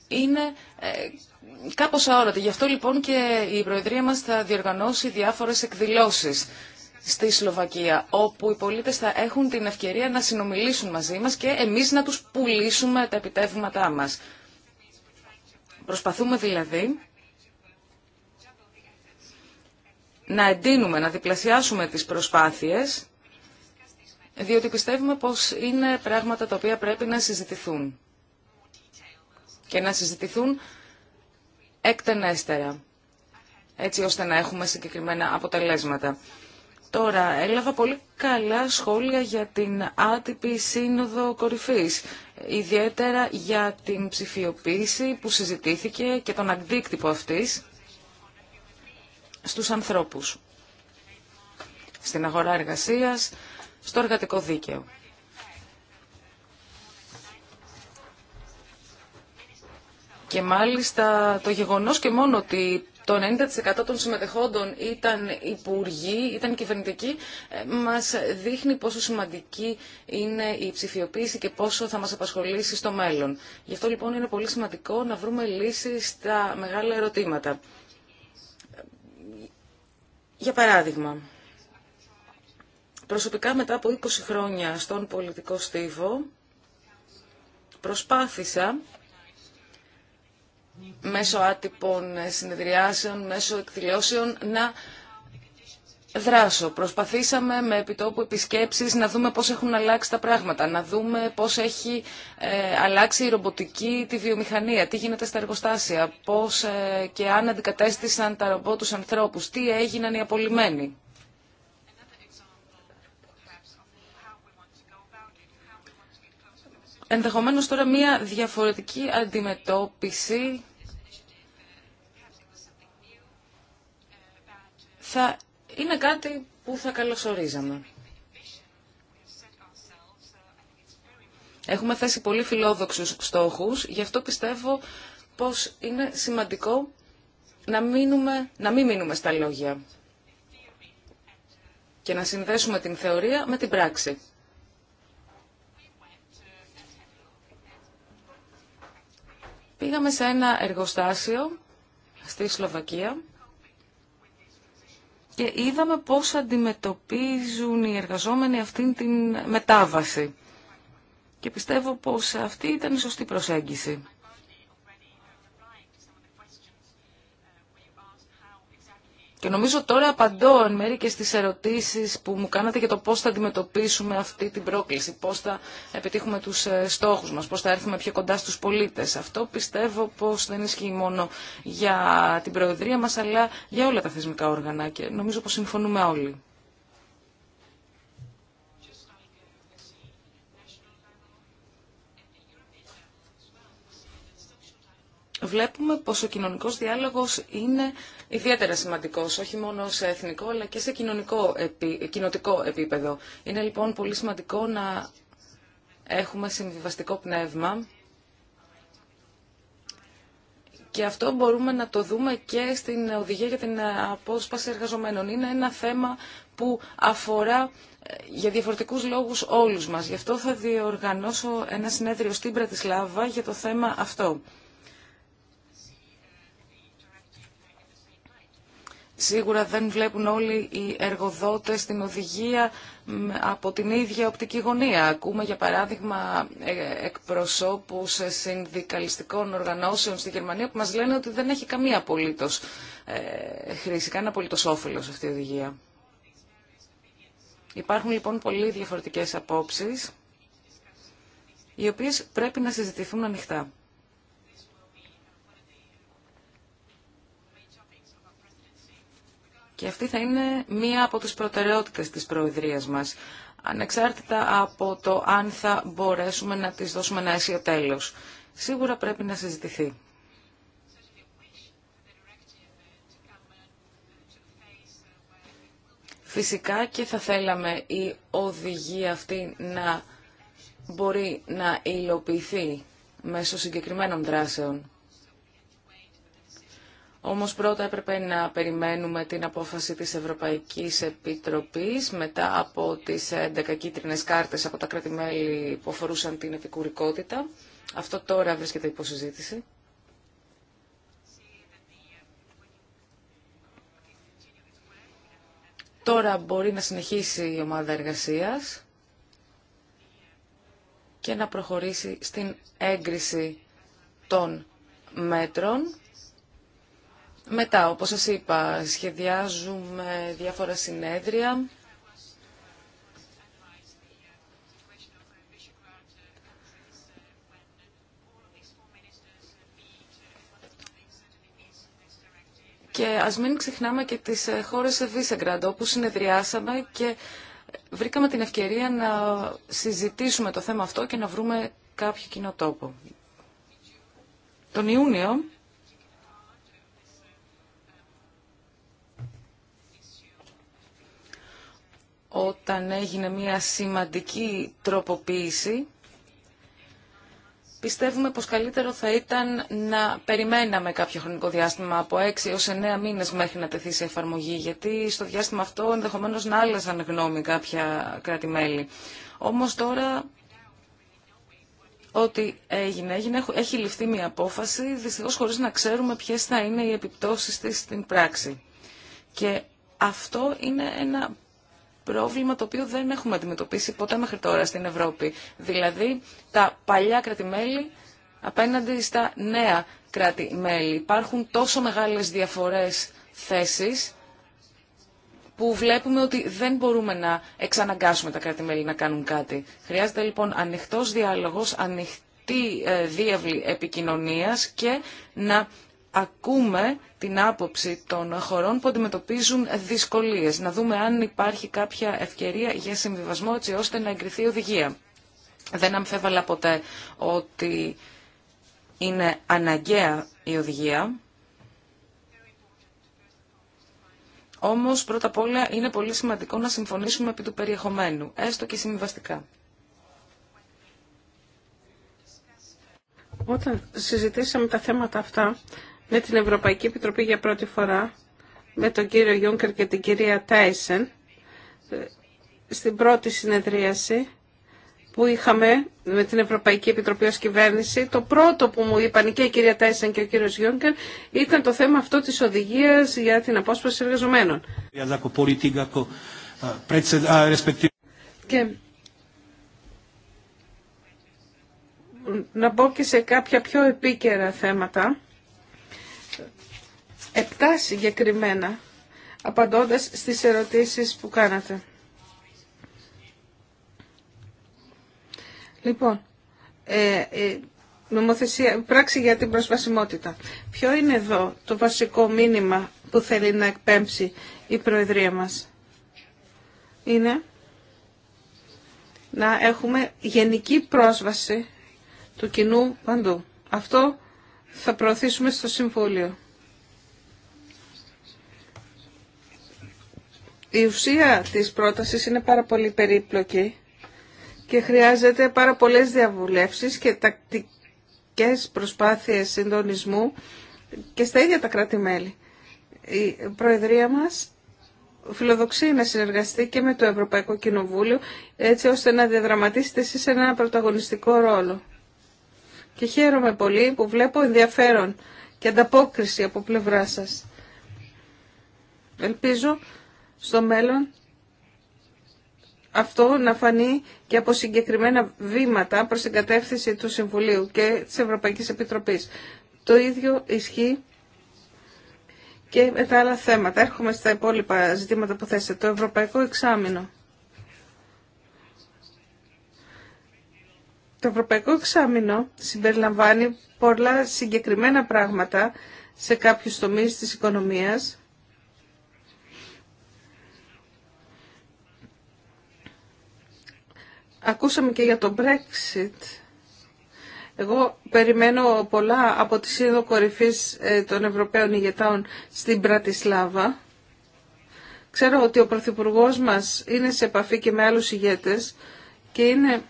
είναι ε, κάπως αόρατη. Γι' αυτό λοιπόν και η Προεδρία μας θα διοργανώσει διάφορες εκδηλώσεις στη Σλοβακία, όπου οι πολίτες θα έχουν την ευκαιρία να συνομιλήσουν μαζί μας και εμείς να τους πουλήσουμε τα επιτεύγματά μας. Προσπαθούμε δηλαδή να εντείνουμε, να διπλασιάσουμε τις προσπάθειες, διότι πιστεύουμε πως είναι πράγματα τα οποία πρέπει να συζητηθούν και να συζητηθούν εκτενέστερα, έτσι ώστε να έχουμε συγκεκριμένα αποτελέσματα. Τώρα, έλαβα πολύ καλά σχόλια για την άτυπη σύνοδο κορυφής, ιδιαίτερα για την ψηφιοποίηση που συζητήθηκε και τον αντίκτυπο αυτής στους ανθρώπους, στην αγορά εργασίας, στο εργατικό δίκαιο. Και μάλιστα το γεγονός και μόνο ότι το 90% των συμμετεχόντων ήταν υπουργοί, ήταν κυβερνητικοί, ε, μας δείχνει πόσο σημαντική είναι η ψηφιοποίηση και πόσο θα μας απασχολήσει στο μέλλον. Γι' αυτό λοιπόν είναι πολύ σημαντικό να βρούμε λύσεις στα μεγάλα ερωτήματα. Για παράδειγμα, προσωπικά μετά από 20 χρόνια στον πολιτικό στίβο, προσπάθησα μέσω άτυπων συνεδριάσεων, μέσω εκδηλώσεων να δράσω. Προσπαθήσαμε με επιτόπου επισκέψεις να δούμε πώς έχουν αλλάξει τα πράγματα, να δούμε πώς έχει ε, αλλάξει η ρομποτική τη βιομηχανία, τι γίνεται στα εργοστάσια, πώς ε, και αν αντικατέστησαν τα ρομπό τους ανθρώπους, τι έγιναν οι απολυμμένοι. Ενδεχομένως τώρα μία διαφορετική αντιμετώπιση θα είναι κάτι που θα καλωσορίζαμε. Έχουμε θέσει πολύ φιλόδοξους στόχους, γι' αυτό πιστεύω πως είναι σημαντικό να, να μην μείνουμε στα λόγια και να συνδέσουμε την θεωρία με την πράξη. Πήγαμε σε ένα εργοστάσιο στη Σλοβακία και είδαμε πώς αντιμετωπίζουν οι εργαζόμενοι αυτήν την μετάβαση. Και πιστεύω πως αυτή ήταν η σωστή προσέγγιση. Και νομίζω τώρα απαντώ εν μέρει και στις ερωτήσεις που μου κάνατε για το πώς θα αντιμετωπίσουμε αυτή την πρόκληση, πώς θα επιτύχουμε τους ε, στόχους μας, πώς θα έρθουμε πιο κοντά στους πολίτες. Αυτό πιστεύω πως δεν ισχύει μόνο για την Προεδρία μας, αλλά για όλα τα θεσμικά όργανα και νομίζω πως συμφωνούμε όλοι. βλέπουμε πως ο κοινωνικός διάλογος είναι ιδιαίτερα σημαντικός, όχι μόνο σε εθνικό αλλά και σε κοινωνικό, κοινωτικό επίπεδο. Είναι λοιπόν πολύ σημαντικό να έχουμε συμβιβαστικό πνεύμα και αυτό μπορούμε να το δούμε και στην οδηγία για την απόσπαση εργαζομένων. Είναι ένα θέμα που αφορά ε, για διαφορετικούς λόγους όλους μας. Γι' αυτό θα διοργανώσω ένα συνέδριο στην Πρατισλάβα για το θέμα αυτό. Σίγουρα δεν βλέπουν όλοι οι εργοδότες την οδηγία από την ίδια οπτική γωνία. Ακούμε για παράδειγμα ε, εκπροσώπους συνδικαλιστικών οργανώσεων στη Γερμανία που μας λένε ότι δεν έχει καμία απολύτως ε, χρήση, κανένα απολύτως όφελος αυτή η οδηγία. Υπάρχουν λοιπόν πολλοί διαφορετικές απόψεις οι οποίες πρέπει να συζητηθούν ανοιχτά. Και αυτή θα είναι μία από τις προτεραιότητες της Προεδρίας μας, ανεξάρτητα από το αν θα μπορέσουμε να της δώσουμε ένα αίσιο τέλος. Σίγουρα πρέπει να συζητηθεί. Φυσικά και θα θέλαμε η οδηγία αυτή να μπορεί να υλοποιηθεί μέσω συγκεκριμένων δράσεων. Όμως πρώτα έπρεπε να περιμένουμε την απόφαση της Ευρωπαϊκής Επιτροπής μετά από τις 11 κίτρινες κάρτες από τα κράτη-μέλη που αφορούσαν την επικουρικότητα. Αυτό τώρα βρίσκεται υπό συζήτηση. Τώρα μπορεί να συνεχίσει η ομάδα εργασίας και να προχωρήσει στην έγκριση των μέτρων μετά, όπως σας είπα, σχεδιάζουμε διάφορα συνέδρια. Και ας μην ξεχνάμε και τις ε, χώρες Βίσεγκραντ, όπου συνεδριάσαμε και βρήκαμε την ευκαιρία να συζητήσουμε το θέμα αυτό και να βρούμε κάποιο κοινό τόπο. Τον Ιούνιο όταν έγινε μια σημαντική τροποποίηση, πιστεύουμε πως καλύτερο θα ήταν να περιμέναμε κάποιο χρονικό διάστημα από έξι έως 9 μήνες μέχρι να τεθεί σε εφαρμογή, γιατί στο διάστημα αυτό ενδεχομένως να άλλαζαν γνώμη κάποια κράτη-μέλη. Όμως τώρα ό,τι έγινε, έγινε, έχει ληφθεί μια απόφαση, δυστυχώς χωρίς να ξέρουμε ποιες θα είναι οι επιπτώσεις της στην πράξη. Και αυτό είναι ένα πρόβλημα το οποίο δεν έχουμε αντιμετωπίσει ποτέ μέχρι τώρα στην Ευρώπη. Δηλαδή τα παλιά κρατημέλη απέναντι στα νέα Υπάρχουν τόσο μεγάλες διαφορές θέσεις που βλέπουμε ότι δεν μπορούμε να εξαναγκάσουμε τα κράτη-μέλη να κάνουν κάτι. Χρειάζεται λοιπόν ανοιχτός διάλογος, ανοιχτή ε, διάβλη επικοινωνίας και να ακούμε την άποψη των χωρών που αντιμετωπίζουν δυσκολίες. Να δούμε αν υπάρχει κάποια ευκαιρία για συμβιβασμό έτσι ώστε να εγκριθεί η οδηγία. Δεν αμφέβαλα ποτέ ότι είναι αναγκαία η οδηγία. Όμως πρώτα απ' όλα είναι πολύ σημαντικό να συμφωνήσουμε επί του περιεχομένου, έστω και συμβιβαστικά. Όταν συζητήσαμε τα θέματα αυτά, με την Ευρωπαϊκή Επιτροπή για πρώτη φορά, με τον κύριο Γιούγκερ και την κυρία Τάισεν, στην πρώτη συνεδρίαση που είχαμε με την Ευρωπαϊκή Επιτροπή ως κυβέρνηση, το πρώτο που μου είπαν και η κυρία Τάισεν και ο κύριος Γιούγκερ ήταν το θέμα αυτό της οδηγίας για την απόσπαση εργαζομένων. Και να μπω και σε κάποια πιο επίκαιρα θέματα επτά συγκεκριμένα, απαντώντας στις ερωτήσεις που κάνατε. Λοιπόν, ε, ε, νομοθεσία, πράξη για την προσβασιμότητα. Ποιο είναι εδώ το βασικό μήνυμα που θέλει να εκπέμψει η Προεδρία μας. Είναι να έχουμε γενική πρόσβαση του κοινού παντού. Αυτό θα προωθήσουμε στο Συμβούλιο. Η ουσία της πρότασης είναι πάρα πολύ περίπλοκη και χρειάζεται πάρα πολλές διαβουλεύσεις και τακτικές προσπάθειες συντονισμού και στα ίδια τα κράτη-μέλη. Η Προεδρία μας φιλοδοξεί να συνεργαστεί και με το Ευρωπαϊκό Κοινοβούλιο έτσι ώστε να διαδραματίσετε εσείς ένα πρωταγωνιστικό ρόλο. Και χαίρομαι πολύ που βλέπω ενδιαφέρον και ανταπόκριση από πλευρά σας. Ελπίζω στο μέλλον αυτό να φανεί και από συγκεκριμένα βήματα προς την κατεύθυνση του Συμβουλίου και της Ευρωπαϊκής Επιτροπής. Το ίδιο ισχύει και με τα άλλα θέματα. Έρχομαι στα υπόλοιπα ζητήματα που θέσετε. Το Ευρωπαϊκό Εξάμεινο. Το Ευρωπαϊκό Εξάμεινο συμπεριλαμβάνει πολλά συγκεκριμένα πράγματα σε κάποιους τομείς της οικονομίας Ακούσαμε και για το Brexit. Εγώ περιμένω πολλά από τη Σύνοδο Κορυφής ε, των Ευρωπαίων Ηγετάων στην Πρατισλάβα. Ξέρω ότι ο Πρωθυπουργό μας είναι σε επαφή και με άλλους ηγέτες και είναι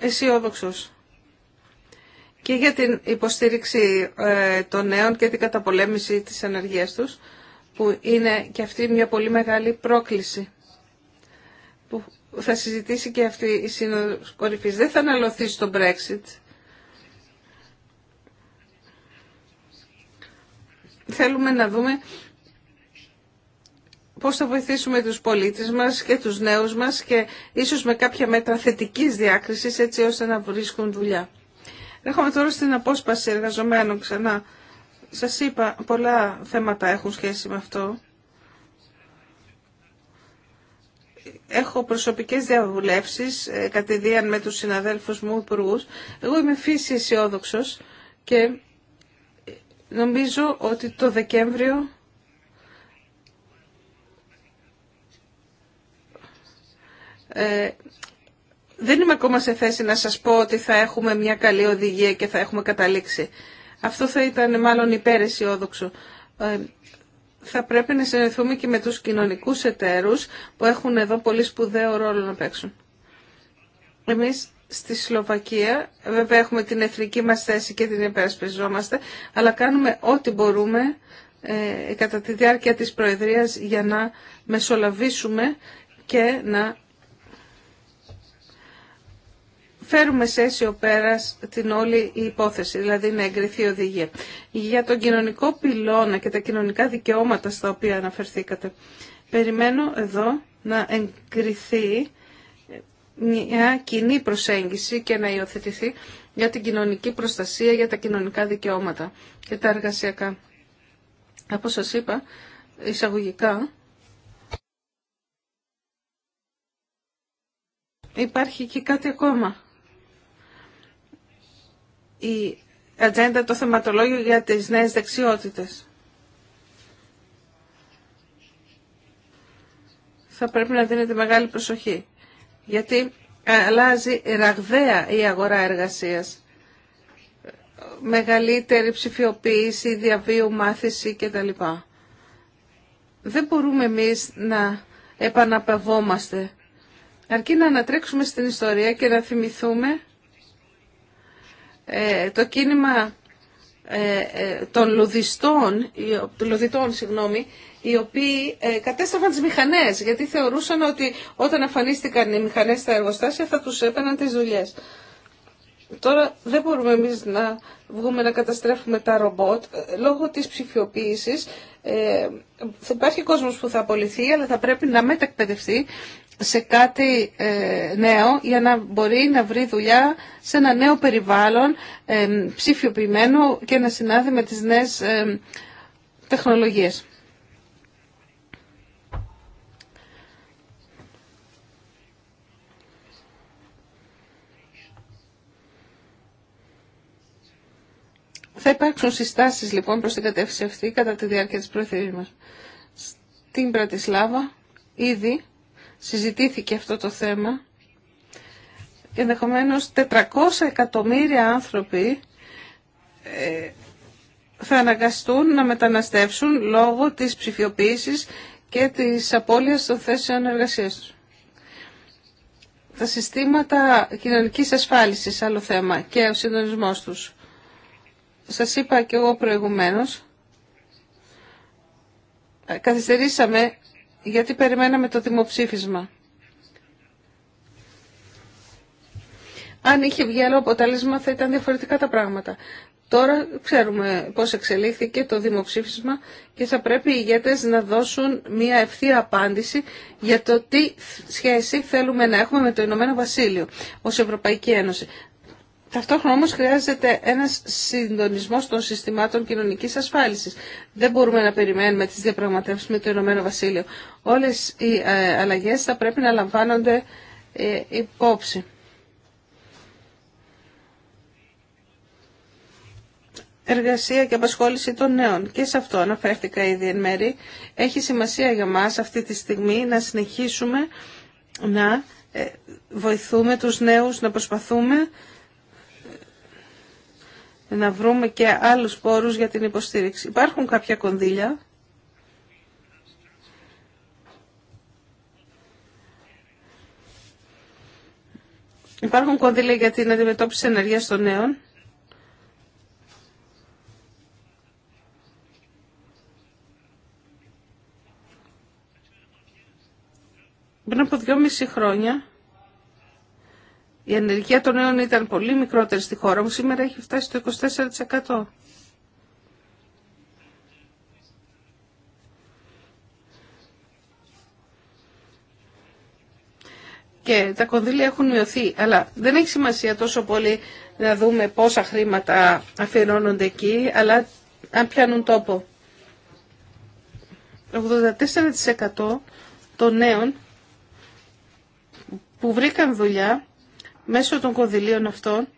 αισιόδοξο. Και για την υποστήριξη ε, των νέων και την καταπολέμηση της ανεργίας τους που είναι και αυτή μια πολύ μεγάλη πρόκληση που θα συζητήσει και αυτή η Σύνοδος Κορυφής. Δεν θα αναλωθεί στο Brexit. Θέλουμε να δούμε πώς θα βοηθήσουμε τους πολίτες μας και τους νέους μας και ίσως με κάποια μέτρα θετικής διάκρισης έτσι ώστε να βρίσκουν δουλειά. Έρχομαι τώρα στην απόσπαση εργαζομένων ξανά. Σας είπα, πολλά θέματα έχουν σχέση με αυτό. Έχω προσωπικές διαβουλεύσεις ε, κατηδίαν με τους συναδέλφους μου υπουργού. Εγώ είμαι φύση αισιόδοξο και νομίζω ότι το Δεκέμβριο ε, δεν είμαι ακόμα σε θέση να σας πω ότι θα έχουμε μια καλή οδηγία και θα έχουμε καταλήξει. Αυτό θα ήταν μάλλον Ε, Θα πρέπει να συνεχθούμε και με τους κοινωνικούς εταίρους που έχουν εδώ πολύ σπουδαίο ρόλο να παίξουν. Εμείς στη Σλοβακία, βέβαια έχουμε την εθνική μας θέση και την υπερασπιζόμαστε, αλλά κάνουμε ό,τι μπορούμε ε, κατά τη διάρκεια της Προεδρίας για να μεσολαβήσουμε και να φέρουμε σε αίσιο πέρα την όλη υπόθεση, δηλαδή να εγκριθεί η οδηγία. Για τον κοινωνικό πυλώνα και τα κοινωνικά δικαιώματα στα οποία αναφερθήκατε, περιμένω εδώ να εγκριθεί μια κοινή προσέγγιση και να υιοθετηθεί για την κοινωνική προστασία, για τα κοινωνικά δικαιώματα και τα εργασιακά. Από σας είπα, εισαγωγικά, υπάρχει και κάτι ακόμα η ατζέντα, το θεματολόγιο για τις νέες δεξιότητες. Θα πρέπει να δίνετε μεγάλη προσοχή, γιατί αλλάζει ραγδαία η αγορά εργασίας. Μεγαλύτερη ψηφιοποίηση, διαβίου, μάθηση κτλ. Δεν μπορούμε εμείς να επαναπαυόμαστε. Αρκεί να ανατρέξουμε στην ιστορία και να θυμηθούμε ε, το κίνημα ε, ε, των λουδιστών, λουδιτών, συγγνώμη, οι οποίοι κατέστρεφαν τις μηχανές, γιατί θεωρούσαν ότι όταν εμφανίστηκαν οι μηχανές στα εργοστάσια θα τους έπαιναν τις δουλειές. Τώρα δεν μπορούμε εμείς να βγούμε να καταστρέφουμε τα ρομπότ. Λόγω της ψηφιοποίησης ε, θα υπάρχει κόσμος που θα απολυθεί, αλλά θα πρέπει να μετακπαιδευτεί σε κάτι ε, νέο για να μπορεί να βρει δουλειά σε ένα νέο περιβάλλον ε, ψηφιοποιημένο και να συνάδει με τις νέες ε, τεχνολογίες. Θα υπάρξουν συστάσεις λοιπόν προς την κατεύθυνση αυτή κατά τη διάρκεια της προθέσης μας. Στην Πρατισλάβα ήδη συζητήθηκε αυτό το θέμα. Ενδεχομένω 400 εκατομμύρια άνθρωποι ε, θα αναγκαστούν να μεταναστεύσουν λόγω της ψηφιοποίησης και της απώλειας των θέσεων εργασίας τους. Τα συστήματα κοινωνικής ασφάλισης, άλλο θέμα, και ο συντονισμός τους. Σας είπα και εγώ προηγουμένως, καθυστερήσαμε γιατί περιμέναμε το δημοψήφισμα. Αν είχε βγει άλλο αποτέλεσμα θα ήταν διαφορετικά τα πράγματα. Τώρα ξέρουμε πώς εξελίχθηκε το δημοψήφισμα και θα πρέπει οι ηγέτες να δώσουν μια ευθεία απάντηση για το τι σχέση θέλουμε να έχουμε με το Ηνωμένο Βασίλειο ως Ευρωπαϊκή Ένωση. Ταυτόχρονα όμως χρειάζεται ένας συντονισμός των συστημάτων κοινωνικής ασφάλισης. Δεν μπορούμε να περιμένουμε τις διαπραγματεύσεις με το Ηνωμένο Βασίλειο. Όλες οι ε, αλλαγές θα πρέπει να λαμβάνονται ε, υπόψη. Εργασία και απασχόληση των νέων. Και σε αυτό αναφέρθηκα ήδη εν μέρη. Έχει σημασία για μας αυτή τη στιγμή να συνεχίσουμε να ε, βοηθούμε τους νέους να προσπαθούμε να βρούμε και άλλους πόρους για την υποστήριξη. Υπάρχουν κάποια κονδύλια. Υπάρχουν κονδύλια για την αντιμετώπιση ενεργείας των νέων. Πριν από δυόμιση χρόνια η ανεργία των νέων ήταν πολύ μικρότερη στη χώρα μου, σήμερα έχει φτάσει στο 24%. και τα κονδύλια έχουν μειωθεί. Αλλά δεν έχει σημασία τόσο πολύ να δούμε πόσα χρήματα αφιερώνονται εκεί, αλλά αν πιάνουν τόπο. 84% των νέων που βρήκαν δουλειά μέσω των κονδυλίων αυτών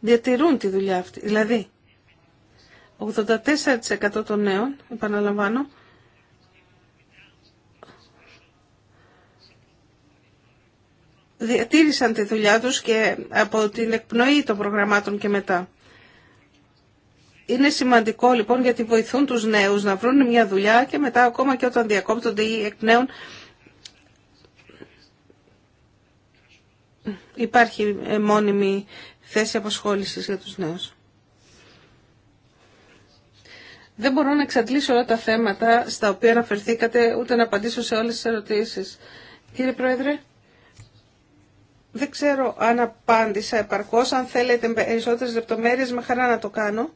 διατηρούν τη δουλειά αυτή. Δηλαδή, 84% των νέων, επαναλαμβάνω, διατήρησαν τη δουλειά τους και από την εκπνοή των προγραμμάτων και μετά. Είναι σημαντικό λοιπόν γιατί βοηθούν τους νέους να βρουν μια δουλειά και μετά ακόμα και όταν διακόπτονται ή εκπνέουν υπάρχει ε, μόνιμη θέση αποσχόλησης για τους νέους. Δεν μπορώ να εξαντλήσω όλα τα θέματα στα οποία αναφερθήκατε, ούτε να απαντήσω σε όλες τις ερωτήσεις. Κύριε Πρόεδρε, δεν ξέρω αν απάντησα επαρκώς. Αν θέλετε περισσότερες λεπτομέρειες, με χαρά να το κάνω.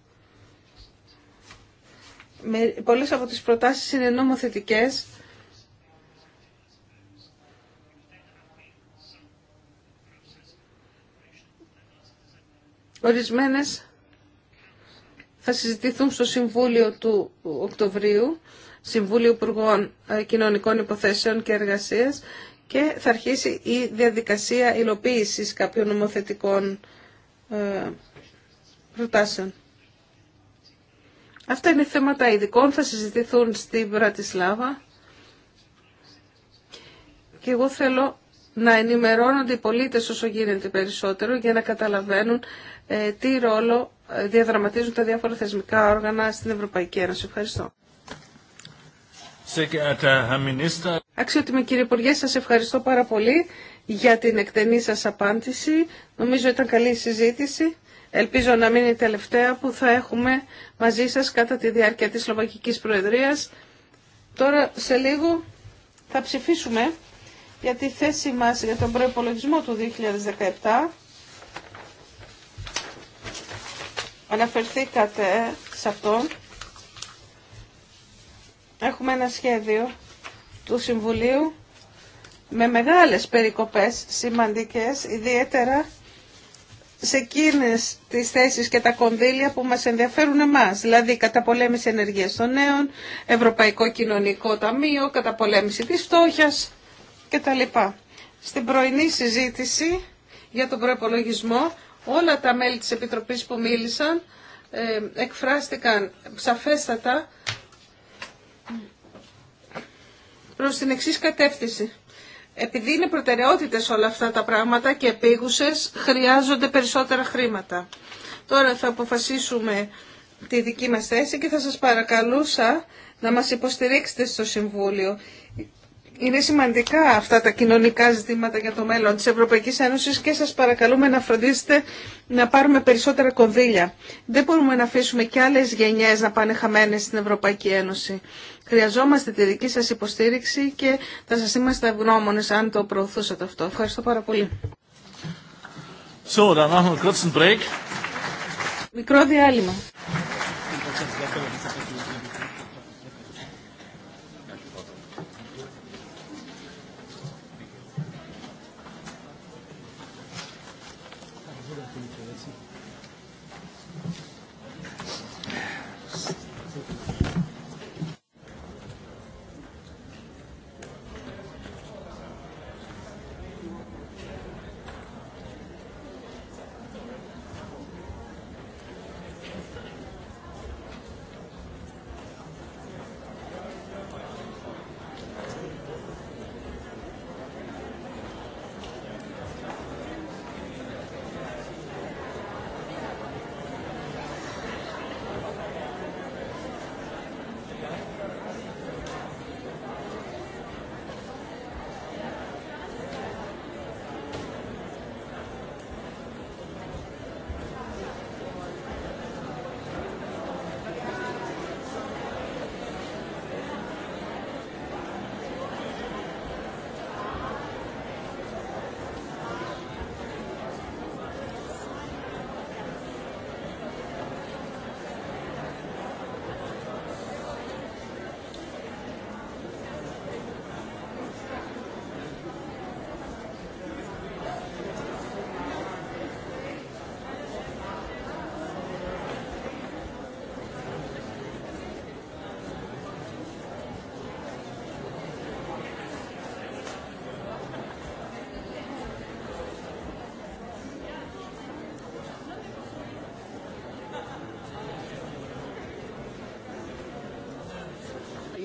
Με, πολλές από τις προτάσεις είναι νομοθετικές Ορισμένες θα συζητηθούν στο Συμβούλιο του Οκτωβρίου, Συμβούλιο Υπουργών ε, Κοινωνικών Υποθέσεων και Εργασίας και θα αρχίσει η διαδικασία υλοποίησης κάποιων νομοθετικών ε, προτάσεων. Αυτά είναι θέματα ειδικών, θα συζητηθούν στην Βρατισλάβα και εγώ θέλω να ενημερώνονται οι πολίτες όσο γίνεται περισσότερο για να καταλαβαίνουν ε, τι ρόλο ε, διαδραματίζουν τα διάφορα θεσμικά όργανα στην Ευρωπαϊκή Ένωση. Ευχαριστώ. Αξιότιμη κύριε Υπουργέ, σας ευχαριστώ πάρα πολύ για την εκτενή σας απάντηση. Νομίζω ήταν καλή συζήτηση. Ελπίζω να μην είναι η τελευταία που θα έχουμε μαζί σας κατά τη διάρκεια της Σλοβακική Προεδρίας. Τώρα σε λίγο θα ψηφίσουμε για τη θέση μας για τον προϋπολογισμό του 2017. Αναφερθήκατε σε αυτό. Έχουμε ένα σχέδιο του Συμβουλίου με μεγάλες περικοπές σημαντικές, ιδιαίτερα σε εκείνες τις θέσεις και τα κονδύλια που μας ενδιαφέρουν εμάς, δηλαδή καταπολέμηση ενεργείας των νέων, Ευρωπαϊκό Κοινωνικό Ταμείο, καταπολέμηση της φτώχειας κτλ. Στην πρωινή συζήτηση για τον προπολογισμό Όλα τα μέλη της Επιτροπής που μίλησαν ε, εκφράστηκαν σαφέστατα προς την εξής κατεύθυνση. Επειδή είναι προτεραιότητες όλα αυτά τα πράγματα και επίγουσες, χρειάζονται περισσότερα χρήματα. Τώρα θα αποφασίσουμε τη δική μας θέση και θα σας παρακαλούσα να μας υποστηρίξετε στο Συμβούλιο είναι σημαντικά αυτά τα κοινωνικά ζητήματα για το μέλλον της Ευρωπαϊκής Ένωσης και σας παρακαλούμε να φροντίσετε να πάρουμε περισσότερα κονδύλια. Δεν μπορούμε να αφήσουμε και άλλες γενιές να πάνε χαμένες στην Ευρωπαϊκή Ένωση. Χρειαζόμαστε τη δική σας υποστήριξη και θα σας είμαστε ευγνώμονες αν το προωθούσατε αυτό. Ευχαριστώ πάρα πολύ. So, Μικρό διάλειμμα.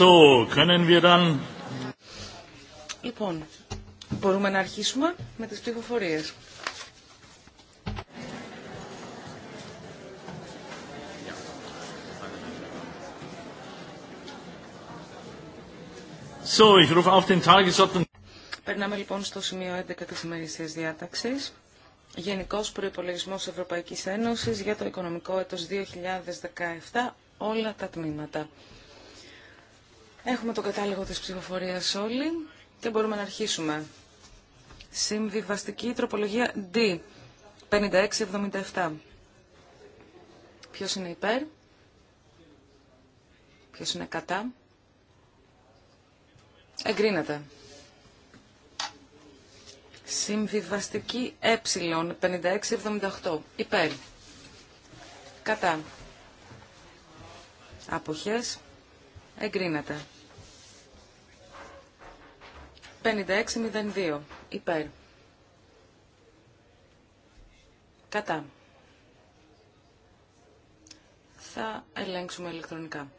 So, können wir dann... Λοιπόν, μπορούμε να αρχίσουμε με τις πληροφορίε. So, ich rufe auf den Tagesordnung. Περνάμε λοιπόν στο σημείο 11 της ημερησίας διάταξης. Γενικός προϋπολογισμός Ευρωπαϊκής Ένωσης για το οικονομικό έτος 2017, όλα τα τμήματα. Έχουμε το κατάλογο της ψηφοφορίας όλοι και μπορούμε να αρχίσουμε. Συμβιβαστική τροπολογία D. 5677. Ποιος είναι υπέρ. Ποιος είναι κατά. Εγκρίνεται. Συμβιβαστική ε 5678. Υπέρ. Κατά. Αποχές. Εγκρίνατε. 5602. Υπέρ. Κατά. Θα ελέγξουμε ηλεκτρονικά.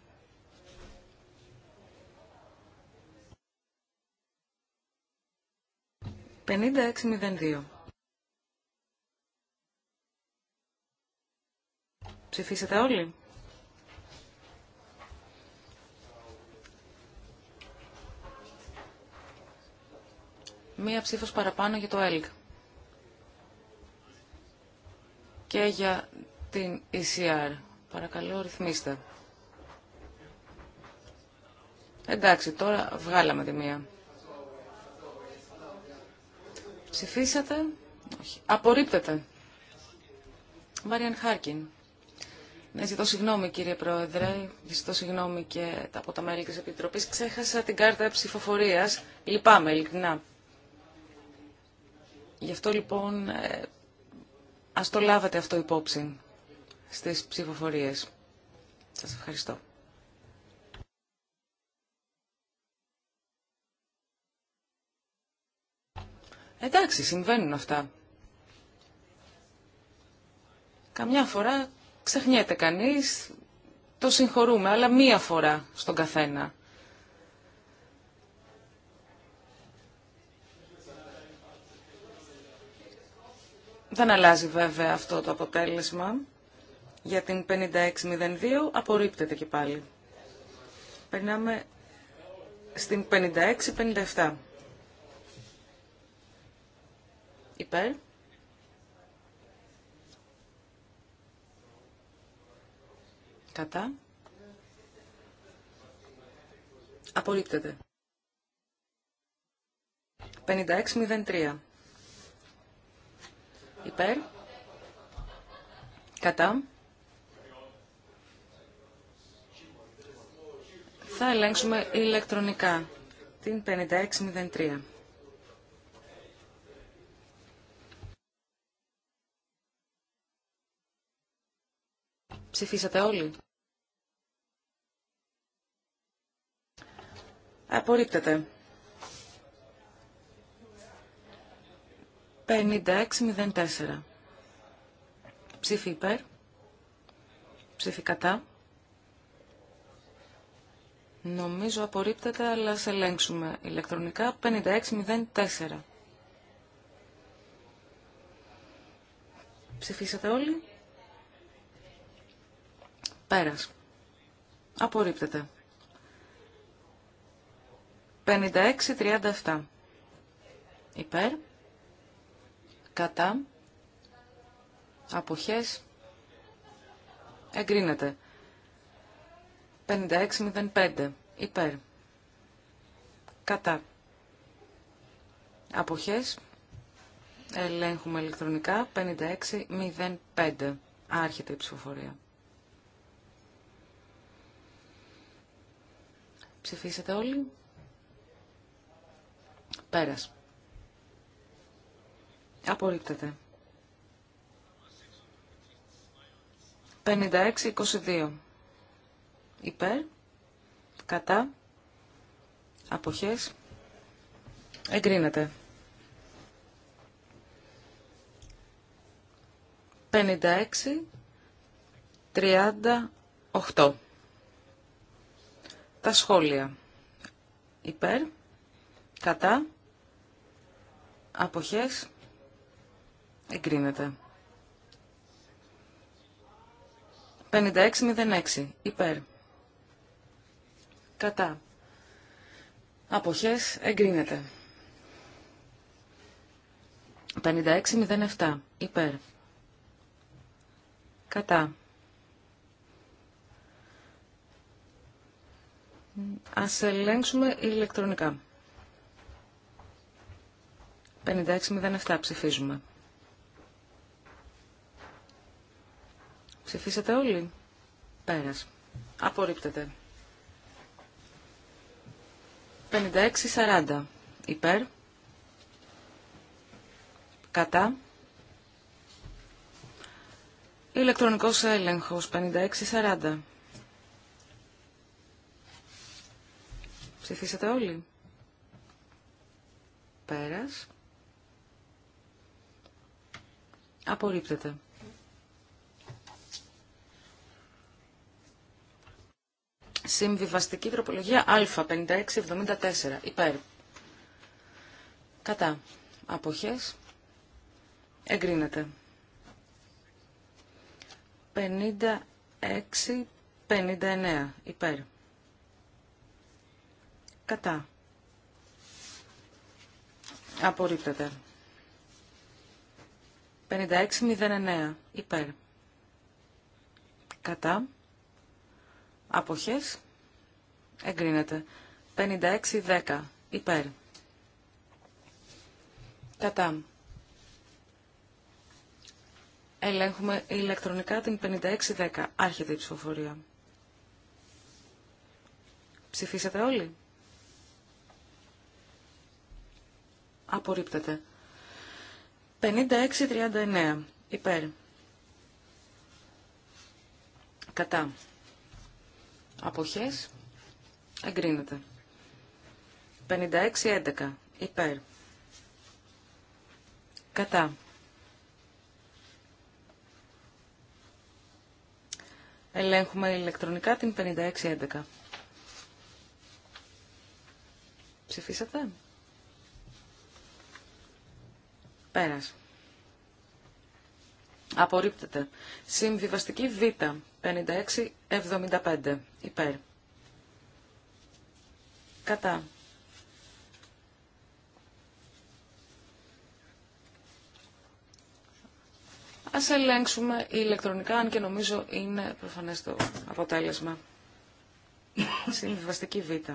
5602. έξι μηδέν όλοι. μία ψήφος παραπάνω για το ΕΛΚ και για την ECR. Παρακαλώ, ρυθμίστε. Εντάξει, τώρα βγάλαμε τη μία. Ψηφίσατε. Όχι. Απορρίπτεται. Μαριαν Χάρκιν. Ναι, ζητώ συγγνώμη κύριε Πρόεδρε, ζητώ συγγνώμη και από τα μέλη της Επιτροπής. Ξέχασα την κάρτα ψηφοφορίας. Λυπάμαι, ειλικρινά. Γι' αυτό λοιπόν ε, ας το λάβετε αυτό υπόψη στις ψηφοφορίες. Σας ευχαριστώ. Εντάξει, συμβαίνουν αυτά. Καμιά φορά ξεχνιέται κανείς, το συγχωρούμε, αλλά μία φορά στον καθένα. Δεν αλλάζει βέβαια αυτό το αποτέλεσμα. Για την 5602 απορρίπτεται και πάλι. Περνάμε στην 5657. Υπέρ. Κατά. Απορρίπτεται. 5603. Υπέρ. Κατά. Θα ελέγξουμε ηλεκτρονικά την 5603. Ψηφίσατε όλοι. Απορρίπτεται. 5604. Ψήφι υπέρ. Ψήφι κατά. Νομίζω απορρίπτεται, αλλά σε ελέγξουμε ηλεκτρονικά. 5604. Ψηφίσατε όλοι. Πέρας. Απορρίπτεται. 5637. Υπέρ κατά, αποχές, εγκρίνεται. 5605, υπέρ, κατά, αποχές, ελέγχουμε ηλεκτρονικά, 5605, άρχεται η ψηφοφορία. Ψηφίσετε όλοι. Πέρας. Απορρίπτεται. 56-22. Υπέρ. Κατά. Αποχές. Εγκρίνεται. 56-38. Τα σχόλια. Υπέρ. Κατά. Αποχές. Εγκρίνεται. 5606. Υπέρ. Κατά. Αποχές. Εγκρίνεται. 5607. Υπέρ. Κατά. Ας ελέγξουμε ηλεκτρονικά. 5607 ψηφίζουμε. Ψηφίσατε όλοι. Πέρας. Απορρίπτεται. 56-40. Υπέρ. Κατά. Ηλεκτρονικός έλεγχος. 56-40. Ψηφίσατε όλοι. Πέρας. Απορρίπτεται. Συμβιβαστική τροπολογία Α5674. Υπέρ. Κατά. Αποχές. Εγκρίνεται. 56-59. Υπέρ. Κατά. Απορρίπτεται. 56-09. Υπέρ. Κατά. Αποχές. Εγκρίνεται. 56-10. Υπέρ. Κατά. Ελέγχουμε ηλεκτρονικά την 56-10. Άρχεται η ψηφοφορία. Ψηφίσατε όλοι. Απορρίπτεται. 56-39. Υπέρ. Κατά. Αποχές. Εγκρίνεται. 56-11. Υπέρ. Κατά. Ελέγχουμε ηλεκτρονικά την 56-11. Ψηφίσατε. Πέρας. Απορρίπτεται. Συμβιβαστική Β. 56-75 υπέρ. Κατά. Ας ελέγξουμε ηλεκτρονικά, αν και νομίζω είναι προφανές το αποτέλεσμα. Συμβιβαστική Β.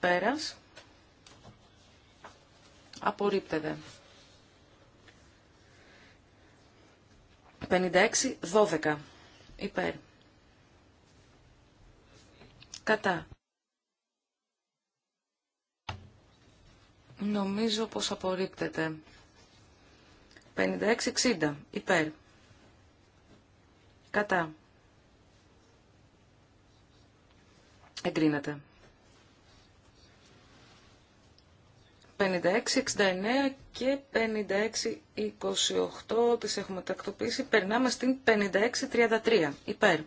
Πέρας. Απορρίπτεται. 56-12 υπέρ. Κατά. Νομίζω πως απορρίπτεται. 56-60 υπέρ. Κατά. Εγκρίνεται. 56, 69 και 56, 28 τις έχουμε τακτοποιήσει. Περνάμε στην 56, 33. Υπέρ.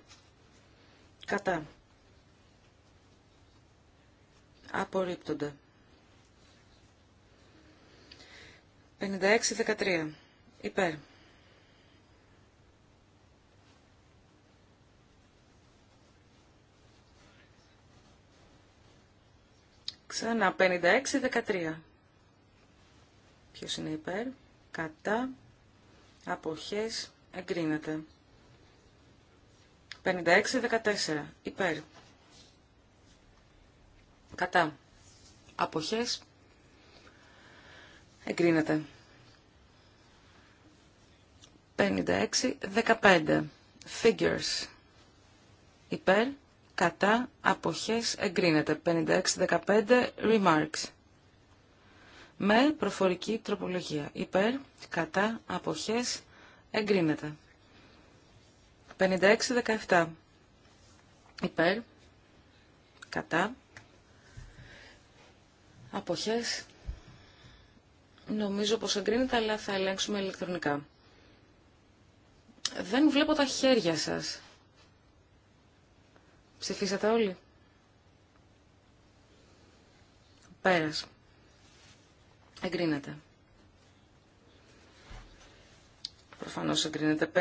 Κατά. Απορρίπτονται. 56, 13. Υπέρ. Ξανά 56-13. Ποιος είναι υπέρ, κατά, αποχές, εγκρίνεται. 56-14, υπέρ, κατά, αποχές, εγκρίνεται. 56-15, figures, υπέρ, κατά, αποχές, εγκρίνεται. 56-15, remarks με προφορική τροπολογία. Υπέρ, κατά, αποχές, εγκρίνεται. 56-17. Υπέρ, κατά, αποχές, νομίζω πως εγκρίνεται, αλλά θα ελέγξουμε ηλεκτρονικά. Δεν βλέπω τα χέρια σας. Ψηφίσατε όλοι. Πέρασε. Εγκρίνεται. Προφανώς εγκρίνεται.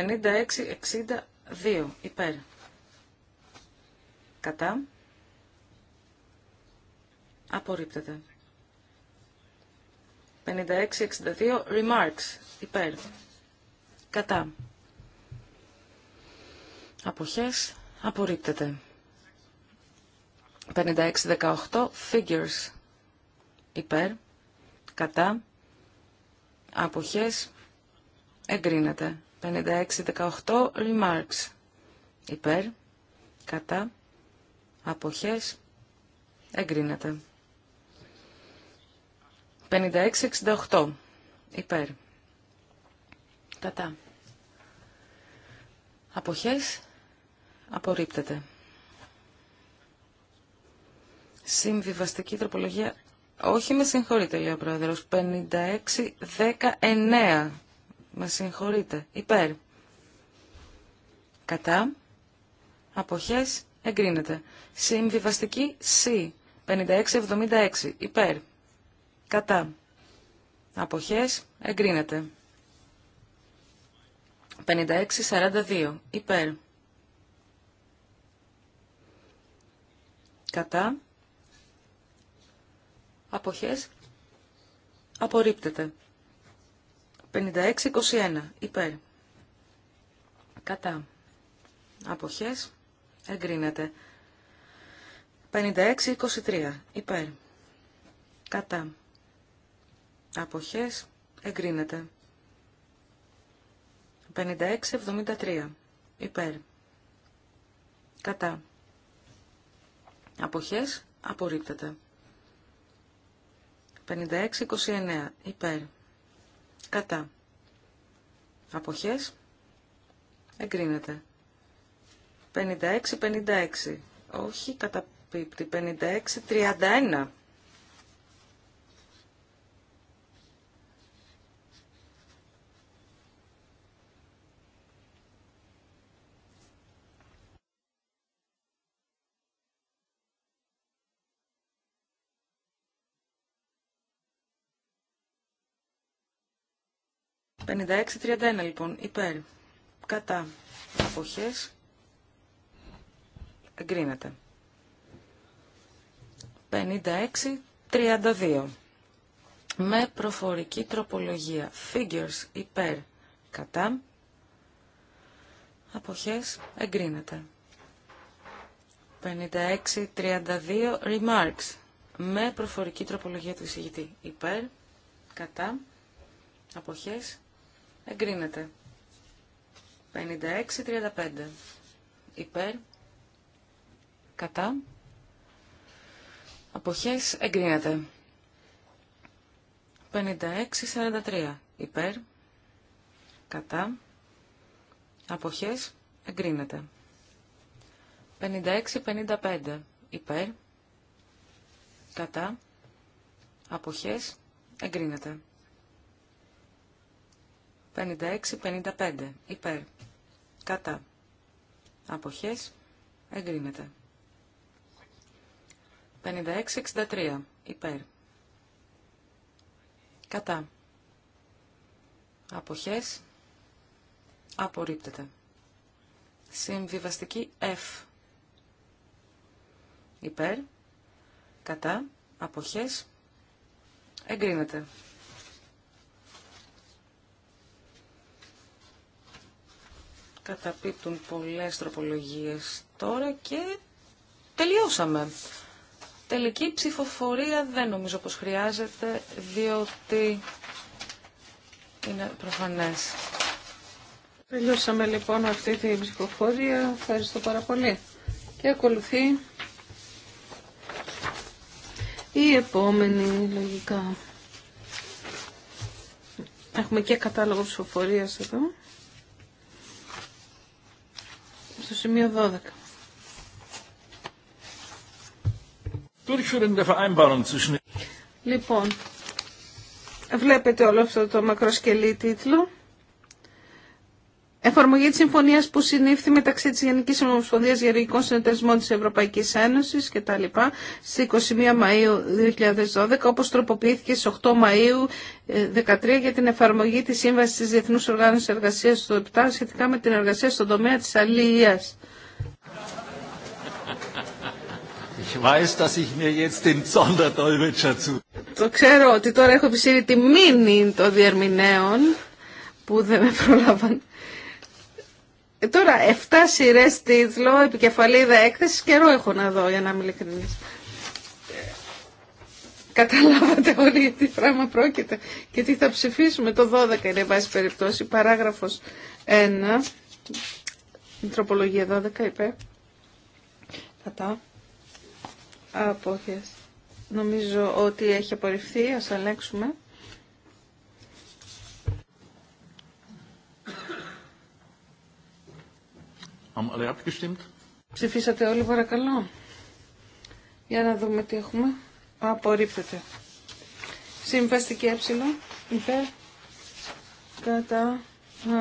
56-62 υπέρ. Κατά. Απορρίπτεται. 56-62 remarks υπέρ. Κατά. Αποχές. Απορρίπτεται. 56-18 figures υπέρ κατά, αποχές, εγκρίνεται. 56-18 remarks, υπέρ, κατά, αποχές, εγκρίνεται. 56-68 υπέρ, κατά, αποχές, απορρίπτεται. Συμβιβαστική τροπολογία όχι, με συγχωρείτε, λέει ο προεδρο 56 56-19. Με συγχωρείτε. Υπέρ. Κατά. Κατά, Εγκρίνεται. Συμβιβαστική C. 56-76. Υπέρ. Κατά. Κατά, Εγκρίνεται. 56-42. Υπέρ. Κατά αποχές, απορρίπτεται. 56-21 υπέρ, κατά, αποχές, εγκρίνεται. 56-23 υπέρ, κατά, αποχές, εγκρίνεται. 56-73 υπέρ, κατά. Αποχές απορρίπτεται. 56-29 υπέρ. Κατά. Αποχές. Εγκρίνεται. 56-56. Όχι, καταπίπτει. 56-31 5631, λοιπόν, υπέρ, κατά, αποχές, εγκρίνεται. 56-32, με προφορική τροπολογία, figures, υπέρ, κατά, αποχές, εγκρίνεται. 56-32, remarks, με προφορική τροπολογία του εισηγητή, υπέρ, κατά, αποχές, Εγκρίνεται. 56-35. Υπέρ. Κατά. Αποχές. Εγκρίνεται. 56-43. Υπέρ. Κατά. Αποχές. Εγκρίνεται. 56-55. Υπέρ. Κατά. Αποχές. Εγκρίνεται. 56-55 υπέρ. Κατά. Αποχές. Εγκρίνεται. 56-63 υπέρ. Κατά. Αποχές. Απορρίπτεται. Συμβιβαστική F. Υπέρ. Κατά. Αποχές. Εγκρίνεται. Καταπίπτουν πολλές τροπολογίες τώρα και τελειώσαμε. Τελική ψηφοφορία δεν νομίζω πως χρειάζεται, διότι είναι προφανές. Τελειώσαμε λοιπόν αυτή τη ψηφοφορία. Ευχαριστώ πάρα πολύ. Και ακολουθεί η επόμενη λογικά. Έχουμε και κατάλογο ψηφοφορίας εδώ στο σημείο 12. Λοιπόν, βλέπετε όλο αυτό το μακροσκελή τίτλο. Εφαρμογή της συμφωνίας που συνήφθη μεταξύ της Γενικής Ομοσπονδία Γεωργικών Συνεταιρισμών της Ευρωπαϊκής Ένωσης και τα λοιπά στις 21 Μαΐου 2012 όπως τροποποιήθηκε στι 8 Μαΐου 2013 ε, για την εφαρμογή της Σύμβασης τη διεθνού οργάνωση εργασία του ΕΠΤΑ σχετικά με την εργασία στον τομέα της αλληλείας. Το ξέρω ότι τώρα έχω επισύρει τη μήνυ των διερμηνέων που δεν με προλάβανε. Ε, τώρα, 7 σειρέ τίτλο, επικεφαλίδα έκθεση, καιρό έχω να δω για να είμαι ειλικρινή. Καταλάβατε όλοι τι πράγμα πρόκειται και τι θα ψηφίσουμε. Το 12 είναι, βάση περιπτώσει, παράγραφος 1, τροπολογία 12 είπε. Κατά. Απόχες. Νομίζω ότι έχει απορριφθεί, ας αλέξουμε. Ψηφίσατε όλοι παρακαλώ. Για να δούμε τι έχουμε. Απορρίπτεται. Συμβαστική ε υπέρ κατά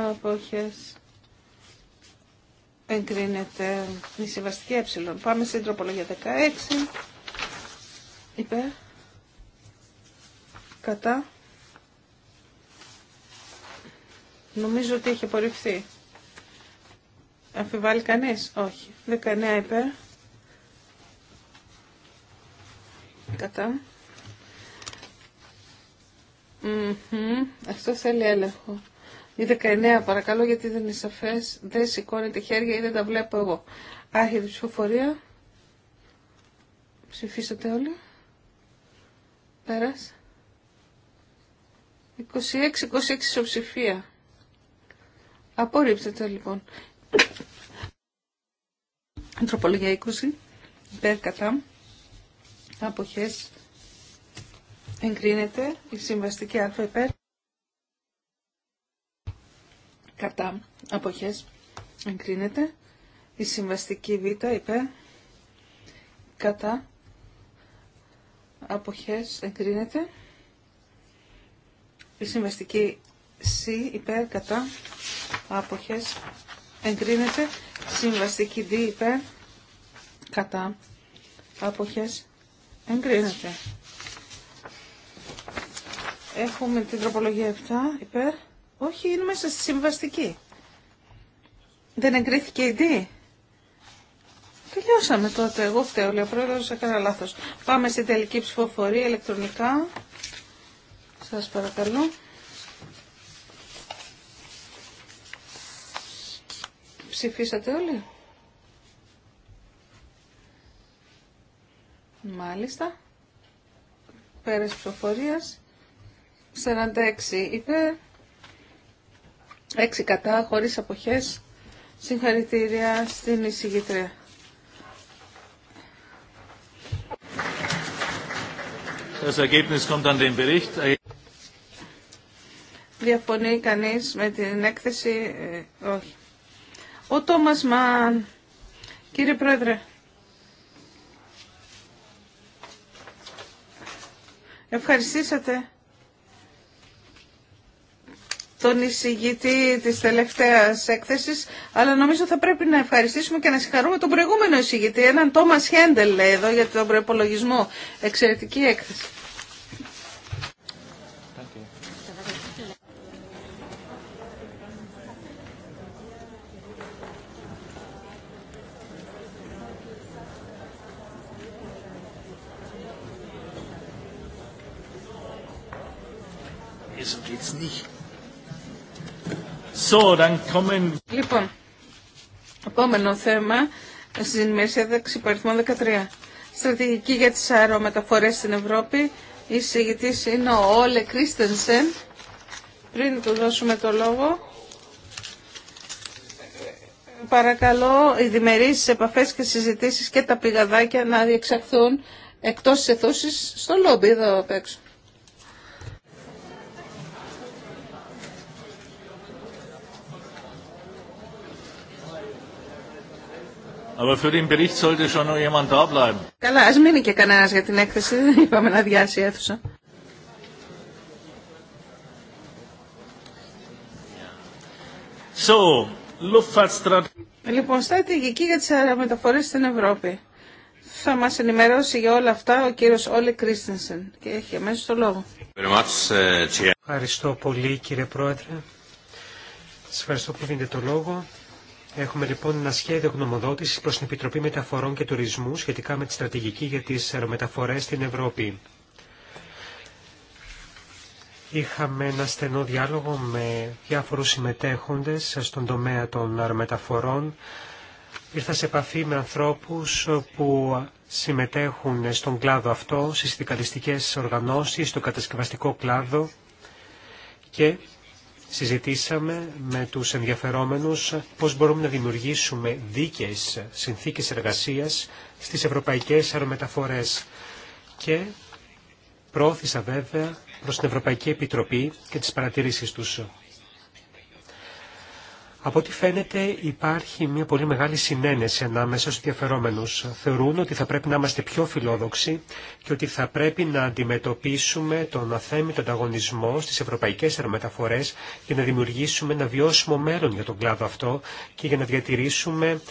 αποχές εγκρίνεται η συμβαστική ε. Πάμε στην τροπολογία 16 υπέρ κατά νομίζω ότι έχει απορριφθεί. Αμφιβάλλει κανεί Όχι. 19 υπέρ. Κατά. Αυτό θέλει έλεγχο. Η 19 παρακαλώ γιατί δεν είναι σαφές. Δεν σηκώνεται χέρια ή δεν τα βλέπω εγώ. Άρχεται ψηφοφορία. Ψηφίσατε όλοι. Πέρας. 26-26 ισοψηφία. το λοιπόν. Ανθρωπολογία 20. Υπέρ κατά. Αποχές. Εγκρίνεται η συμβαστική α υπέρ. Κατά. Αποχές. Εγκρίνεται η συμβαστική β υπέρ. Κατά. Αποχές. Εγκρίνεται. Η συμβαστική σ υπέρ κατά άποχες εγκρίνεται συμβαστική D υπέρ κατά αποχές εγκρίνεται. Έχουμε την τροπολογία 7 υπέρ. Όχι, είναι μέσα στη συμβαστική. Δεν εγκρίθηκε η δι. Τελειώσαμε τότε. Εγώ φταίω, λέω πρόεδρος, έκανα λάθος. Πάμε στην τελική ψηφοφορία ηλεκτρονικά. Σας παρακαλώ. Ψηφίσατε όλοι. Μάλιστα. Πέρες ψηφοφορίας. 46 υπέρ. 6 κατά, χωρίς αποχές. Συγχαρητήρια στην εισηγητρία. Das Ergebnis kommt an den Bericht. Διαφωνεί κανείς με την έκθεση, ε, όχι. Ο Τόμας Μαν. Κύριε Πρόεδρε. Ευχαριστήσατε τον εισηγητή της τελευταίας έκθεσης, αλλά νομίζω θα πρέπει να ευχαριστήσουμε και να συγχαρούμε τον προηγούμενο εισηγητή, έναν Τόμας Χέντελ εδώ για τον προπολογισμό. Εξαιρετική έκθεση. Λοιπόν, επόμενο θέμα στην ημερησία δέξη παριθμό 13. Στρατηγική για τις αερομεταφορές στην Ευρώπη. Η συγητής είναι ο Όλε Κρίστενσεν. Πριν του δώσουμε το λόγο, παρακαλώ οι διμερείς επαφές και συζητήσεις και τα πηγαδάκια να διεξαχθούν εκτός της αιθούσης στο λόμπι εδώ απ' έξω. Bericht sollte schon noch jemand da bleiben. Καλά, ας μείνει και κανένας για την έκθεση, δεν [laughs] είπαμε να διάσει η αίθουσα. So, λοιπόν, στρατηγική για τις αερομεταφορές στην Ευρώπη. Θα μας ενημερώσει για όλα αυτά ο κύριος Όλε Κρίστινσεν και έχει αμέσως το λόγο. Ε, ευχαριστώ πολύ κύριε Πρόεδρε. Σας ευχαριστώ που δίνετε το λόγο. Έχουμε λοιπόν ένα σχέδιο γνωμοδότησης προς την Επιτροπή Μεταφορών και Τουρισμού σχετικά με τη στρατηγική για τις αερομεταφορές στην Ευρώπη. Είχαμε ένα στενό διάλογο με διάφορους συμμετέχοντες στον τομέα των αερομεταφορών. Ήρθα σε επαφή με ανθρώπους που συμμετέχουν στον κλάδο αυτό, στις δικαλιστικές οργανώσεις, στο κατασκευαστικό κλάδο και συζητήσαμε με τους ενδιαφερόμενους πώς μπορούμε να δημιουργήσουμε δίκαιες συνθήκες εργασίας στις ευρωπαϊκές αερομεταφορές και πρόωθησα βέβαια προς την Ευρωπαϊκή Επιτροπή και τις παρατηρήσεις τους. Από ό,τι φαίνεται υπάρχει μια πολύ μεγάλη συνένεση ανάμεσα στους διαφερόμενους. Θεωρούν ότι θα πρέπει να είμαστε πιο φιλόδοξοι και ότι θα πρέπει να αντιμετωπίσουμε τον αθέμητο ανταγωνισμό στις ευρωπαϊκές αερομεταφορές για να δημιουργήσουμε ένα βιώσιμο μέλλον για τον κλάδο αυτό και για να διατηρήσουμε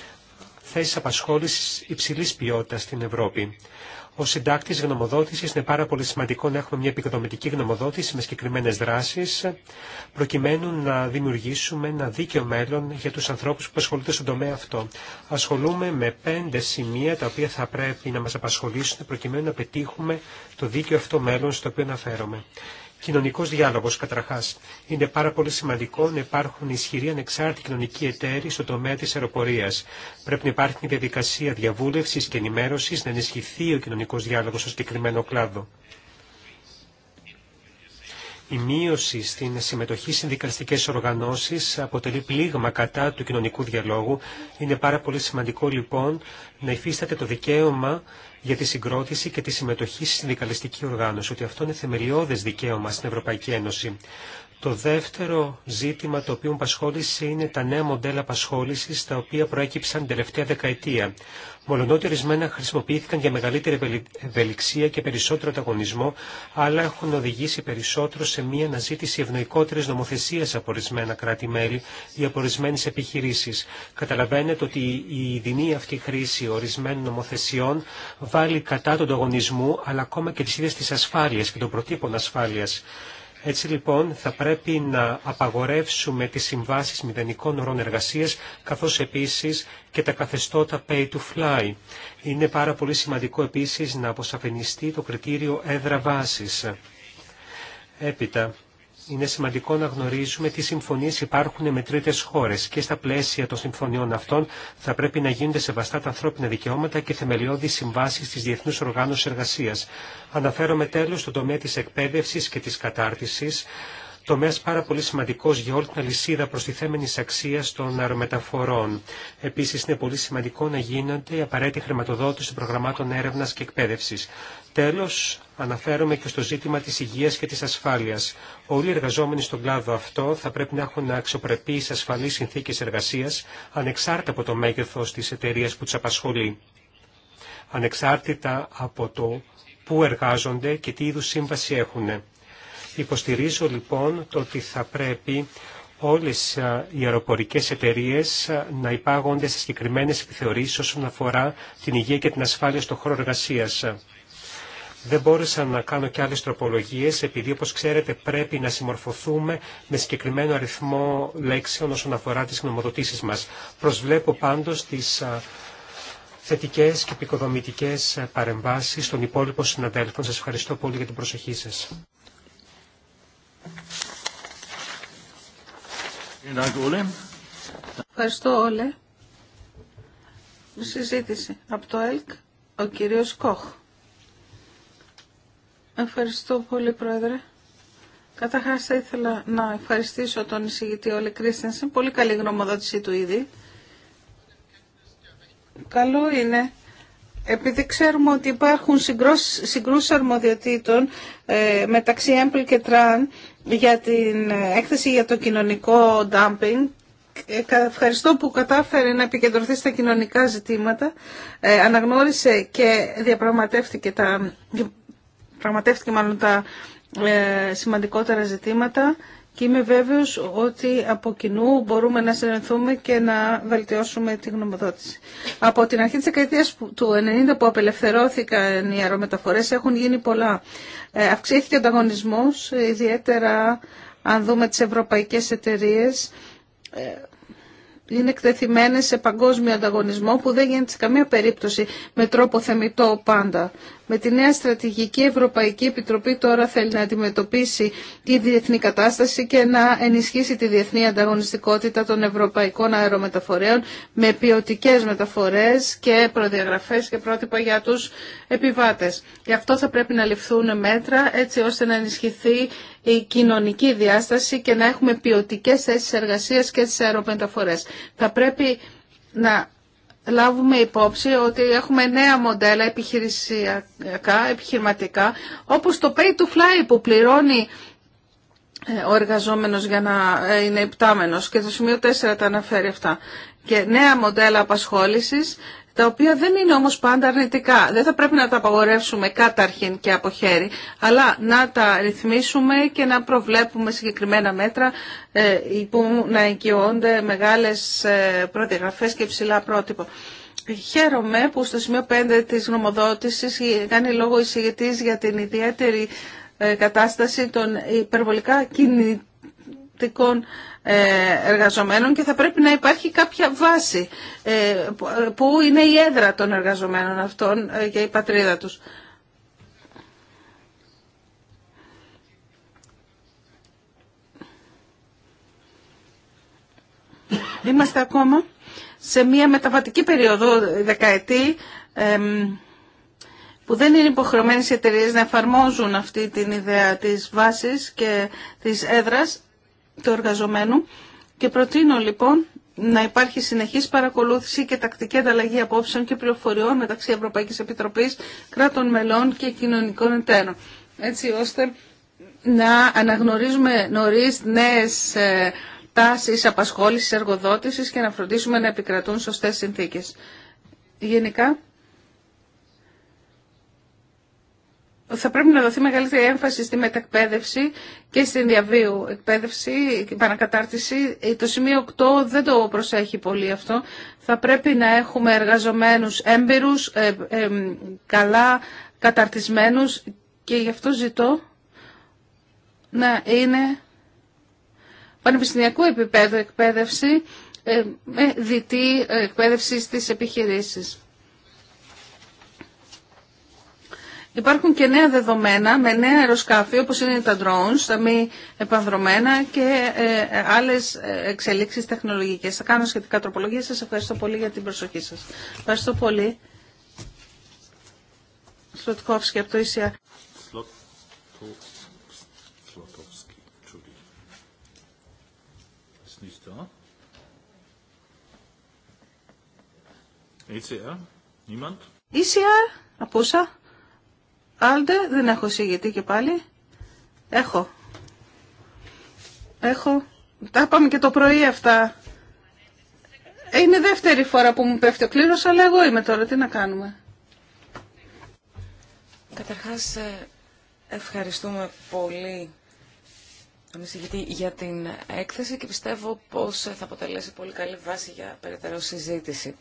θέσεις απασχόλησης υψηλής ποιότητας στην Ευρώπη. Ω συντάκτη γνωμοδότηση είναι πάρα πολύ σημαντικό να έχουμε μια επικοδομητική γνωμοδότηση με συγκεκριμένε δράσει, προκειμένου να δημιουργήσουμε ένα δίκαιο μέλλον για του ανθρώπου που ασχολούνται στον τομέα αυτό. Ασχολούμε με πέντε σημεία τα οποία θα πρέπει να μα απασχολήσουν προκειμένου να πετύχουμε το δίκαιο αυτό μέλλον στο οποίο αναφέρομαι. Κοινωνικό διάλογος καταρχά Είναι πάρα πολύ σημαντικό να υπάρχουν ισχυροί ανεξάρτητοι κοινωνικοί εταίροι στο τομέα τη αεροπορία. Πρέπει να υπάρχει μια διαδικασία διαβούλευση και ενημέρωση να ενισχυθεί ο κοινωνικό διάλογο στο συγκεκριμένο κλάδο. Η μείωση στην συμμετοχή συνδικαστικέ οργανώσει αποτελεί πλήγμα κατά του κοινωνικού διαλόγου. Είναι πάρα πολύ σημαντικό λοιπόν να υφίσταται το δικαίωμα για τη συγκρότηση και τη συμμετοχή στη συνδικαλιστική οργάνωση, ότι αυτό είναι θεμελιώδες δικαίωμα στην Ευρωπαϊκή Ένωση. Το δεύτερο ζήτημα το οποίο απασχόλησε είναι τα νέα μοντέλα απασχόληση τα οποία προέκυψαν την τελευταία δεκαετία. Μολονότι ορισμένα χρησιμοποιήθηκαν για μεγαλύτερη ευελιξία και περισσότερο ανταγωνισμό, αλλά έχουν οδηγήσει περισσότερο σε μια αναζήτηση ευνοϊκότερη νομοθεσία από ορισμένα κράτη-μέλη ή από ορισμένε επιχειρήσει. Καταλαβαίνετε ότι η δινή αυτή χρήση ορισμένων νομοθεσιών βάλει κατά τον ανταγωνισμό, αλλά ακόμα και τι ίδιε τι ασφάλεια και των προτύπων ασφάλεια. Έτσι λοιπόν θα πρέπει να απαγορεύσουμε τις συμβάσεις μηδενικών ορών εργασίας καθώς επίσης και τα καθεστώτα pay to fly. Είναι πάρα πολύ σημαντικό επίσης να αποσαφενιστεί το κριτήριο έδρα βάσης. Έπειτα, είναι σημαντικό να γνωρίζουμε τι συμφωνίες υπάρχουν με τρίτες χώρες και στα πλαίσια των συμφωνιών αυτών θα πρέπει να γίνονται σεβαστά τα ανθρώπινα δικαιώματα και θεμελιώδεις συμβάσεις της Διεθνούς Οργάνωσης Εργασίας. Αναφέρομαι τέλος στον τομέα της εκπαίδευσης και της κατάρτισης Τομέα πάρα πολύ σημαντικό για όλη την αλυσίδα προστιθέμενη αξία των αερομεταφορών. Επίση είναι πολύ σημαντικό να γίνονται οι απαραίτητη χρηματοδότηση των προγραμμάτων έρευνα και εκπαίδευση. Τέλο, αναφέρομαι και στο ζήτημα τη υγεία και τη ασφάλεια. Όλοι οι εργαζόμενοι στον κλάδο αυτό θα πρέπει να έχουν σε ασφαλείς συνθήκε εργασία ανεξάρτητα από το μέγεθο τη εταιρεία που του απασχολεί. Ανεξάρτητα από το πού εργάζονται και τι είδου σύμβαση έχουν. Υποστηρίζω λοιπόν το ότι θα πρέπει όλες οι αεροπορικές εταιρείες να υπάγονται σε συγκεκριμένες επιθεωρήσεις όσον αφορά την υγεία και την ασφάλεια στον χώρο εργασίας. Δεν μπόρεσα να κάνω και άλλες τροπολογίες, επειδή όπως ξέρετε πρέπει να συμμορφωθούμε με συγκεκριμένο αριθμό λέξεων όσον αφορά τις γνωμοδοτήσεις μας. Προσβλέπω πάντως τις θετικές και επικοδομητικές παρεμβάσεις των υπόλοιπων συναδέλφων. Σας ευχαριστώ πολύ για την προσοχή σας. Ευχαριστώ, Όλε. Συζήτηση από το ΕΛΚ, ο κύριος Κόχ. Ευχαριστώ πολύ, Πρόεδρε. Καταρχά θα ήθελα να ευχαριστήσω τον εισηγητή Όλε Κρίστενσεν. Πολύ καλή γνωμοδότησή του ήδη. Καλό είναι, επειδή ξέρουμε ότι υπάρχουν συγκρούσεις αρμοδιοτήτων ε, μεταξύ ΕΜΠΛ και ΤΡΑΝ, για την έκθεση για το κοινωνικό dumping. Ε, ευχαριστώ που κατάφερε να επικεντρωθεί στα κοινωνικά ζητήματα. Ε, αναγνώρισε και διαπραγματεύτηκε, τα, διαπραγματεύτηκε μάλλον τα ε, σημαντικότερα ζητήματα και είμαι βέβαιος ότι από κοινού μπορούμε να συνεχθούμε και να βελτιώσουμε τη γνωμοδότηση. Από την αρχή της δεκαετίας του 90 που απελευθερώθηκαν οι αερομεταφορές έχουν γίνει πολλά. Ε, αυξήθηκε ο ανταγωνισμός, ε, ιδιαίτερα αν δούμε τις ευρωπαϊκές εταιρείες ε, είναι εκτεθειμένε σε παγκόσμιο ανταγωνισμό που δεν γίνεται σε καμία περίπτωση με τρόπο θεμητό πάντα. Με τη νέα στρατηγική Ευρωπαϊκή Επιτροπή τώρα θέλει να αντιμετωπίσει τη διεθνή κατάσταση και να ενισχύσει τη διεθνή ανταγωνιστικότητα των ευρωπαϊκών αερομεταφορέων με ποιοτικέ μεταφορές και προδιαγραφέ και πρότυπα για του επιβάτε. Γι' αυτό θα πρέπει να ληφθούν μέτρα έτσι ώστε να ενισχυθεί η κοινωνική διάσταση και να έχουμε ποιοτικές θέσεις εργασίας και στις αεροπενταφορές. Θα πρέπει να λάβουμε υπόψη ότι έχουμε νέα μοντέλα επιχειρησιακά, επιχειρηματικά, όπως το pay to fly που πληρώνει ε, ο εργαζόμενος για να ε, είναι υπτάμενος και το σημείο 4 τα αναφέρει αυτά και νέα μοντέλα απασχόλησης τα οποία δεν είναι όμως πάντα αρνητικά. Δεν θα πρέπει να τα απαγορεύσουμε καταρχήν και από χέρι, αλλά να τα ρυθμίσουμε και να προβλέπουμε συγκεκριμένα μέτρα ε, που να εγκυώνται μεγάλες ε, προδιαγραφές και ψηλά πρότυπο. Χαίρομαι που στο σημείο 5 της γνωμοδότησης κάνει λόγο εισηγητής για την ιδιαίτερη ε, κατάσταση των υπερβολικά κινητικών ε, εργαζομένων και θα πρέπει να υπάρχει κάποια βάση ε, που είναι η έδρα των εργαζομένων αυτών ε, και η πατρίδα τους. Είμαστε ακόμα σε μια μεταβατική περίοδο δεκαετή που δεν είναι υποχρεωμένες οι εταιρείε να εφαρμόζουν αυτή την ιδέα της βάσης και της έδρας του εργαζομένου και προτείνω λοιπόν να υπάρχει συνεχής παρακολούθηση και τακτική ανταλλαγή απόψεων και πληροφοριών μεταξύ Ευρωπαϊκής Επιτροπής, κράτων μελών και κοινωνικών εταίρων. Έτσι ώστε να αναγνωρίζουμε νωρίς νέες ε, τάσεις απασχόλησης εργοδότησης και να φροντίσουμε να επικρατούν σωστές συνθήκες. Γενικά, θα πρέπει να δοθεί μεγαλύτερη έμφαση στη μετακπαίδευση και στην διαβίου εκπαίδευση και παρακατάρτιση. Ε, το σημείο 8 δεν το προσέχει πολύ αυτό. Θα πρέπει να έχουμε εργαζομένους έμπειρους, ε, ε, καλά καταρτισμένους και γι' αυτό ζητώ να είναι πανεπιστημιακού επίπεδου εκπαίδευση, ε, με διτή εκπαίδευση στις επιχειρήσεις. Υπάρχουν και νέα δεδομένα με νέα αεροσκάφη όπως είναι τα drones, τα μη επανδρομένα και ε, άλλες ε, εξελίξεις τεχνολογικές. Θα κάνω σχετικά τροπολογία. Σας ευχαριστώ πολύ για την προσοχή σας. Ευχαριστώ πολύ. Σλοτκόφσκι από το e ΙΣΙΑ. Άλτε, δεν έχω συγγετή και πάλι. Έχω. Έχω. Τα πάμε και το πρωί αυτά. Ε, είναι δεύτερη φορά που μου πέφτει ο κλήρος, αλλά εγώ είμαι τώρα. Τι να κάνουμε. Καταρχάς, ε, ευχαριστούμε πολύ τον για την έκθεση και πιστεύω πως θα αποτελέσει πολύ καλή βάση για περαιτέρω συζήτηση.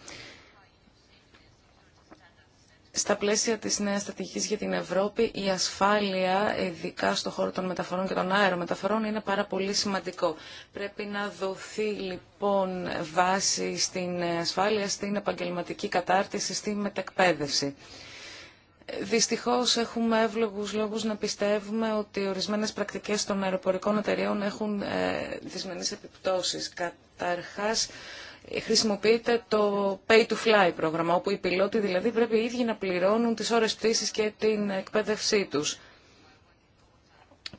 Στα πλαίσια της νέας στρατηγικής για την Ευρώπη, η ασφάλεια, ειδικά στον χώρο των μεταφορών και των αερομεταφορών, είναι πάρα πολύ σημαντικό. Πρέπει να δοθεί λοιπόν βάση στην ασφάλεια, στην επαγγελματική κατάρτιση, στην μετεκπαίδευση. Δυστυχώς έχουμε εύλογους λόγους να πιστεύουμε ότι ορισμένες πρακτικές των αεροπορικών εταιρεών έχουν ε, δυσμενείς επιπτώσεις. Καταρχάς, χρησιμοποιείται το pay to fly πρόγραμμα, όπου οι πιλότοι δηλαδή πρέπει οι ίδιοι να πληρώνουν τις ώρες πτήσης και την εκπαίδευσή τους.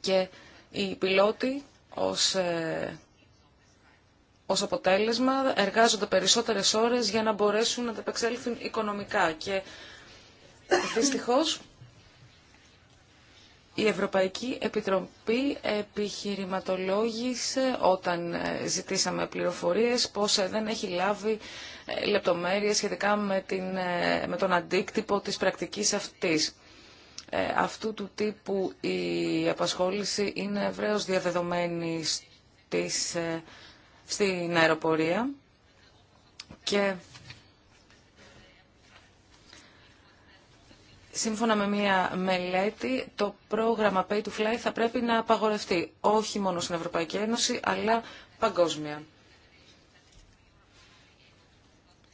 Και οι πιλότοι ως, ε, ως αποτέλεσμα εργάζονται περισσότερες ώρες για να μπορέσουν να τα επεξέλθουν οικονομικά. Και δυστυχώς η Ευρωπαϊκή Επιτροπή επιχειρηματολόγησε όταν ε, ζητήσαμε πληροφορίες πως ε, δεν έχει λάβει ε, λεπτομέρειες σχετικά με, την, με τον αντίκτυπο της πρακτικής αυτής. Αυτού του τύπου η απασχόληση είναι ευρέως διαδεδομένη στις, στην αεροπορία και Σύμφωνα με μία μελέτη, το πρόγραμμα Pay to Fly θα πρέπει να απαγορευτεί όχι μόνο στην Ευρωπαϊκή Ένωση, αλλά παγκόσμια.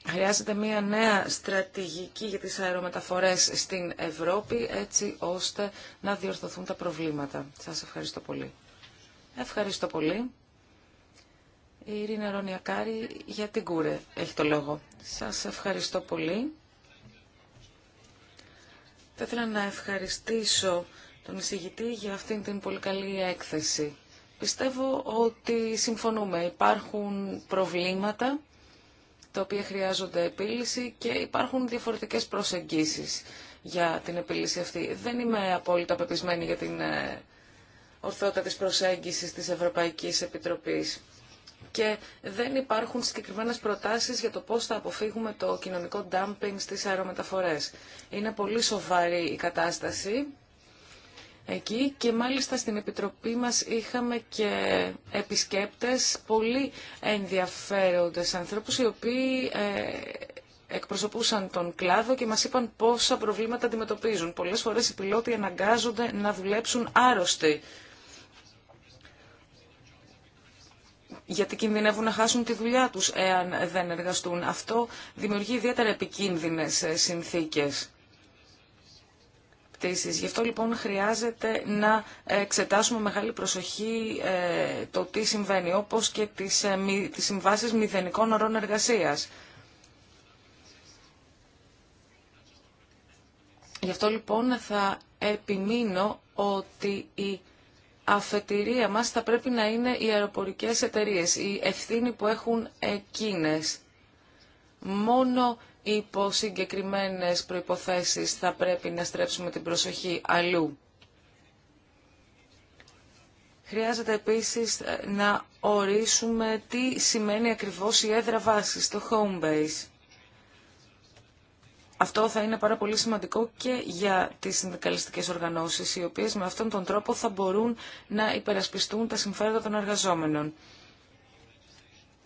Χρειάζεται μία νέα στρατηγική για τις αερομεταφορές στην Ευρώπη, έτσι ώστε να διορθωθούν τα προβλήματα. Σας ευχαριστώ πολύ. Ευχαριστώ πολύ. Η Ειρήνα Ρωνιακάρη για την Κούρε έχει το λόγο. Σας ευχαριστώ πολύ. Θα ήθελα να ευχαριστήσω τον εισηγητή για αυτήν την πολύ καλή έκθεση. Πιστεύω ότι συμφωνούμε. Υπάρχουν προβλήματα τα οποία χρειάζονται επίλυση και υπάρχουν διαφορετικές προσεγγίσεις για την επίλυση αυτή. Δεν είμαι απόλυτα πεπισμένη για την ε, ορθότητα της προσέγγισης της Ευρωπαϊκής Επιτροπής και δεν υπάρχουν συγκεκριμένες προτάσεις για το πώς θα αποφύγουμε το κοινωνικό dumping στις αερομεταφορές. Είναι πολύ σοβαρή η κατάσταση εκεί και μάλιστα στην Επιτροπή μας είχαμε και επισκέπτες, πολύ ενδιαφέροντες ανθρώπους οι οποίοι ε, εκπροσωπούσαν τον κλάδο και μας είπαν πόσα προβλήματα αντιμετωπίζουν. Πολλές φορές οι πιλότοι αναγκάζονται να δουλέψουν άρρωστοι γιατί κινδυνεύουν να χάσουν τη δουλειά τους εάν δεν εργαστούν. Αυτό δημιουργεί ιδιαίτερα επικίνδυνες ε, συνθήκες. Πτήσεις. Γι' αυτό λοιπόν χρειάζεται να εξετάσουμε μεγάλη προσοχή ε, το τι συμβαίνει, όπως και τις, ε, τις συμβάσεις μηδενικών ωρών εργασίας. Γι' αυτό λοιπόν θα επιμείνω ότι η αφετηρία μας θα πρέπει να είναι οι αεροπορικές εταιρείες, οι ευθύνη που έχουν εκείνες. Μόνο υπό συγκεκριμένε προϋποθέσεις θα πρέπει να στρέψουμε την προσοχή αλλού. Χρειάζεται επίσης ε, να ορίσουμε τι σημαίνει ακριβώς η έδρα βάσης, το home base. Αυτό θα είναι πάρα πολύ σημαντικό και για τις συνδικαλιστικές οργανώσεις, οι οποίες με αυτόν τον τρόπο θα μπορούν να υπερασπιστούν τα συμφέροντα των εργαζόμενων.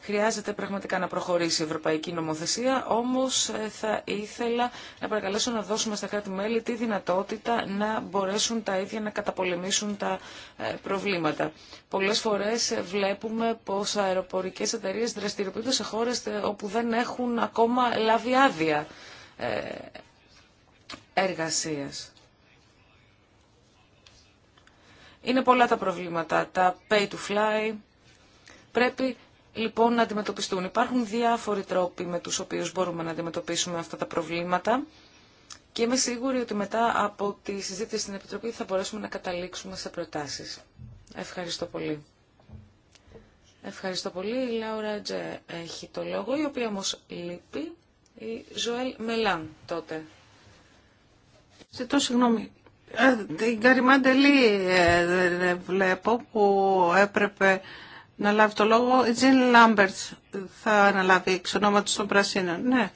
Χρειάζεται πραγματικά να προχωρήσει η Ευρωπαϊκή Νομοθεσία, όμως ε, θα ήθελα να παρακαλέσω να δώσουμε στα κράτη-μέλη τη δυνατότητα να μπορέσουν τα ίδια να καταπολεμήσουν τα ε, προβλήματα. Πολλές φορές ε, βλέπουμε πως αεροπορικές εταιρείες δραστηριοποιούνται σε χώρες όπου δεν έχουν ακόμα λάβει άδεια ε, εργασίας. Είναι πολλά τα προβλήματα. Τα pay to fly πρέπει λοιπόν να αντιμετωπιστούν. Υπάρχουν διάφοροι τρόποι με τους οποίους μπορούμε να αντιμετωπίσουμε αυτά τα προβλήματα και είμαι σίγουρη ότι μετά από τη συζήτηση στην Επιτροπή θα μπορέσουμε να καταλήξουμε σε προτάσεις. Ευχαριστώ πολύ. Ευχαριστώ πολύ. Η Λάουρα έχει το λόγο, η οποία όμως λείπει. Η Ζωέλ Μελάν τότε. Ζητώ συγγνώμη. Ε, την Καριμάντελή ε, δεν ε, βλέπω που έπρεπε να λάβει το λόγο. Η Τζιν Λάμπερτ θα αναλάβει εξ ονόματο των Πρασίνων. Ναι.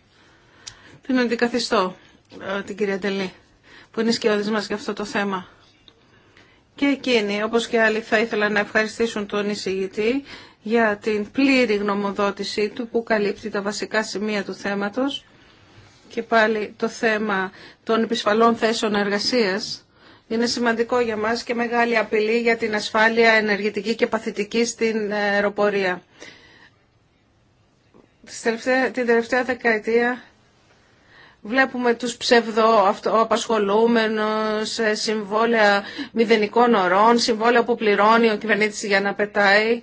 Την αντικαθιστώ την κυρία Ντελή που είναι σκιώδη μα για αυτό το θέμα. Και εκείνοι, όπως και άλλοι, θα ήθελα να ευχαριστήσουν τον εισηγητή για την πλήρη γνωμοδότησή του που καλύπτει τα βασικά σημεία του θέματος και πάλι το θέμα των επισφαλών θέσεων εργασίας είναι σημαντικό για μας και μεγάλη απειλή για την ασφάλεια ενεργητική και παθητική στην αεροπορία. Την τελευταία δεκαετία βλέπουμε τους ψευδοαπασχολούμενους, ε, συμβόλαια μηδενικών ωρών, συμβόλαια που πληρώνει ο κυβερνήτης για να πετάει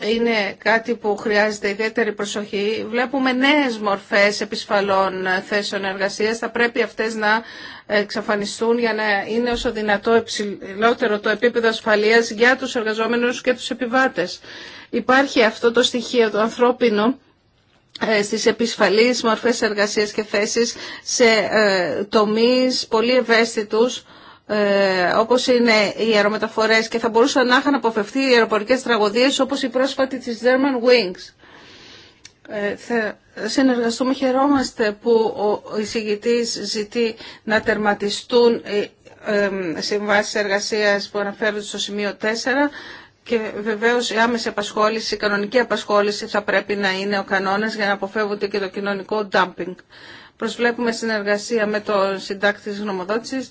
είναι κάτι που χρειάζεται ιδιαίτερη προσοχή. Βλέπουμε νέες μορφές επισφαλών θέσεων εργασίας. Θα πρέπει αυτές να εξαφανιστούν για να είναι όσο δυνατό υψηλότερο το επίπεδο ασφαλείας για τους εργαζόμενους και τους επιβάτες. Υπάρχει αυτό το στοιχείο το ανθρώπινο ε, στις επισφαλείς μορφές εργασίας και θέσεις σε ε, τομείς πολύ ευαίσθητους ε, όπως είναι οι αερομεταφορέ και θα μπορούσαν να είχαν αποφευθεί οι αεροπορικέ τραγωδίες όπω η πρόσφατη τη German Wings. Ε, θα συνεργαστούμε, χαιρόμαστε που ο εισηγητή ζητεί να τερματιστούν οι ε, συμβάσεις που αναφέρονται στο σημείο 4 και βεβαίω η άμεση απασχόληση, η κανονική απασχόληση θα πρέπει να είναι ο κανόνα για να αποφεύγονται και το κοινωνικό dumping. Προσβλέπουμε συνεργασία με τον συντάκτη τη γνωμοδότησης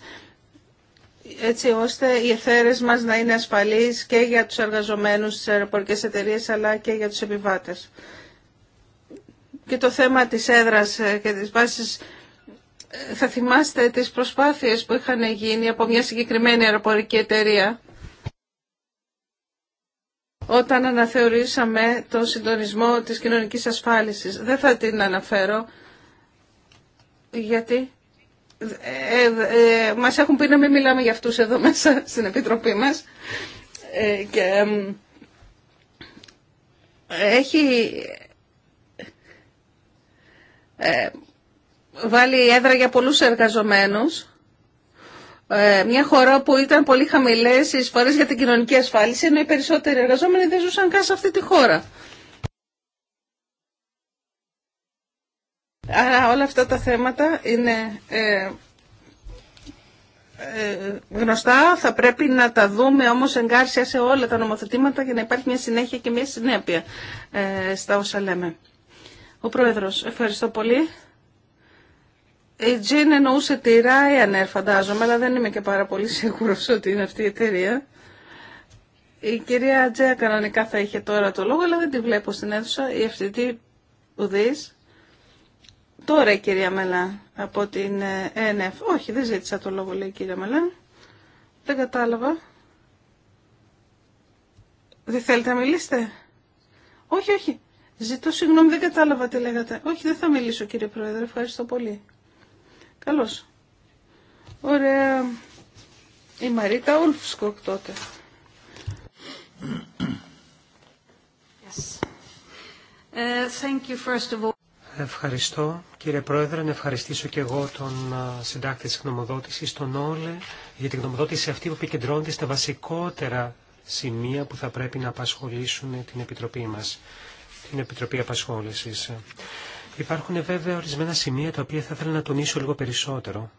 έτσι ώστε οι εφαίρες μας να είναι ασφαλείς και για τους εργαζομένους στις αεροπορικές εταιρείες αλλά και για τους επιβάτες. Και το θέμα της έδρας ε, και της βάσης ε, θα θυμάστε τις προσπάθειες που είχαν γίνει από μια συγκεκριμένη αεροπορική εταιρεία όταν αναθεωρήσαμε το συντονισμό της κοινωνικής ασφάλισης. Δεν θα την αναφέρω γιατί ε, ε, μας έχουν πει να μην μιλάμε για αυτούς εδώ μέσα στην Επιτροπή μας ε, και έχει βάλει έδρα για πολλούς εργαζομένους μια χώρα που ήταν πολύ χαμηλές οι εισφορές για την κοινωνική ασφάλιση ενώ οι περισσότεροι εργαζόμενοι δεν ζούσαν καν σε αυτή τη χώρα. Άρα όλα αυτά τα θέματα είναι ε, ε, γνωστά, θα πρέπει να τα δούμε όμως εγκάρσια σε όλα τα νομοθετήματα για να υπάρχει μια συνέχεια και μια συνέπεια ε, στα όσα λέμε. Ο Πρόεδρος, ευχαριστώ πολύ. Η Τζιν εννοούσε τη Ryanair φαντάζομαι, αλλά δεν είμαι και πάρα πολύ σίγουρος ότι είναι αυτή η εταιρεία. Η κυρία Τζέα κανονικά θα είχε τώρα το λόγο, αλλά δεν τη βλέπω στην αίθουσα. Η ευθυντή Ουδής Τώρα η κυρία Μελά από την ΕΝΕΦ. Όχι, δεν ζήτησα το λόγο, λέει η κυρία Μελά. Δεν κατάλαβα. Δεν θέλετε να μιλήσετε. Όχι, όχι. Ζητώ συγγνώμη, δεν κατάλαβα τι λέγατε. Όχι, δεν θα μιλήσω κύριε Πρόεδρε. Ευχαριστώ πολύ. Καλώς. Ωραία. Η Μαρίτα Ούλφσκοκ τότε. Yes. Uh, thank you first of all. Ευχαριστώ κύριε Πρόεδρε, να ευχαριστήσω και εγώ τον συντάκτη της γνωμοδότησης, τον Όλε, για την γνωμοδότηση αυτή που επικεντρώνεται στα βασικότερα σημεία που θα πρέπει να απασχολήσουν την Επιτροπή μας, την Επιτροπή Απασχόλησης. Υπάρχουν βέβαια ορισμένα σημεία τα οποία θα ήθελα να τονίσω λίγο περισσότερο.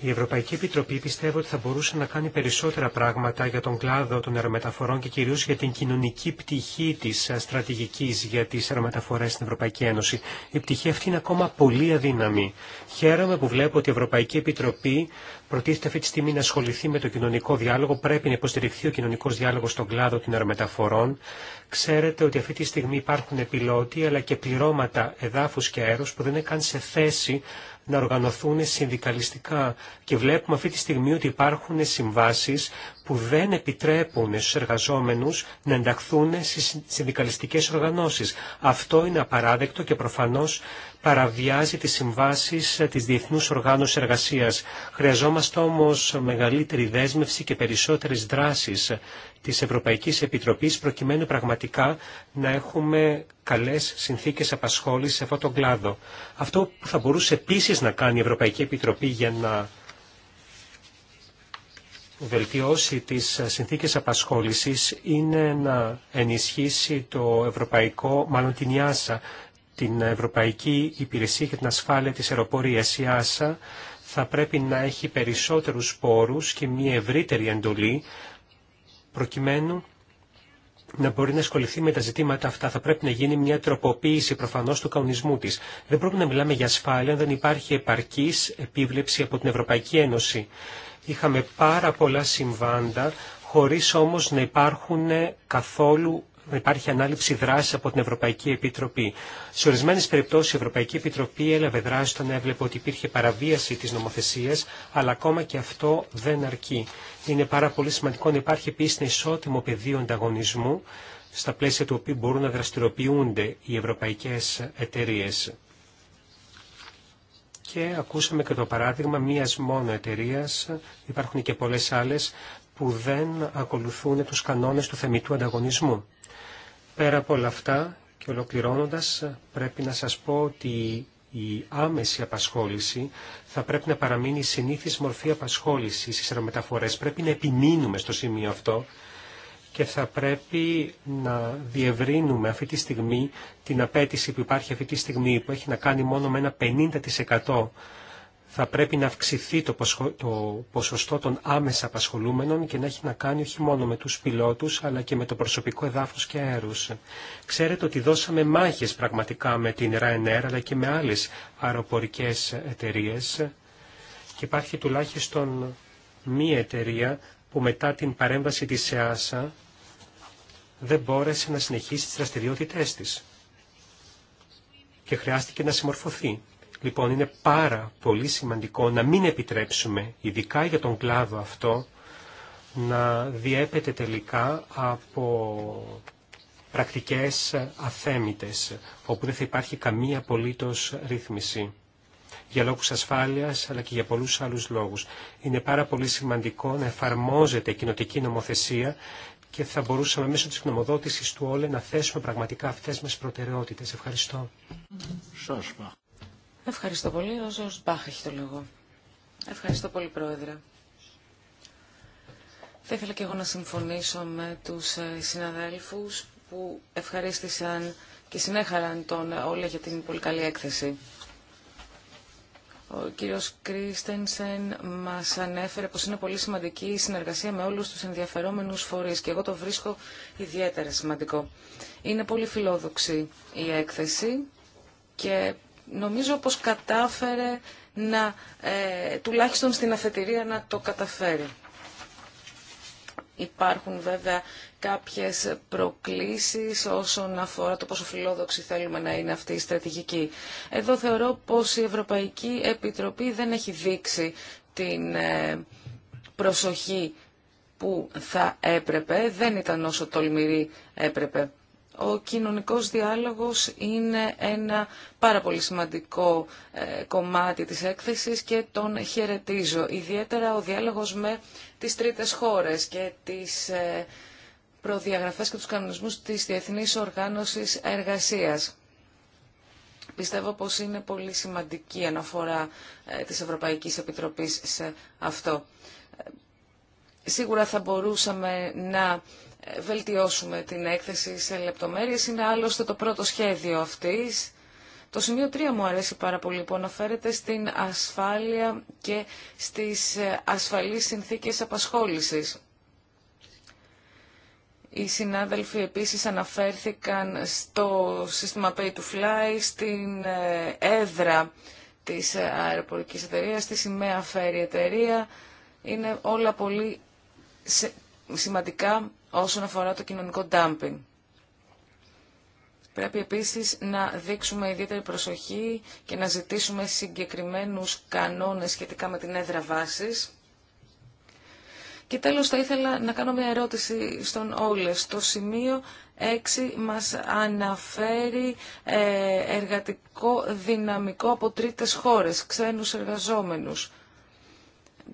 Η Ευρωπαϊκή Επιτροπή πιστεύω ότι θα μπορούσε να κάνει περισσότερα πράγματα για τον κλάδο των αερομεταφορών και κυρίως για την κοινωνική πτυχή της ε, στρατηγικής για τις αερομεταφορές στην Ευρωπαϊκή Ένωση. Η πτυχή αυτή είναι ακόμα πολύ αδύναμη. Χαίρομαι που βλέπω ότι η Ευρωπαϊκή Επιτροπή προτίθεται αυτή τη στιγμή να ασχοληθεί με το κοινωνικό διάλογο. Πρέπει να υποστηριχθεί ο κοινωνικό διάλογο στον κλάδο των αερομεταφορών. Ξέρετε ότι αυτή τη στιγμή υπάρχουν πιλότοι αλλά και πληρώματα εδάφου και αέρου που δεν είναι καν σε θέση να οργανωθούν συνδικαλιστικά και βλέπουμε αυτή τη στιγμή ότι υπάρχουν συμβάσεις που δεν επιτρέπουν στους εργαζόμενους να ενταχθούν στις συνδικαλιστικές οργανώσεις. Αυτό είναι απαράδεκτο και προφανώς παραβιάζει τις συμβάσεις ε, της Διεθνούς Οργάνωσης Εργασίας. Χρειαζόμαστε όμως μεγαλύτερη δέσμευση και περισσότερες δράσεις ε, της Ευρωπαϊκής Επιτροπής προκειμένου πραγματικά να έχουμε καλές συνθήκες απασχόλησης σε αυτόν τον κλάδο. Αυτό που θα μπορούσε επίσης να κάνει η Ευρωπαϊκή Επιτροπή για να βελτιώσει τις ε, συνθήκες απασχόλησης είναι να ενισχύσει το ευρωπαϊκό, μάλλον την Ιάσα, την Ευρωπαϊκή Υπηρεσία για την Ασφάλεια της Αεροπορίας, η ΆΣΑ, θα πρέπει να έχει περισσότερους πόρους και μια ευρύτερη εντολή, προκειμένου να μπορεί να ασχοληθεί με τα ζητήματα αυτά. Θα πρέπει να γίνει μια τροποποίηση προφανώ του καονισμού τη. Δεν πρέπει να μιλάμε για ασφάλεια αν δεν υπάρχει επαρκή επίβλεψη από την Ευρωπαϊκή Ένωση. Είχαμε πάρα πολλά συμβάντα χωρίς όμως να υπάρχουν καθόλου υπάρχει ανάληψη δράση από την Ευρωπαϊκή Επιτροπή. Σε ορισμένε περιπτώσει η Ευρωπαϊκή Επιτροπή έλαβε δράση όταν έβλεπε ότι υπήρχε παραβίαση τη νομοθεσία, αλλά ακόμα και αυτό δεν αρκεί. Είναι πάρα πολύ σημαντικό να υπάρχει επίση ένα ισότιμο πεδίο ανταγωνισμού, στα πλαίσια του οποίου μπορούν να δραστηριοποιούνται οι ευρωπαϊκέ εταιρείε. Και ακούσαμε και το παράδειγμα μια μόνο εταιρεία, υπάρχουν και πολλέ άλλε που δεν ακολουθούν τους κανόνες του θεμητού ανταγωνισμού. Πέρα από όλα αυτά και ολοκληρώνοντας πρέπει να σας πω ότι η άμεση απασχόληση θα πρέπει να παραμείνει η συνήθις μορφή απασχόλησης στις αερομεταφορές. Πρέπει να επιμείνουμε στο σημείο αυτό και θα πρέπει να διευρύνουμε αυτή τη στιγμή την απέτηση που υπάρχει αυτή τη στιγμή που έχει να κάνει μόνο με ένα 50% θα πρέπει να αυξηθεί το ποσοστό των άμεσα απασχολούμενων και να έχει να κάνει όχι μόνο με τους πιλότους αλλά και με το προσωπικό εδάφος και αέρους. Ξέρετε ότι δώσαμε μάχες πραγματικά με την Ryanair αλλά και με άλλες αεροπορικές εταιρείες και υπάρχει τουλάχιστον μία εταιρεία που μετά την παρέμβαση της ΕΑΣΑ δεν μπόρεσε να συνεχίσει τις δραστηριότητές της και χρειάστηκε να συμμορφωθεί. Λοιπόν, είναι πάρα πολύ σημαντικό να μην επιτρέψουμε, ειδικά για τον κλάδο αυτό, να διέπεται τελικά από πρακτικές αθέμητες, όπου δεν θα υπάρχει καμία απολύτως ρύθμιση για λόγους ασφάλειας αλλά και για πολλούς άλλους λόγους. Είναι πάρα πολύ σημαντικό να εφαρμόζεται κοινοτική νομοθεσία και θα μπορούσαμε μέσω της νομοδότησης του ΟΛΕ να θέσουμε πραγματικά αυτές μας προτεραιότητες. Ευχαριστώ. Ευχαριστώ πολύ. Ο Ζος Μπάχ έχει το λόγο. Ευχαριστώ πολύ, Πρόεδρε. Θα ήθελα και εγώ να συμφωνήσω με τους ε, συναδέλφους που ευχαρίστησαν και συνέχαραν τον ε, Όλε για την πολύ καλή έκθεση. Ο κύριος Κρίστενσεν μας ανέφερε πως είναι πολύ σημαντική η συνεργασία με όλους τους ενδιαφερόμενους φορείς και εγώ το βρίσκω ιδιαίτερα σημαντικό. Είναι πολύ φιλόδοξη η έκθεση και Νομίζω πως κατάφερε να, ε, τουλάχιστον στην αφετηρία να το καταφέρει. Υπάρχουν βέβαια κάποιες προκλήσεις όσον αφορά το πόσο φιλόδοξη θέλουμε να είναι αυτή η στρατηγική. Εδώ θεωρώ πως η Ευρωπαϊκή Επιτροπή δεν έχει δείξει την ε, προσοχή που θα έπρεπε, δεν ήταν όσο τολμηρή έπρεπε ο κοινωνικός διάλογος είναι ένα πάρα πολύ σημαντικό ε, κομμάτι της έκθεσης και τον χαιρετίζω. Ιδιαίτερα ο διάλογος με τις τρίτες χώρες και τις ε, προδιαγραφές και τους κανονισμούς της Διεθνής Οργάνωσης Εργασίας. Πιστεύω πως είναι πολύ σημαντική αναφορά ε, της Ευρωπαϊκής Επιτροπής σε αυτό. Σίγουρα θα μπορούσαμε να βελτιώσουμε την έκθεση σε λεπτομέρειες. Είναι άλλωστε το πρώτο σχέδιο αυτής. Το σημείο 3 μου αρέσει πάρα πολύ που αναφέρεται στην ασφάλεια και στις ε, ασφαλείς συνθήκες απασχόλησης. Οι συνάδελφοι επίσης αναφέρθηκαν στο σύστημα Pay to Fly, στην ε, έδρα της ε, αεροπορικής εταιρείας, στη σημαία φέρει εταιρεία. Είναι όλα πολύ σημαντικά όσον αφορά το κοινωνικό ντάμπινγκ. Πρέπει επίσης να δείξουμε ιδιαίτερη προσοχή και να ζητήσουμε συγκεκριμένους κανόνες σχετικά με την έδρα βάσης. Και τέλος θα ήθελα να κάνω μια ερώτηση στον όλες. Το σημείο 6 μας αναφέρει ε, εργατικό δυναμικό από τρίτες χώρες, ξένους εργαζόμενους.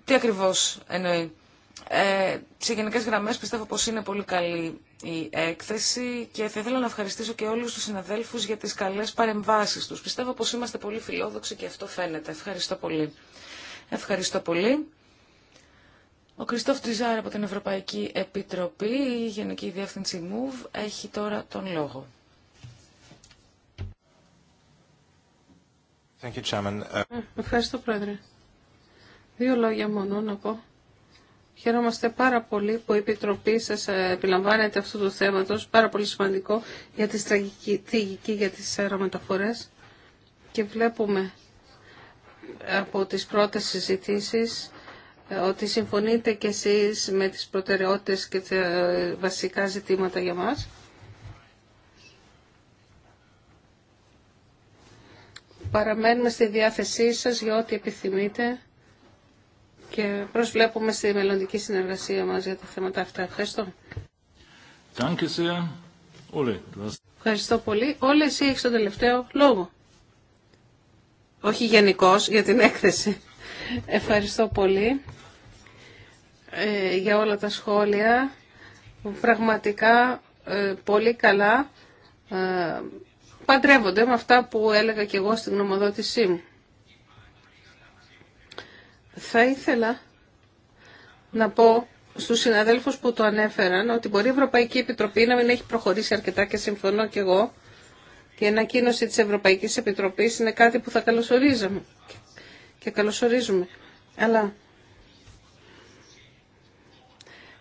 Τι ακριβώς εννοεί. Ε, σε γενικέ γραμμέ, πιστεύω πως είναι πολύ καλή η έκθεση και θα ήθελα να ευχαριστήσω και όλους τους συναδέλφους για τις καλές παρεμβάσει τους. Πιστεύω πως είμαστε πολύ φιλόδοξοι και αυτό φαίνεται. Ευχαριστώ πολύ. Ευχαριστώ πολύ. Ο Κριστόφ Τριζάρ από την Ευρωπαϊκή Επιτροπή, η Γενική Διεύθυνση MOVE, έχει τώρα τον λόγο. Thank you, ε, Ευχαριστώ, Πρόεδρε. Δύο λόγια μόνο να πω Χαιρόμαστε πάρα πολύ που η Επιτροπή σα ε, επιλαμβάνεται αυτού του θέματος, πάρα πολύ σημαντικό για τη στρατηγική για τις αερομεταφορέ. και βλέπουμε από τι πρώτε συζητήσει ε, ότι συμφωνείτε κι εσείς με τις προτεραιότητες και τα ε, βασικά ζητήματα για μας. Παραμένουμε στη διάθεσή σας για ό,τι επιθυμείτε και προσβλέπουμε στη μελλοντική συνεργασία μας για τα θέματα αυτά. Ευχαριστώ. Ευχαριστώ πολύ. Όλε εσύ έχεις τον τελευταίο λόγο. Όχι γενικώ για την έκθεση. Ευχαριστώ πολύ ε, για όλα τα σχόλια. Πραγματικά ε, πολύ καλά ε, παντρεύονται με αυτά που έλεγα και εγώ στην γνωμοδότησή μου. Θα ήθελα να πω στους συναδέλφους που το ανέφεραν ότι μπορεί η Ευρωπαϊκή Επιτροπή να μην έχει προχωρήσει αρκετά και συμφωνώ και εγώ και η ανακοίνωση της Ευρωπαϊκής Επιτροπής είναι κάτι που θα καλωσορίζαμε και καλωσορίζουμε. Αλλά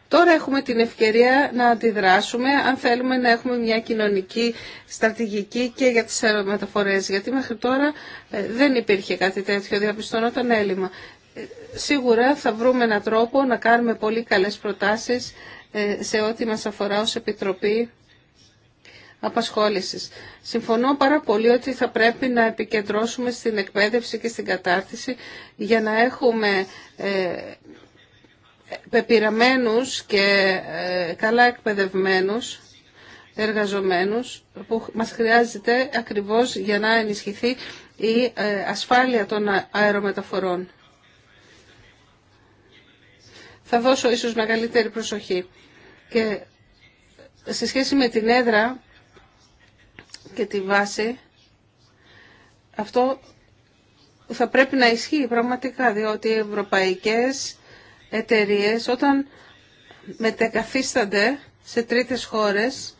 Τώρα έχουμε την ευκαιρία να αντιδράσουμε αν θέλουμε να έχουμε μια κοινωνική στρατηγική και για τις αερομεταφορές. Γιατί μέχρι τώρα ε, δεν υπήρχε κάτι τέτοιο, διαπιστωνόταν έλλειμμα σίγουρα θα βρούμε έναν τρόπο να κάνουμε πολύ καλές προτάσεις ε, σε ό,τι μας αφορά ως Επιτροπή απασχόλησης. Συμφωνώ πάρα πολύ ότι θα πρέπει να επικεντρώσουμε στην εκπαίδευση και στην κατάρτιση για να έχουμε ε, πεπειραμένους και ε, καλά εκπαιδευμένους εργαζομένους που μας χρειάζεται ακριβώς για να ενισχυθεί η ασφάλεια των αερομεταφορών θα δώσω ίσως μεγαλύτερη προσοχή. Και σε σχέση με την έδρα και τη βάση, αυτό θα πρέπει να ισχύει πραγματικά, διότι οι ευρωπαϊκές εταιρείες όταν μετεκαθίστανται σε τρίτες χώρες,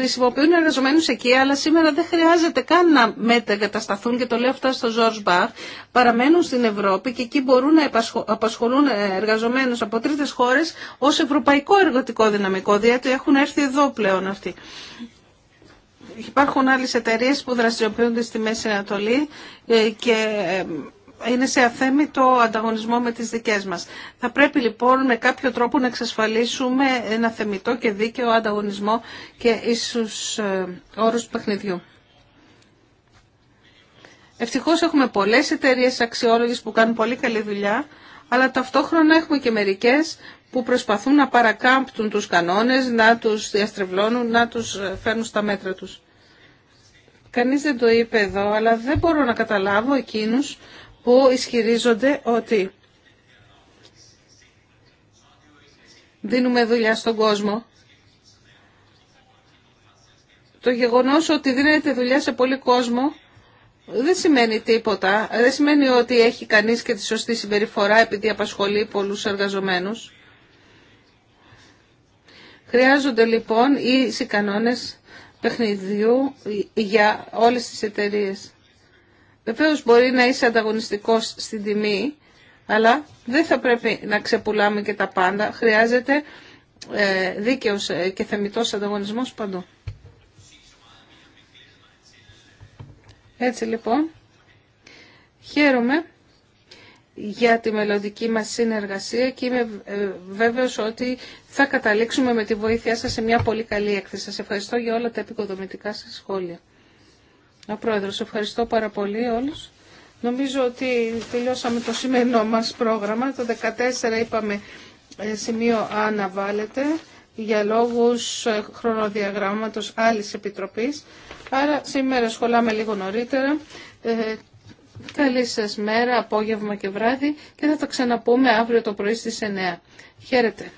χρησιμοποιούν εργαζομένους εκεί, αλλά σήμερα δεν χρειάζεται καν να μετεγκατασταθούν και το λέω αυτά στο Ζορς παραμένουν στην Ευρώπη και εκεί μπορούν να απασχολούν ε, εργαζομένους από τρίτες χώρες ως ευρωπαϊκό εργοτικό δυναμικό, διότι έχουν έρθει εδώ πλέον αυτοί. Υπάρχουν άλλες εταιρείες που δραστηριοποιούνται στη Μέση Ανατολή ε, και ε, είναι σε αθέμητο ανταγωνισμό με τις δικές μας. Θα πρέπει λοιπόν με κάποιο τρόπο να εξασφαλίσουμε ένα θεμητό και δίκαιο ανταγωνισμό και ίσους ε, όρους του παιχνιδιού. Ευτυχώς έχουμε πολλές εταιρείες αξιόλογες που κάνουν πολύ καλή δουλειά, αλλά ταυτόχρονα έχουμε και μερικές που προσπαθούν να παρακάμπτουν τους κανόνες, να τους διαστρεβλώνουν, να τους ε, φέρνουν στα μέτρα τους. Κανείς δεν το είπε εδώ, αλλά δεν μπορώ να καταλάβω εκείνους που ισχυρίζονται ότι δίνουμε δουλειά στον κόσμο. Το γεγονός ότι δίνεται δουλειά σε πολύ κόσμο δεν σημαίνει τίποτα. Δεν σημαίνει ότι έχει κανείς και τη σωστή συμπεριφορά επειδή απασχολεί πολλούς εργαζομένους. Χρειάζονται λοιπόν οι κανόνες παιχνιδιού για όλες τις εταιρείες. Βεβαίω μπορεί να είσαι ανταγωνιστικό στην τιμή, αλλά δεν θα πρέπει να ξεπουλάμε και τα πάντα. Χρειάζεται ε, δίκαιος ε, και θεμητό ανταγωνισμό παντού. Έτσι λοιπόν, χαίρομαι για τη μελλοντική μας συνεργασία και είμαι ε, βέβαιος ότι θα καταλήξουμε με τη βοήθειά σας σε μια πολύ καλή έκθεση. Σας ευχαριστώ για όλα τα επικοδομητικά σας σχόλια. Ο Πρόεδρος, ευχαριστώ πάρα πολύ όλους. Νομίζω ότι τελειώσαμε το σημερινό μας πρόγραμμα. Το 14 είπαμε ε, σημείο αναβάλλεται για λόγους ε, χρονοδιαγράμματος άλλης επιτροπής. Άρα σήμερα σχολάμε λίγο νωρίτερα. Ε, καλή σας μέρα, απόγευμα και βράδυ και θα τα ξαναπούμε αύριο το πρωί στις 9. Χαίρετε.